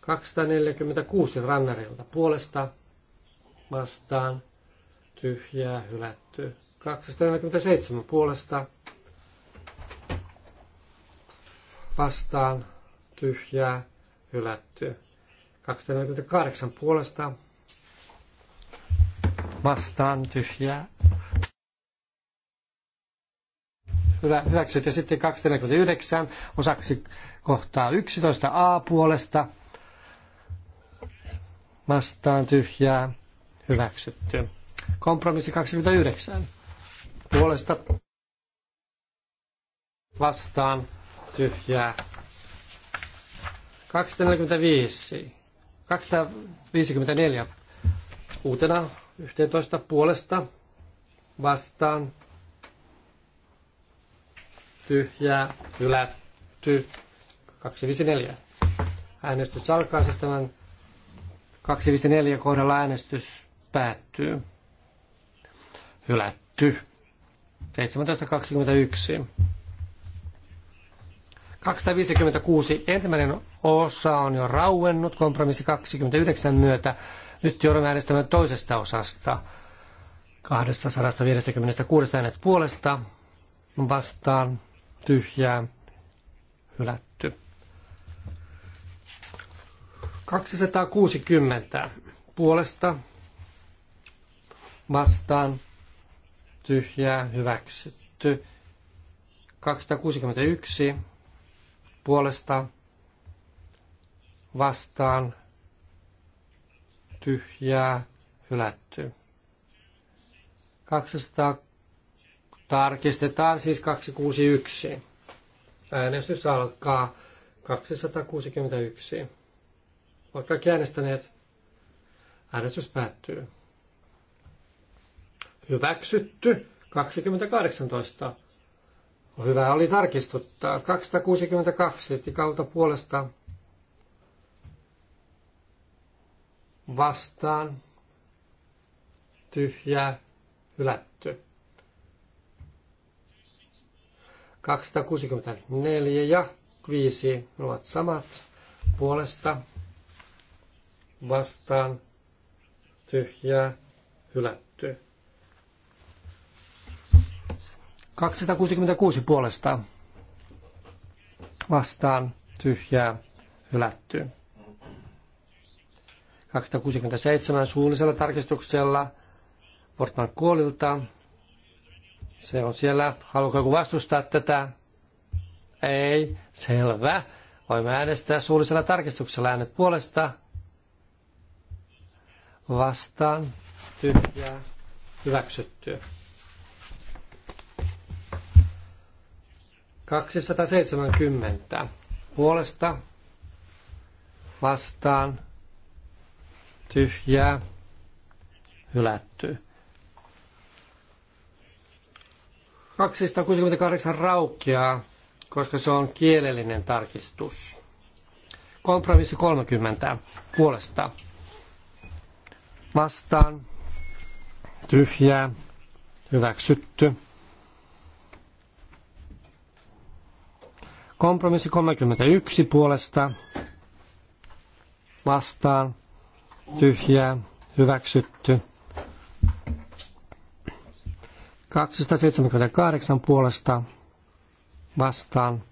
246 rannarilta puolesta vastaan tyhjää hylätty. 247 puolesta vastaan tyhjää hylättyä. 248 puolesta vastaan tyhjää Hyvä, hyväksyt. Ja sitten 249 osaksi kohtaa 11a puolesta vastaan tyhjää hyväksytty. Kompromissi 29 puolesta vastaan tyhjää. 245, 254 uutena 11 puolesta vastaan tyhjää hylätty 254. Äänestys alkaa siis tämän 254 kohdalla äänestys päättyy. Hylätty. 1721. 256. Ensimmäinen osa on jo rauennut kompromissi 29 myötä. Nyt joudumme äänestämään toisesta osasta. 256 äänet puolesta vastaan tyhjää hylätty. 260 puolesta vastaan tyhjää hyväksytty. 261 puolesta vastaan tyhjää hylätty. 200 tarkistetaan siis 261. Äänestys alkaa 261. Olkaa äänestäneet. Äänestys päättyy hyväksytty. 2018. Hyvä oli tarkistuttaa. 262 kautta puolesta vastaan tyhjää hylätty. 264 ja 5 ovat samat puolesta vastaan tyhjää hylätty. 266 puolesta vastaan tyhjää hylättyä. 267 suullisella tarkistuksella Portman Kuolilta. Se on siellä. Haluatko joku vastustaa tätä? Ei. Selvä. Voimme äänestää suullisella tarkistuksella äänet puolesta. Vastaan. Tyhjää. Hyväksyttyä. 270 puolesta vastaan tyhjää hylätty. 268 raukkiaa, koska se on kielellinen tarkistus. Kompromissi 30 puolesta. Vastaan. Tyhjää. Hyväksytty. Kompromissi 31 puolesta vastaan tyhjää hyväksytty. 278 puolesta vastaan.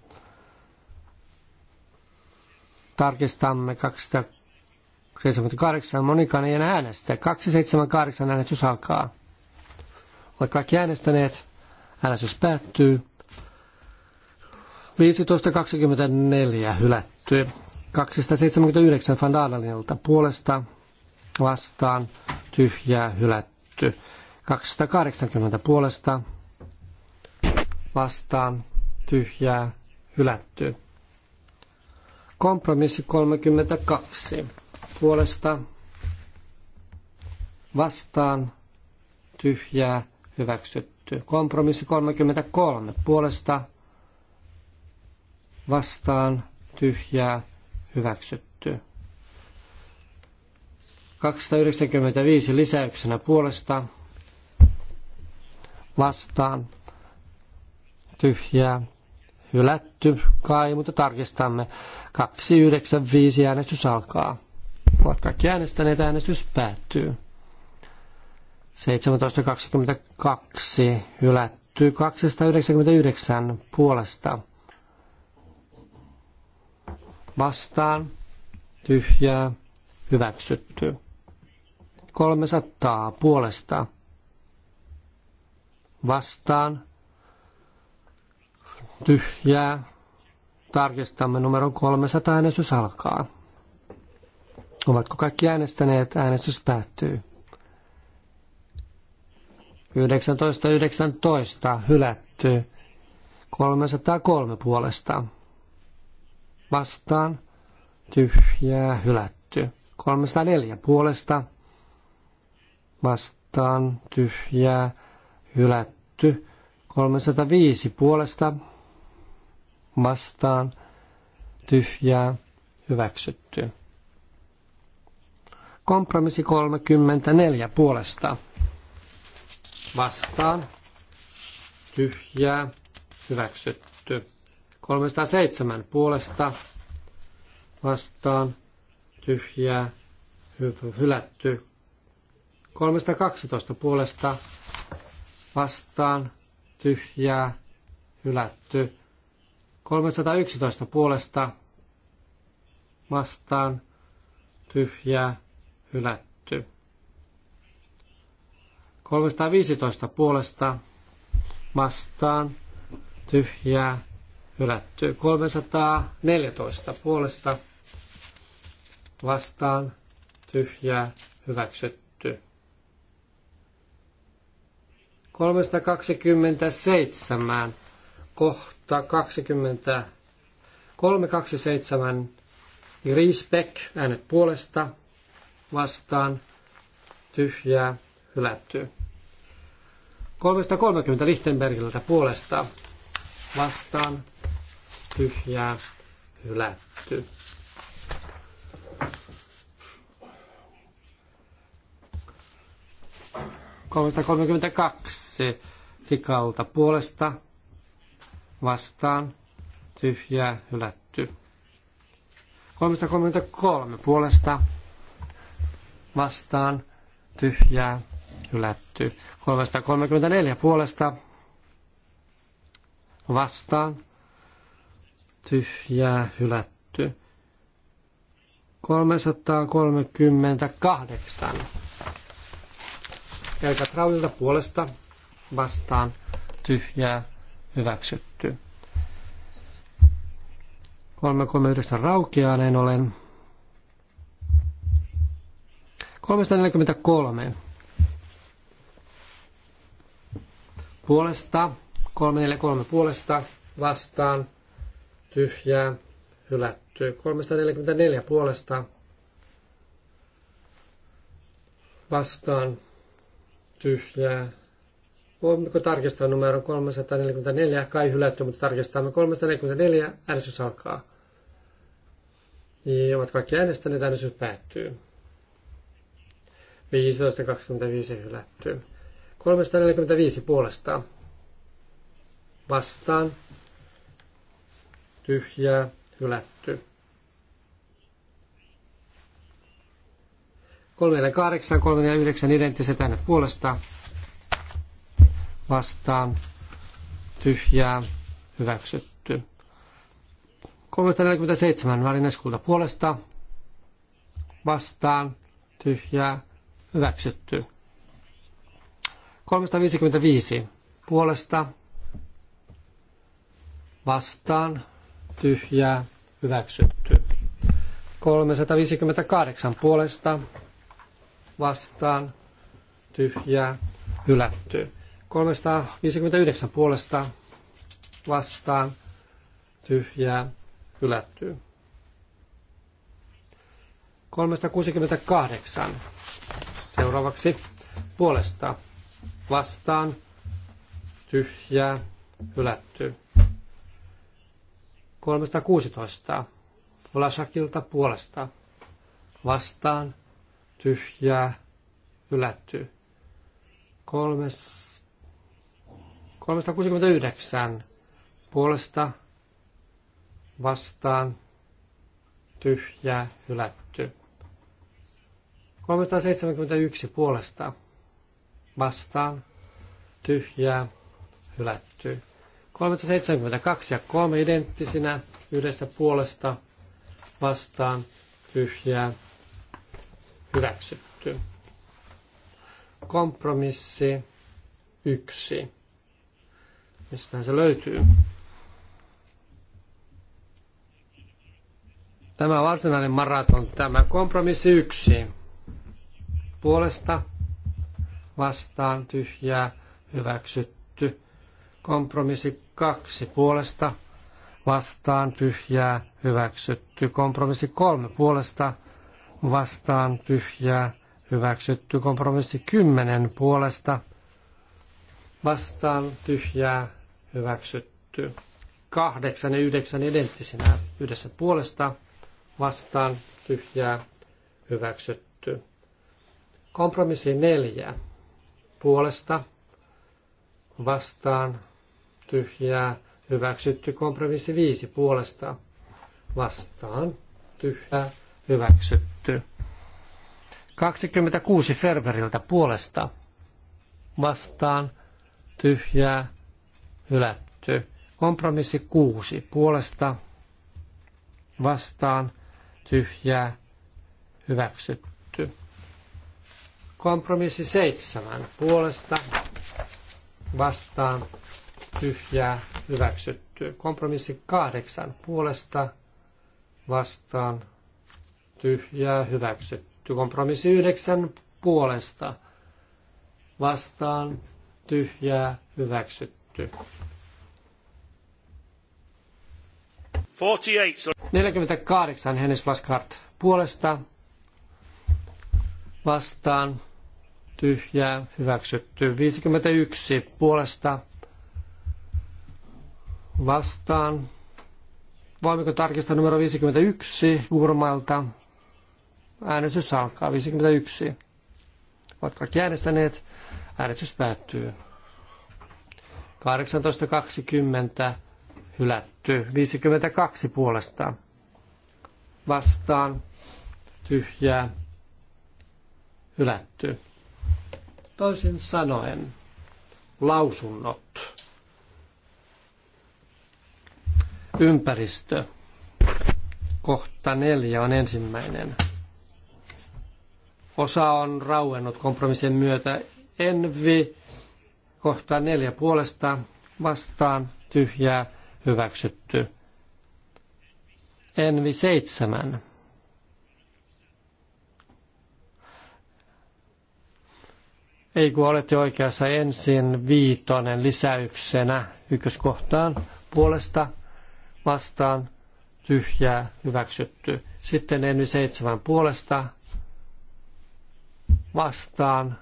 Tarkistamme 278. Monikaan ei enää äänestä. 278 äänestys alkaa. Olet kaikki äänestäneet. Äänestys päättyy. 15.24 hylätty. 279 Van Dalenilta puolesta vastaan tyhjää hylätty. 280 puolesta vastaan tyhjää hylätty. Kompromissi 32 puolesta vastaan tyhjää hyväksytty. Kompromissi 33 puolesta vastaan tyhjää hyväksytty. 295 lisäyksenä puolesta vastaan tyhjää hylätty kai, mutta tarkistamme. 295 äänestys alkaa. Ovat kaikki äänestäneet, äänestys päättyy. 17.22 hylätty 299 puolesta vastaan, tyhjää, hyväksytty. 300 puolesta vastaan, tyhjää, tarkistamme numero 300 äänestys alkaa. Ovatko kaikki äänestäneet? Äänestys päättyy. 19.19 19, hylätty. 303 puolestaan vastaan, tyhjää, hylätty. 304 puolesta vastaan, tyhjää, hylätty. 305 puolesta vastaan, tyhjää, hyväksytty. Kompromissi 34 puolesta vastaan, tyhjää, hyväksytty. 307 puolesta vastaan tyhjää hy- hylätty. 312 puolesta vastaan tyhjää hylätty. 311 puolesta vastaan tyhjää hylätty. 315 puolesta vastaan tyhjää hylätty. 314 puolesta vastaan tyhjää hyväksytty. 327 kohta 20 327 Griesbeck äänet puolesta vastaan tyhjää hylätty. 330 Lichtenbergiltä puolesta vastaan tyhjää hylätty. kaksi tikalta puolesta vastaan tyhjää hylätty. 333 puolesta vastaan tyhjää hylätty. 334 puolesta vastaan tyhjää hylätty. 338. Elka Traulilta puolesta vastaan tyhjää hyväksytty. 339 raukeaa näin ollen. 343. Puolesta, 343 puolesta vastaan tyhjää, hylätty. 344 puolesta vastaan tyhjää. Voimmeko tarkistaa numeron 344? Kai hylätty, mutta tarkistamme 344. Äänestys alkaa. Ja niin, ovat kaikki äänestäneet, äänestys päättyy. 15.25 hylätty. 345 puolesta vastaan tyhjää, hylätty. 38, 39 identtiset äänet puolesta vastaan tyhjää hyväksytty. 347 Varineskulta puolesta vastaan tyhjää hyväksytty. 355 puolesta vastaan tyhjää, hyväksytty. 358 puolesta vastaan, tyhjää, hylätty. 359 puolesta vastaan, tyhjää, hylätty. 368. Seuraavaksi puolesta vastaan, tyhjää, hylätty. 316. Vlasakilta puolesta. Vastaan. Tyhjää. ylätty. 369. Puolesta. Vastaan. Tyhjää. Hylätty. 371 puolesta vastaan, tyhjää, hylätty. 372 ja 3 identtisinä yhdessä puolesta vastaan tyhjää hyväksytty. Kompromissi 1. Mistä se löytyy? Tämä varsinainen maraton, tämä kompromissi 1. Puolesta vastaan tyhjää hyväksytty. Kompromissi kaksi puolesta vastaan tyhjää hyväksytty. Kompromissi kolme puolesta vastaan tyhjää hyväksytty. Kompromissi kymmenen puolesta vastaan tyhjää hyväksytty. Kahdeksan ja yhdeksän identtisinä yhdessä puolesta vastaan tyhjää hyväksytty. Kompromissi neljä puolesta vastaan tyhjää, hyväksytty kompromissi viisi puolesta vastaan, tyhjää, hyväksytty. 26 Ferberiltä puolesta vastaan, tyhjää, hylätty. Kompromissi 6 puolesta vastaan, tyhjää, hyväksytty. Kompromissi 7 puolesta vastaan, tyhjää hyväksytty. Kompromissi kahdeksan puolesta vastaan tyhjää hyväksytty. Kompromissi yhdeksän puolesta vastaan tyhjää hyväksytty. 48 Hennes Plaskart puolesta vastaan tyhjää hyväksytty. 51 puolesta vastaan. Voimmeko tarkistaa numero 51 Gurmalta? Äänestys alkaa 51. Ovat kaikki äänestäneet. Äänestys päättyy. 18.20 hylätty. 52 puolesta vastaan. Tyhjää. Hylätty. Toisin sanoen lausunnot. Ympäristö. Kohta neljä on ensimmäinen. Osa on rauennut kompromissien myötä. Envi. Kohta neljä puolesta vastaan tyhjää hyväksytty. Envi seitsemän. Ei kun olette oikeassa ensin viitonen lisäyksenä ykköskohtaan puolesta vastaan tyhjää hyväksytty. Sitten Envi 7 puolesta vastaan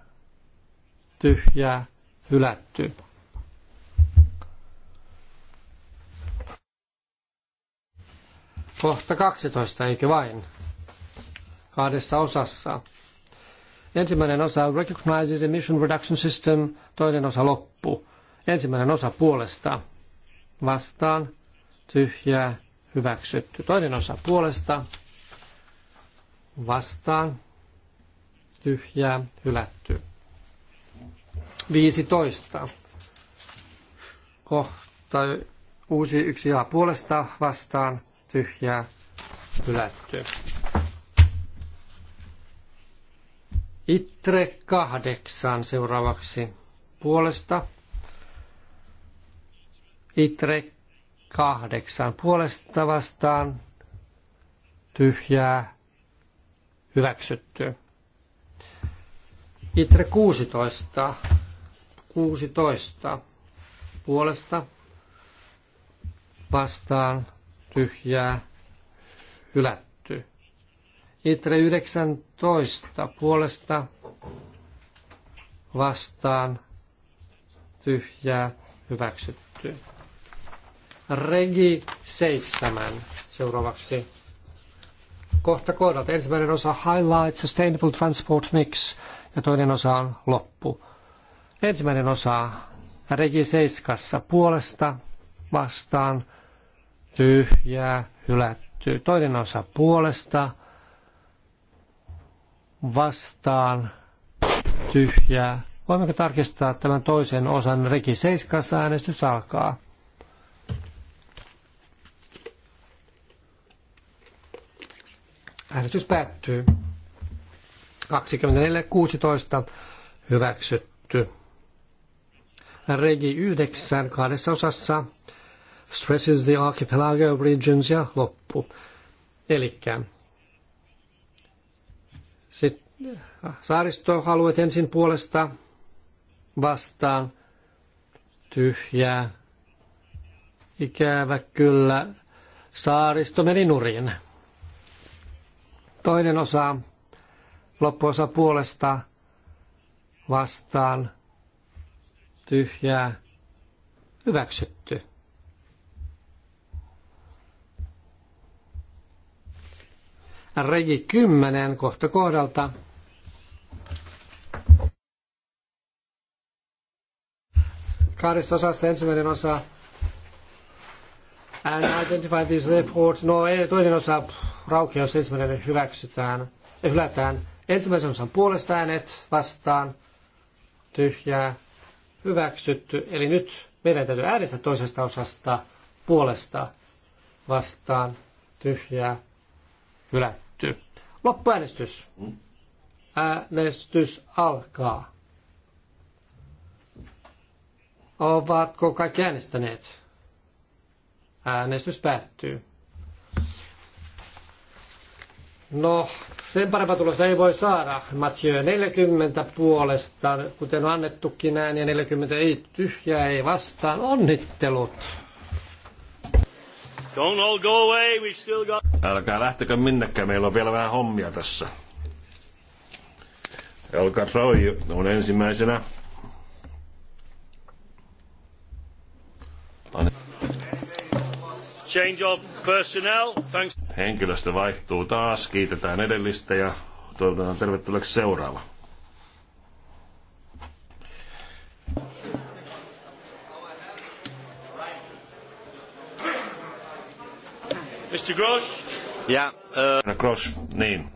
tyhjää hylätty. Kohta 12, eikö vain? Kahdessa osassa. Ensimmäinen osa Recognizes Emission Reduction System, toinen osa loppu. Ensimmäinen osa puolesta vastaan tyhjää, hyväksytty. Toinen osa puolesta, vastaan, tyhjää, hylätty. 15. Kohta uusi yksi ja puolesta, vastaan, tyhjää, hylätty. Itre kahdeksan seuraavaksi puolesta. Itre kahdeksan puolesta vastaan tyhjää hyväksytty. Itre 16, 16 puolesta vastaan tyhjää hylätty. Itre 19 puolesta vastaan tyhjää hyväksytty. Regi 7 seuraavaksi. Kohta kohdalta ensimmäinen osa Highlight Sustainable Transport Mix ja toinen osa on loppu. Ensimmäinen osa Regi 7 puolesta vastaan tyhjää hylätty. Toinen osa puolesta vastaan tyhjää. Voimmeko tarkistaa tämän toisen osan Regi 7 äänestys alkaa? Äänestys päättyy. 24.16 hyväksytty. Regi 9 kahdessa osassa stresses the archipelago regions ja loppu. Eli äh, saaristo haluat ensin puolesta vastaan tyhjää. Ikävä kyllä saaristo meni nurin. Toinen osa, loppuosa puolesta vastaan, tyhjää, hyväksytty. Regi 10 kohta kohdalta. Kahdessa osassa ensimmäinen osa and identify these reports. No ei, toinen osa raukeus ensimmäinen hyväksytään, eh, hylätään. Ensimmäisen osan puolesta äänet vastaan, tyhjää, hyväksytty. Eli nyt meidän täytyy äänestää toisesta osasta puolesta vastaan, tyhjää, hylätty. Loppuäänestys. Äänestys alkaa. Ovatko kaikki äänestäneet? Äänestys päättyy. No, sen parempaa tulosta ei voi saada. Mathieu 40 puolesta, kuten on annettukin näin, ja 40 ei tyhjää, ei vastaan. Onnittelut! Don't all go away, we still got... Älkää lähtekö minnekään, meillä on vielä vähän hommia tässä. Elka Roy on ensimmäisenä. Anne. Change of personnel. Thanks. Henkilöstö vaihtuu taas. Kiitetään edellistä ja toivotetaan tervetulleeksi seuraava. Mr. Gross. Ja, uh... no Grosch, niin.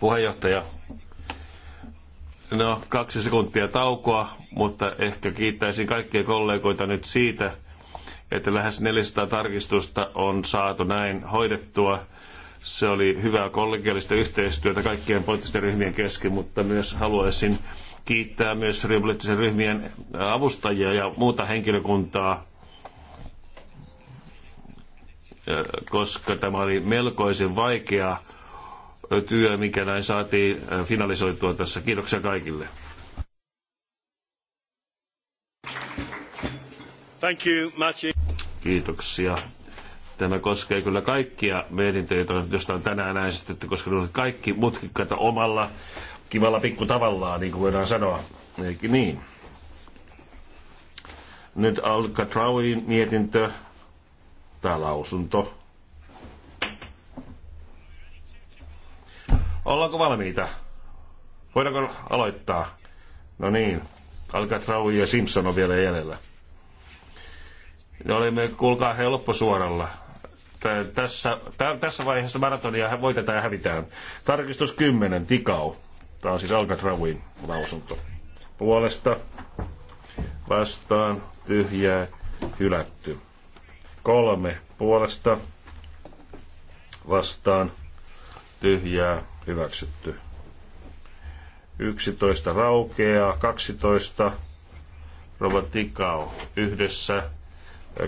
Puheenjohtaja. No, kaksi sekuntia taukoa, mutta ehkä kiittäisin kaikkia kollegoita nyt siitä, että lähes 400 tarkistusta on saatu näin hoidettua. Se oli hyvää kollegiallista yhteistyötä kaikkien poliittisten ryhmien kesken, mutta myös haluaisin kiittää myös poliittisen ryhmien avustajia ja muuta henkilökuntaa, koska tämä oli melkoisen vaikea työ, mikä näin saatiin finalisoitua tässä. Kiitoksia kaikille. Thank you, Kiitoksia. Tämä koskee kyllä kaikkia mietintöjä, joista on tänään äänestetty, koska ne ovat kaikki mutkikkaita omalla kivalla pikku tavallaan, niin kuin voidaan sanoa. Eikö niin? Nyt al Trauin mietintö tai lausunto. Ollaanko valmiita? Voidaanko aloittaa? No niin, Alcatraui ja Simpson on vielä jäljellä. Olimme, kuulkaa, helppo suoralla. Tässä, tässä vaiheessa maratonia voitetaan ja hävitään. Tarkistus 10, Tikau. Tämä on siis Alcatrawin lausunto. Puolesta vastaan tyhjää hylätty. Kolme puolesta vastaan tyhjää hyväksytty. 11 raukeaa, 12 Robert yhdessä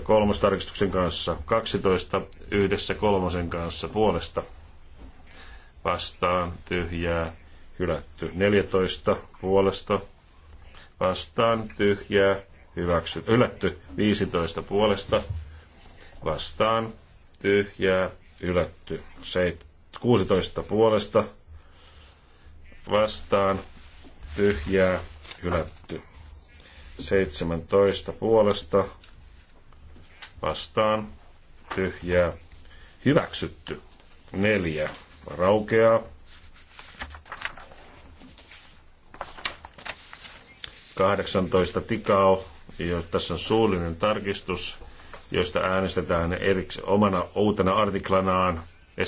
kolmostarkistuksen kanssa, 12 yhdessä kolmosen kanssa puolesta vastaan tyhjää hylätty, 14 puolesta vastaan tyhjää hyväksy, hylätty, 15 puolesta vastaan tyhjää hylätty, 16 puolesta vastaan tyhjää hylätty, 17 puolesta vastaan tyhjää hyväksytty. Neljä raukeaa. Kahdeksantoista tikao, ja tässä on suullinen tarkistus, josta äänestetään erikseen omana uutena artiklanaan. Ja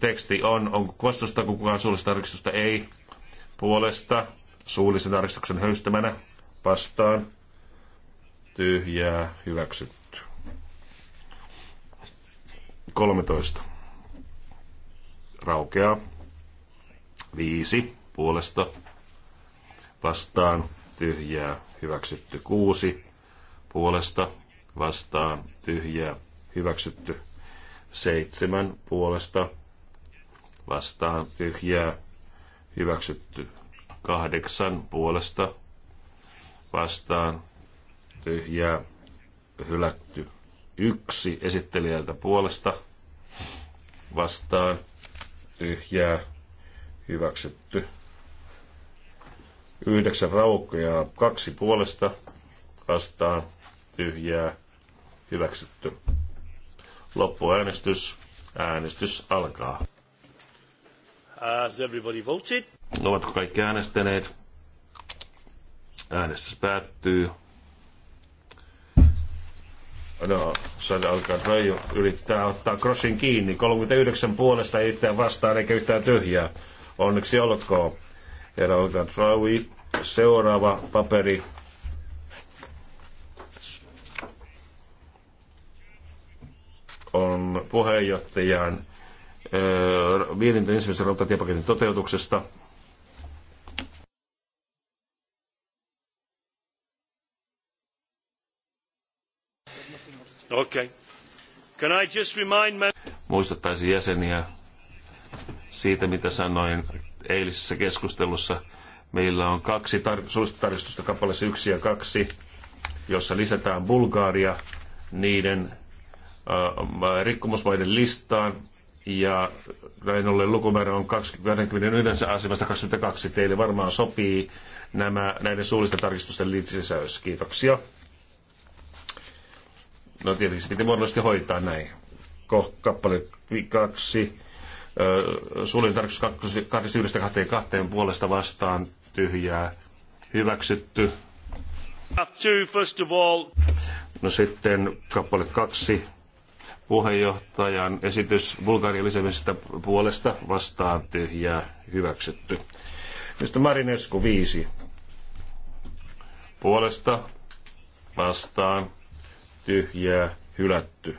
teksti on, onko vastusta kukaan suullista tarkistusta? Ei. Puolesta suullisen tarkistuksen höystämänä vastaan tyhjää, hyväksytty. 13. Raukeaa. 5. Puolesta vastaan tyhjää, hyväksytty. 6. Puolesta vastaan tyhjää, hyväksytty. 7. Puolesta vastaan tyhjää, hyväksytty. 8. Puolesta vastaan tyhjä hylätty. Yksi esittelijältä puolesta vastaan tyhjää hyväksytty. Yhdeksän raukkoja kaksi puolesta vastaan tyhjää hyväksytty. Loppuäänestys. Äänestys alkaa. Has everybody voted? Ovatko kaikki äänestäneet? Äänestys päättyy. No, alkaa al yrittää ottaa crossin kiinni. 39 puolesta ei yhtään vastaan eikä yhtään tyhjää. Onneksi olkoon. Herra al Seuraava paperi. on puheenjohtajan mietintö ensimmäisen rautatiepaketin toteutuksesta. Okay. Can I just remind me- Muistuttaisin jäseniä siitä, mitä sanoin eilisessä keskustelussa. Meillä on kaksi tar- suositustarkistusta kappaleessa yksi ja kaksi, jossa lisätään Bulgaaria niiden äh, äh rikkomusmaiden listaan. Ja näin ollen lukumäärä on 21 asemasta 22. Teille varmaan sopii nämä, näiden suullisten tarkistusten lisäys. Kiitoksia. No tietenkin piti muodollisesti hoitaa näin. Ko, kappale kaksi, suljen tarkistus 21.22 puolesta vastaan tyhjää hyväksytty. No sitten kappale kaksi, puheenjohtajan esitys Bulgarian lisäämisestä puolesta vastaan tyhjää hyväksytty. Mistä Marinesku 5, puolesta vastaan tyhjää, hylätty.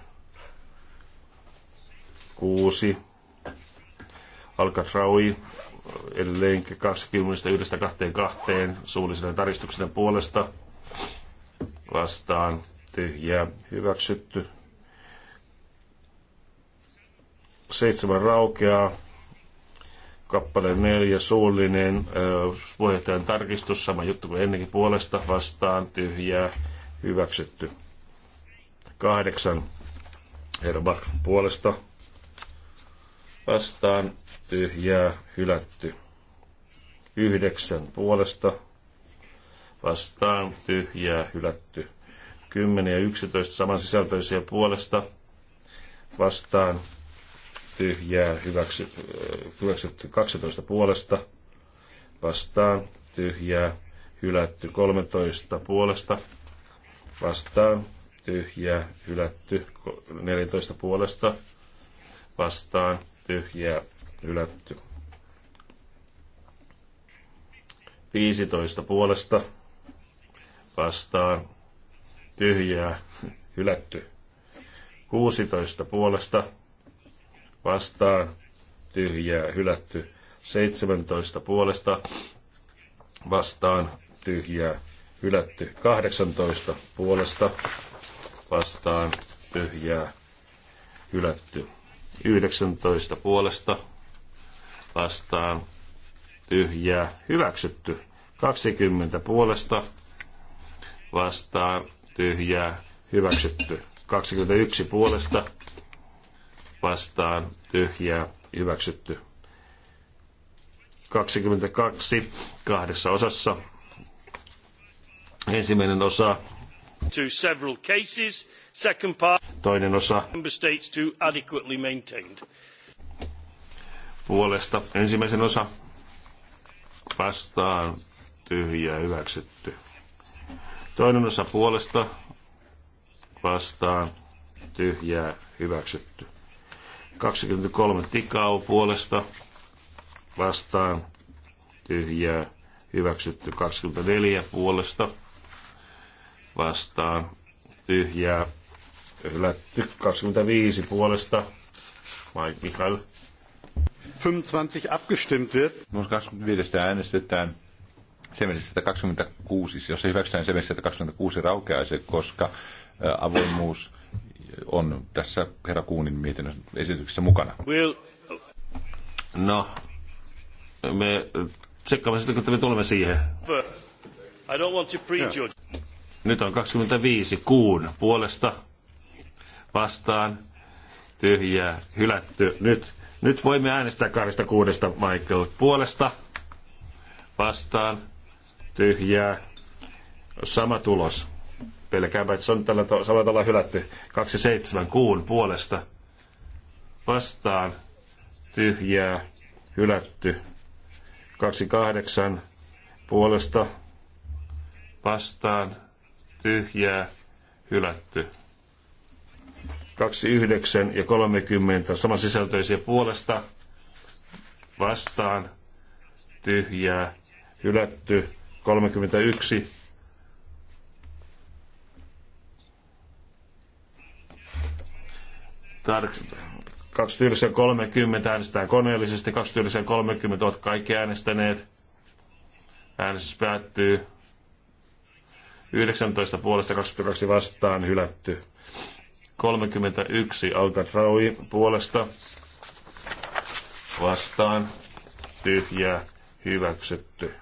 Kuusi. Alcatraui edelleen kahteen suullisena taristuksena puolesta vastaan tyhjää hyväksytty. Seitsemän raukeaa. Kappale neljä suullinen puheenjohtajan tarkistus, sama juttu kuin ennenkin puolesta vastaan tyhjää hyväksytty kahdeksan Erbach puolesta vastaan tyhjää hylätty. Yhdeksän puolesta vastaan tyhjää hylätty. 10 ja 11 samansisältöisiä puolesta vastaan tyhjää hyväksy, hyväksytty 12 puolesta vastaan tyhjää hylätty 13 puolesta vastaan tyhjää, hylätty, 14 puolesta vastaan, tyhjää, hylätty. 15 puolesta vastaan, tyhjää, hylätty. 16 puolesta vastaan, tyhjää, hylätty. 17 puolesta vastaan, tyhjää, hylätty. 18 puolesta vastaan tyhjää hylätty. 19 puolesta vastaan tyhjää hyväksytty. 20 puolesta vastaan tyhjää hyväksytty. 21 puolesta vastaan tyhjää hyväksytty. 22 kahdessa osassa. Ensimmäinen osa to several cases. Second part, Toinen osa. Member states to adequately maintained. Puolesta. Ensimmäisen osa. Vastaan. Tyhjää. Hyväksytty. Toinen osa puolesta. Vastaan. Tyhjää. Hyväksytty. 23 tikau puolesta. Vastaan. Tyhjää. Hyväksytty. 24 puolesta vastaan tyhjää hylätty 25 puolesta. Mike Michael. 25 abgestimmt wird. Muus 25 äänestetään. Semestistä 26, jos niin se hyväksytään semestistä 26 raukeaisi, koska äh, avoimuus on tässä herra Kuunin mietinnön esityksessä mukana. We'll... No, me tsekkaamme sitten, kun me tulemme siihen. I don't want to prejudge. Nyt on 25 kuun puolesta vastaan tyhjää hylätty. Nyt, nyt voimme äänestää 26 Michael puolesta vastaan tyhjää. Sama tulos. Pelkääpä, että se on tällä to- samalla tavalla hylätty. 27 kuun puolesta vastaan tyhjää hylätty. 28 puolesta vastaan tyhjää, hylätty. 29 ja 30 sama sisältöisiä puolesta vastaan, tyhjää, hylätty. 31 Tark- 29.30 äänestetään koneellisesti, 29.30 ovat kaikki äänestäneet. Äänestys päättyy. 19 puolesta 22 vastaan hylätty. 31 Alcatraui puolesta vastaan tyhjää hyväksytty.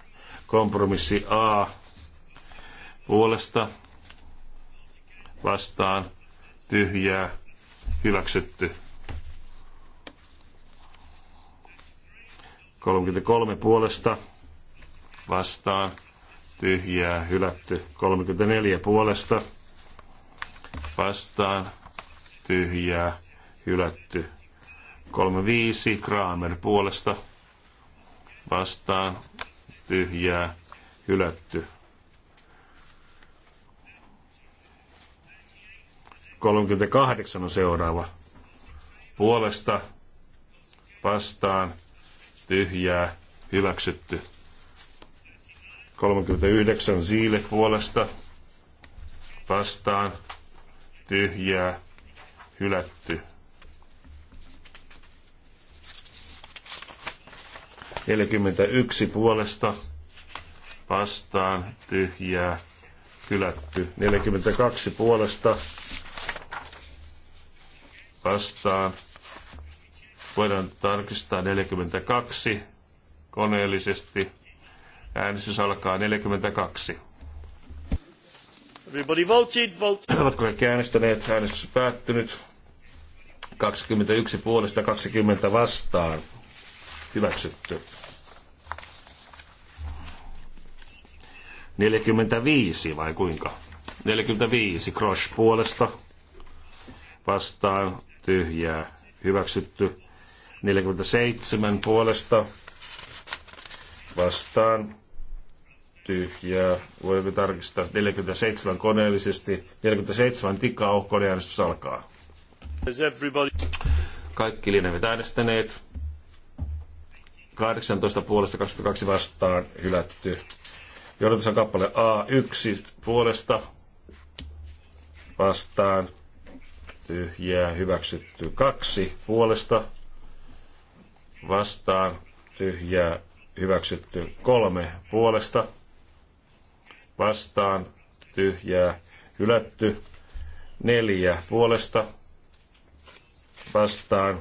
Kompromissi A puolesta vastaan tyhjää hyväksytty. 33 puolesta vastaan tyhjää hylätty 34 puolesta vastaan tyhjää hylätty 35 Kramer puolesta vastaan tyhjää hylätty 38 on seuraava puolesta vastaan tyhjää hyväksytty 39 siile puolesta vastaan tyhjää hylätty. yksi puolesta vastaan tyhjää hylätty. 42 puolesta vastaan. Voidaan tarkistaa 42 koneellisesti. Äänestys alkaa 42. Everybody voted, vote. Ovatko kaikki äänestäneet? Äänestys päättynyt. 21 puolesta 20 vastaan. Hyväksytty. 45 vai kuinka? 45 Crosh puolesta vastaan tyhjää hyväksytty. 47 puolesta vastaan tyhjää. Voidaanko tarkistaa 47 koneellisesti? 47 tikkaa, koneäänestys alkaa. Kaikki lienevät äänestäneet. 18 puolesta 22 vastaan hylätty. Johdatus kappale A1 puolesta vastaan tyhjää hyväksytty. Kaksi puolesta vastaan tyhjää hyväksytty. Kolme puolesta vastaan tyhjää hylätty. Neljä puolesta vastaan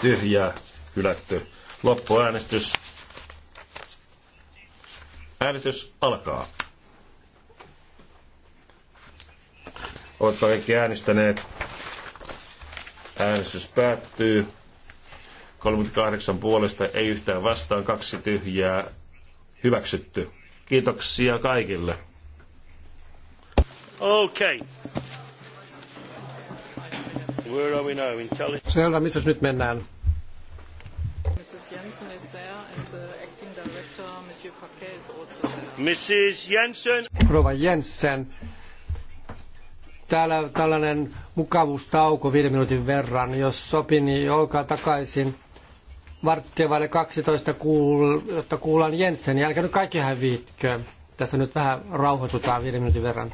tyhjää hylätty. Loppuäänestys. Äänestys alkaa. Oletko kaikki äänestäneet? Äänestys päättyy. 38 puolesta, ei yhtään vastaan, kaksi tyhjää, hyväksytty. Kiitoksia kaikille. Okay. Where are we now? missä nyt mennään? Mrs. Jensen is there and the acting director, Mrs. Jensen. Rova Jensen. Täällä tällainen mukavuustauko viiden minuutin verran. Jos sopii, niin olkaa takaisin varttia vaille 12, kuul, jotta kuullaan Jensen. Älkää nyt kaikki häviitkö. Tässä nyt vähän rauhoitutaan viiden minuutin verran.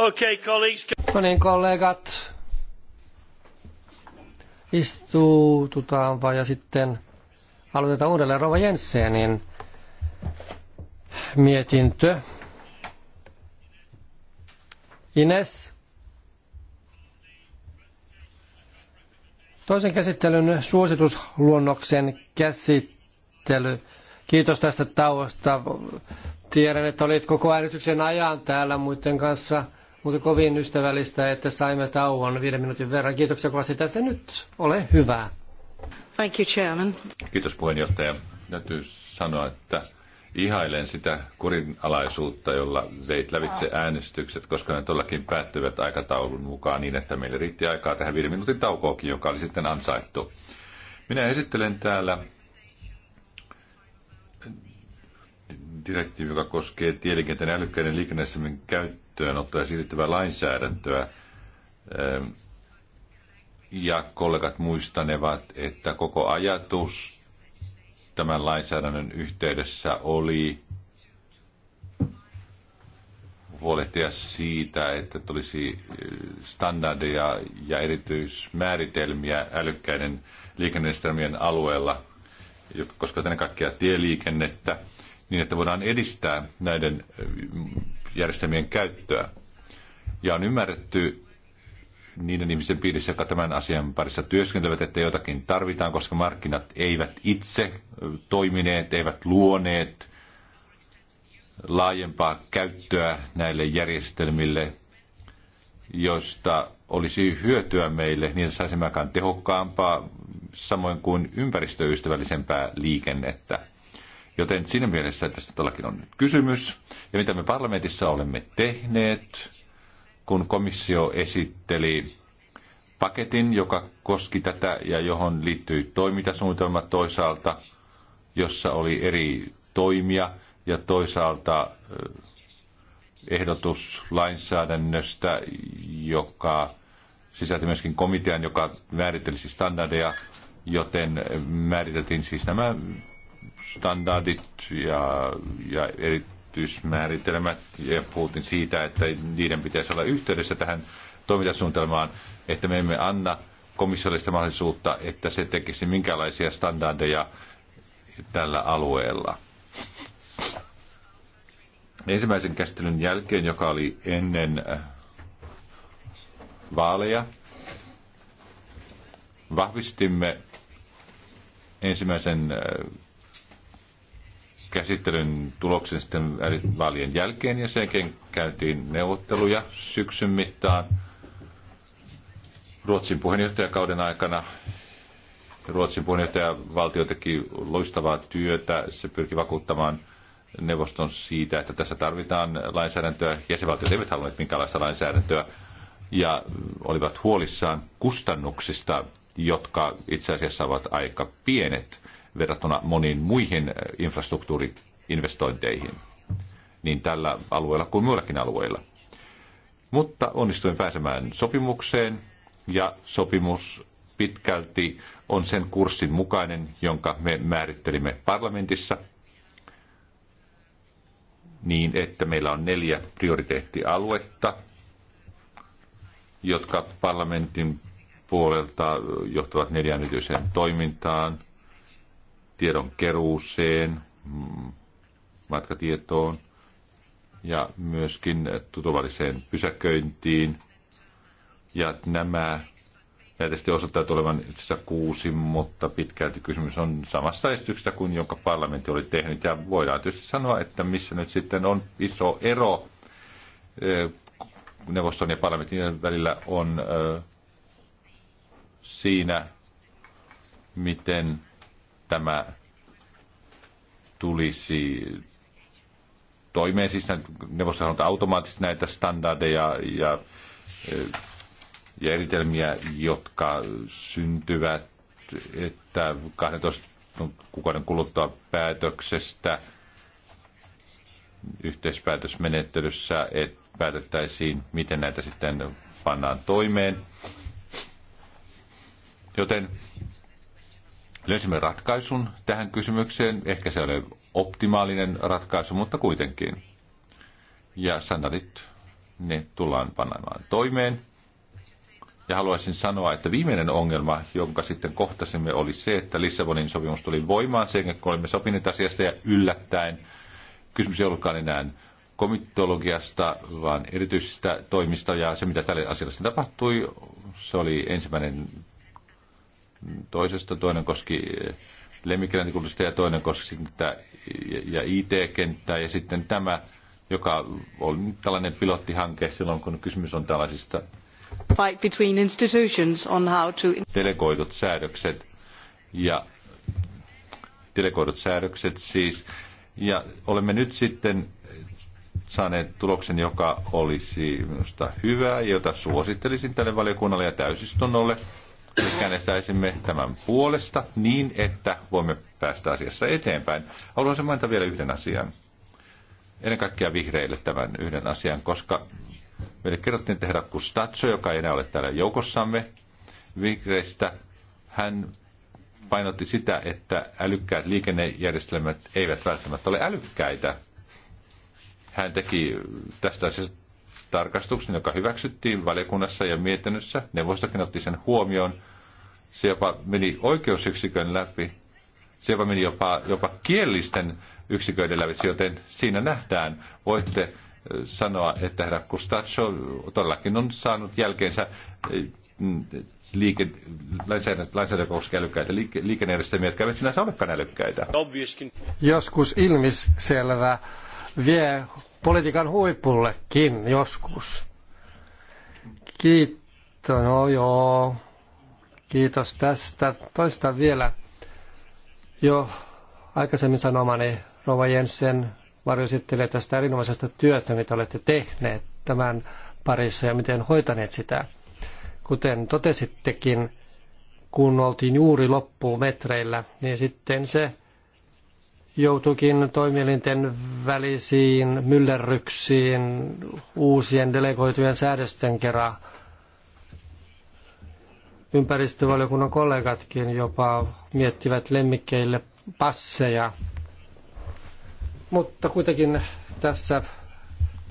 Okay, colleagues. No niin, kollegat. Istuututaanpa ja sitten aloitetaan uudelleen Rova Jensenin mietintö. Ines. Toisen käsittelyn suositusluonnoksen käsittely. Kiitos tästä tauosta. Tiedän, että olit koko äänestyksen ajan täällä muiden kanssa – mutta kovin ystävällistä, että saimme tauon viiden minuutin verran. Kiitoksia kovasti tästä. Nyt ole hyvä. Thank you, Chairman. Kiitos puheenjohtaja. Täytyy sanoa, että ihailen sitä kurinalaisuutta, jolla veit lävitse äänestykset, koska ne todellakin päättyvät aikataulun mukaan niin, että meillä riitti aikaa tähän viiden minuutin taukoakin, joka oli sitten ansaittu. Minä esittelen täällä direktiivi, joka koskee tieliikenteen älykkäiden liikennesemmin käyttöä käyttöönottoa ja siirrettävää lainsäädäntöä. Ehm, ja kollegat muistanevat, että koko ajatus tämän lainsäädännön yhteydessä oli huolehtia siitä, että tulisi eh, standardeja ja erityismääritelmiä älykkäiden liikennestelmien alueella, koska koskevat ennen kaikkea tieliikennettä, niin että voidaan edistää näiden eh, järjestelmien käyttöä. Ja on ymmärretty niiden ihmisten piirissä, jotka tämän asian parissa työskentelevät, että jotakin tarvitaan, koska markkinat eivät itse toimineet, eivät luoneet laajempaa käyttöä näille järjestelmille, joista olisi hyötyä meille, niin saisimme aikaan tehokkaampaa, samoin kuin ympäristöystävällisempää liikennettä. Joten siinä mielessä tästä todellakin on nyt kysymys. Ja mitä me parlamentissa olemme tehneet, kun komissio esitteli paketin, joka koski tätä ja johon liittyi toimintasuunnitelma toisaalta, jossa oli eri toimia ja toisaalta ehdotus lainsäädännöstä, joka sisälti myöskin komitean, joka määrittelisi standardeja, joten määriteltiin siis nämä standardit ja, ja erityismääritelmät ja puhuttiin siitä, että niiden pitäisi olla yhteydessä tähän toimintasuunnitelmaan, että me emme anna komissiolle mahdollisuutta, että se tekisi minkälaisia standardeja tällä alueella. Ensimmäisen käsittelyn jälkeen, joka oli ennen vaaleja, vahvistimme ensimmäisen käsittelyn tuloksen sitten vaalien jälkeen ja sen käytiin neuvotteluja syksyn mittaan Ruotsin puheenjohtajakauden aikana. Ruotsin puheenjohtajavaltio teki loistavaa työtä. Se pyrki vakuuttamaan neuvoston siitä, että tässä tarvitaan lainsäädäntöä. Jäsenvaltiot eivät halunneet minkäänlaista lainsäädäntöä ja olivat huolissaan kustannuksista, jotka itse asiassa ovat aika pienet verrattuna moniin muihin eh, infrastruktuuriinvestointeihin, niin tällä alueella kuin muillakin alueilla. Mutta onnistuin pääsemään sopimukseen ja sopimus pitkälti on sen kurssin mukainen, jonka me määrittelimme parlamentissa niin, että meillä on neljä prioriteettialuetta, jotka parlamentin puolelta johtavat neljään toimintaan – tiedon keruuseen, mm, matkatietoon ja myöskin tutuvalliseen pysäköintiin. Ja nämä näitä osoittaa tulevan itse asiassa kuusi, mutta pitkälti kysymys on samassa esityksessä kuin jonka parlamentti oli tehnyt. Ja voidaan tietysti sanoa, että missä nyt sitten on iso ero neuvoston ja parlamentin välillä on siinä, miten tämä tulisi toimeen. Siis neuvosto sanotaan automaattisesti näitä standardeja ja, e, ja eritelmiä, jotka syntyvät, että 12 kuukauden kuluttua päätöksestä yhteispäätösmenettelyssä, että päätettäisiin, miten näitä sitten pannaan toimeen. Joten Löysimme ratkaisun tähän kysymykseen. Ehkä se ei ole optimaalinen ratkaisu, mutta kuitenkin. Ja standardit, ne tullaan panemaan toimeen. Ja haluaisin sanoa, että viimeinen ongelma, jonka sitten kohtasimme, oli se, että Lissabonin sopimus tuli voimaan sen, kun olimme sopineet asiasta ja yllättäen. Kysymys ei ollutkaan enää komitologiasta, vaan erityisistä toimista ja se, mitä tälle asialle tapahtui, se oli ensimmäinen toisesta, toinen koski eh, lemmikkieläinkuljetusta ja toinen koski sitä ja IT-kenttää ja sitten tämä, joka oli tällainen pilottihanke silloin, kun kysymys on tällaisista fight between institutions on how to... delegoidut säädökset ja delegoidut säädökset siis. Ja olemme nyt sitten saaneet tuloksen, joka olisi minusta hyvä, jota suosittelisin tälle valiokunnalle ja täysistunnolle käännettäisimme tämän puolesta niin, että voimme päästä asiassa eteenpäin. Haluaisin mainita vielä yhden asian. Ennen kaikkea vihreille tämän yhden asian, koska meille kerrottiin tehdä Kustatso, joka ei enää ole täällä joukossamme vihreistä. Hän painotti sitä, että älykkäät liikennejärjestelmät eivät välttämättä ole älykkäitä. Hän teki tästä asiasta tarkastuksen, joka hyväksyttiin valiokunnassa ja mietinnössä. Neuvostokin otti sen huomioon. Se jopa meni oikeusyksikön läpi. Se jopa meni jopa, jopa kielisten yksiköiden läpi, joten siinä nähdään. Voitte sanoa, että herra Kustatso todellakin on saanut jälkeensä mm, liike, älykkäitä liikennejärjestelmiä, jotka eivät sinänsä olekaan älykkäitä. Joskus ilmiselvä vie politiikan huipullekin joskus. Kiitos, no joo. Kiitos tästä. toista vielä jo aikaisemmin sanomani Rova Jensen varjoesittelee tästä erinomaisesta työstä, mitä olette tehneet tämän parissa ja miten hoitaneet sitä. Kuten totesittekin, kun oltiin juuri metreillä, niin sitten se joutuikin toimielinten välisiin myllerryksiin uusien delegoitujen säädösten kerran. Ympäristövaliokunnan kollegatkin jopa miettivät lemmikkeille passeja. Mutta kuitenkin tässä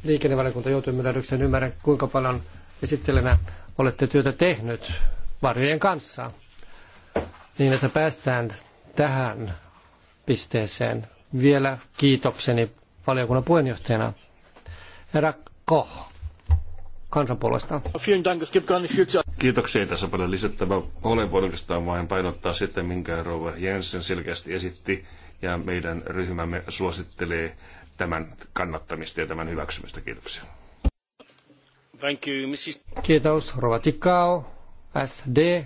liikennevaliokunta joutui myllerrykseen. Ymmärrän, kuinka paljon esittelenä olette työtä tehnyt varjojen kanssa, niin että päästään tähän pisteeseen. Vielä kiitokseni valiokunnan puheenjohtajana. Herra Koh, kansanpuolesta. Kiitoksia, ei tässä paljon lisättävää ole. Voin oikeastaan vain painottaa sitä, minkä Rouva Jensen selkeästi esitti, ja meidän ryhmämme suosittelee tämän kannattamista ja tämän hyväksymistä. Kiitoksia. Thank you, Mrs. Kiitos, Rouva SD.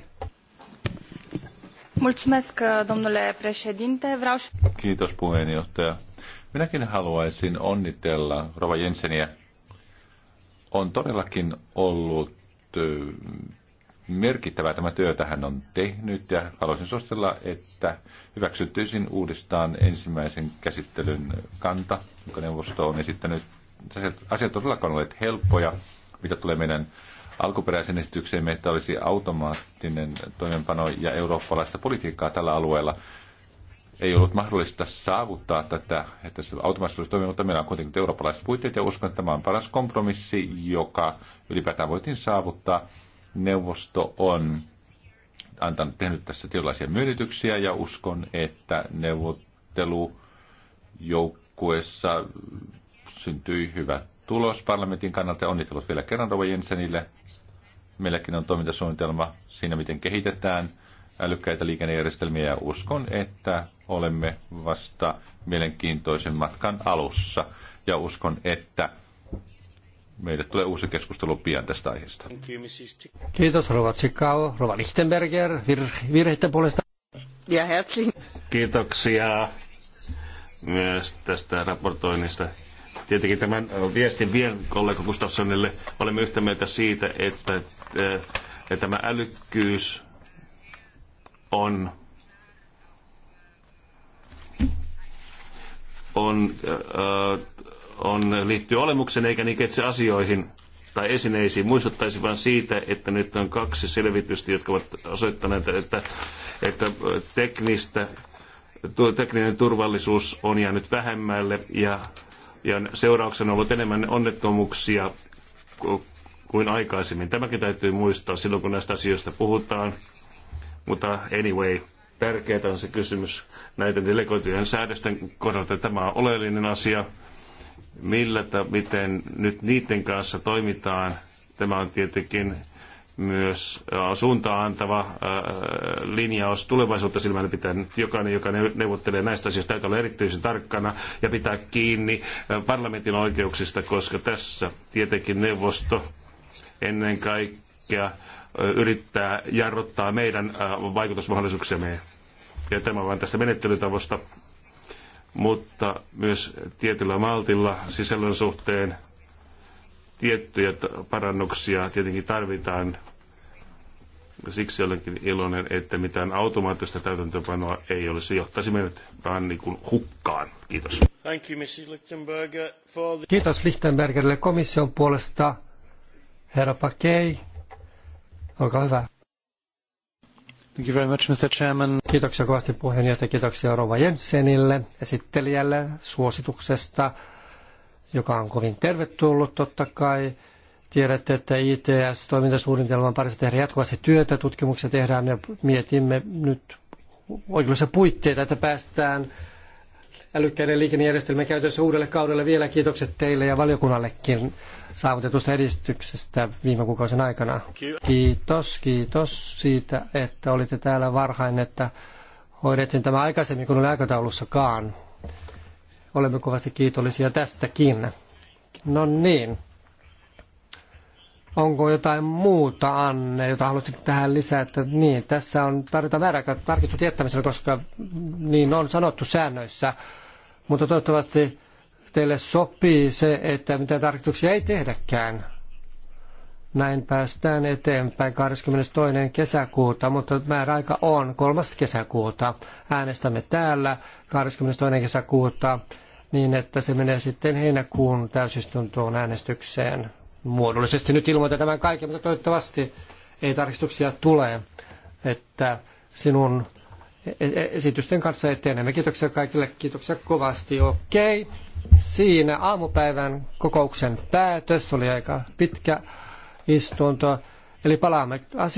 Mulțumesc, domnule președinte. Vreau... Kiitos puheenjohtaja. Minäkin haluaisin onnitella Rova Jenseniä. On todellakin ollut merkittävää tämä työ, hän on tehnyt ja haluaisin suositella, että hyväksyttyisin uudestaan ensimmäisen käsittelyn kanta, jonka neuvosto on esittänyt. Asiat, asiat todellakaan olleet helppoja, mitä tulee meidän alkuperäisen esitykseen että olisi automaattinen toimenpano ja eurooppalaista politiikkaa tällä alueella. Ei ollut mahdollista saavuttaa tätä, että se automaattisesti olisi toiminut, mutta meillä on kuitenkin eurooppalaiset puitteet ja uskon, että tämä on paras kompromissi, joka ylipäätään voitiin saavuttaa. Neuvosto on antanut, tehnyt tässä tietynlaisia myönnytyksiä ja uskon, että neuvottelujoukkuessa syntyi hyvä tulos parlamentin kannalta. Onnittelut vielä kerran Rova Jensenille Meilläkin on toimintasuunnitelma siinä, miten kehitetään älykkäitä liikennejärjestelmiä ja uskon, että olemme vasta mielenkiintoisen matkan alussa ja uskon, että meille tulee uusi keskustelu pian tästä aiheesta. Kiitos Rova Tsikau, Rova Lichtenberger, vir- virheiden puolesta. Ja herzlich. Kiitoksia myös tästä raportoinnista. Tietenkin tämän viestin vien kollega Gustafssonille olemme yhtä mieltä siitä, että ja eh, tämä älykkyys on, on, eh, on liittyy olemukseen eikä niinkään asioihin tai esineisiin. Muistuttaisin vain siitä, että nyt on kaksi selvitystä, jotka ovat osoittaneet, että, että teknistä, tuo tekninen turvallisuus on jäänyt vähemmälle ja, ja seurauksena on ollut enemmän onnettomuuksia kuin aikaisemmin. Tämäkin täytyy muistaa silloin, kun näistä asioista puhutaan. Mutta anyway, tärkeää on se kysymys näiden delegoitujen säädösten kohdalta. Tämä on oleellinen asia, millä ta, miten nyt niiden kanssa toimitaan. Tämä on tietenkin myös suuntaan antava linjaus tulevaisuutta silmällä pitää. Jokainen, joka neuvottelee näistä asioista, täytyy olla erityisen tarkkana ja pitää kiinni parlamentin oikeuksista, koska tässä tietenkin neuvosto ennen kaikkea yrittää jarruttaa meidän vaikutusmahdollisuuksiamme. Ja tämä vain tästä menettelytavosta, mutta myös tietyllä maltilla sisällön suhteen tiettyjä parannuksia tietenkin tarvitaan. Siksi olenkin iloinen, että mitään automaattista täytäntöpanoa ei ole. Se johtaisi meidät vaan niin kuin hukkaan. Kiitos. Thank you, Lichtenberger, for the... Kiitos Lichtenbergerille komission puolesta. Herra Pakei, olkaa hyvä. Thank you very much, Mr. Chairman. Kiitoksia kovasti puheenjohtaja, kiitoksia Rova Jensenille, esittelijälle suosituksesta, joka on kovin tervetullut totta kai. Tiedätte, että ITS-toimintasuunnitelman parissa tehdään jatkuvasti työtä, tutkimuksia tehdään ja mietimme nyt oikeudellisia puitteita, että päästään älykkäiden liikennejärjestelmien käytössä uudelle kaudelle. Vielä kiitokset teille ja valiokunnallekin saavutetusta edistyksestä viime kuukausien aikana. Kiitos, kiitos siitä, että olitte täällä varhain, että hoidettiin tämä aikaisemmin kuin oli aikataulussakaan. Olemme kovasti kiitollisia tästäkin. No niin. Onko jotain muuta, Anne, jota haluaisit tähän lisätä? Niin, tässä on tarjota määräaika tarkistus jättämisellä, koska niin on sanottu säännöissä mutta toivottavasti teille sopii se, että mitä tarkoituksia ei tehdäkään. Näin päästään eteenpäin 22. kesäkuuta, mutta määräaika on 3. kesäkuuta. Äänestämme täällä 22. kesäkuuta niin, että se menee sitten heinäkuun täysistuntoon äänestykseen. Muodollisesti nyt ilmoitan tämän kaiken, mutta toivottavasti ei tarkistuksia tule, että sinun esitysten kanssa etenemme. Kiitoksia kaikille, kiitoksia kovasti. Okei, siinä aamupäivän kokouksen päätös oli aika pitkä istunto. Eli palaamme asiaan.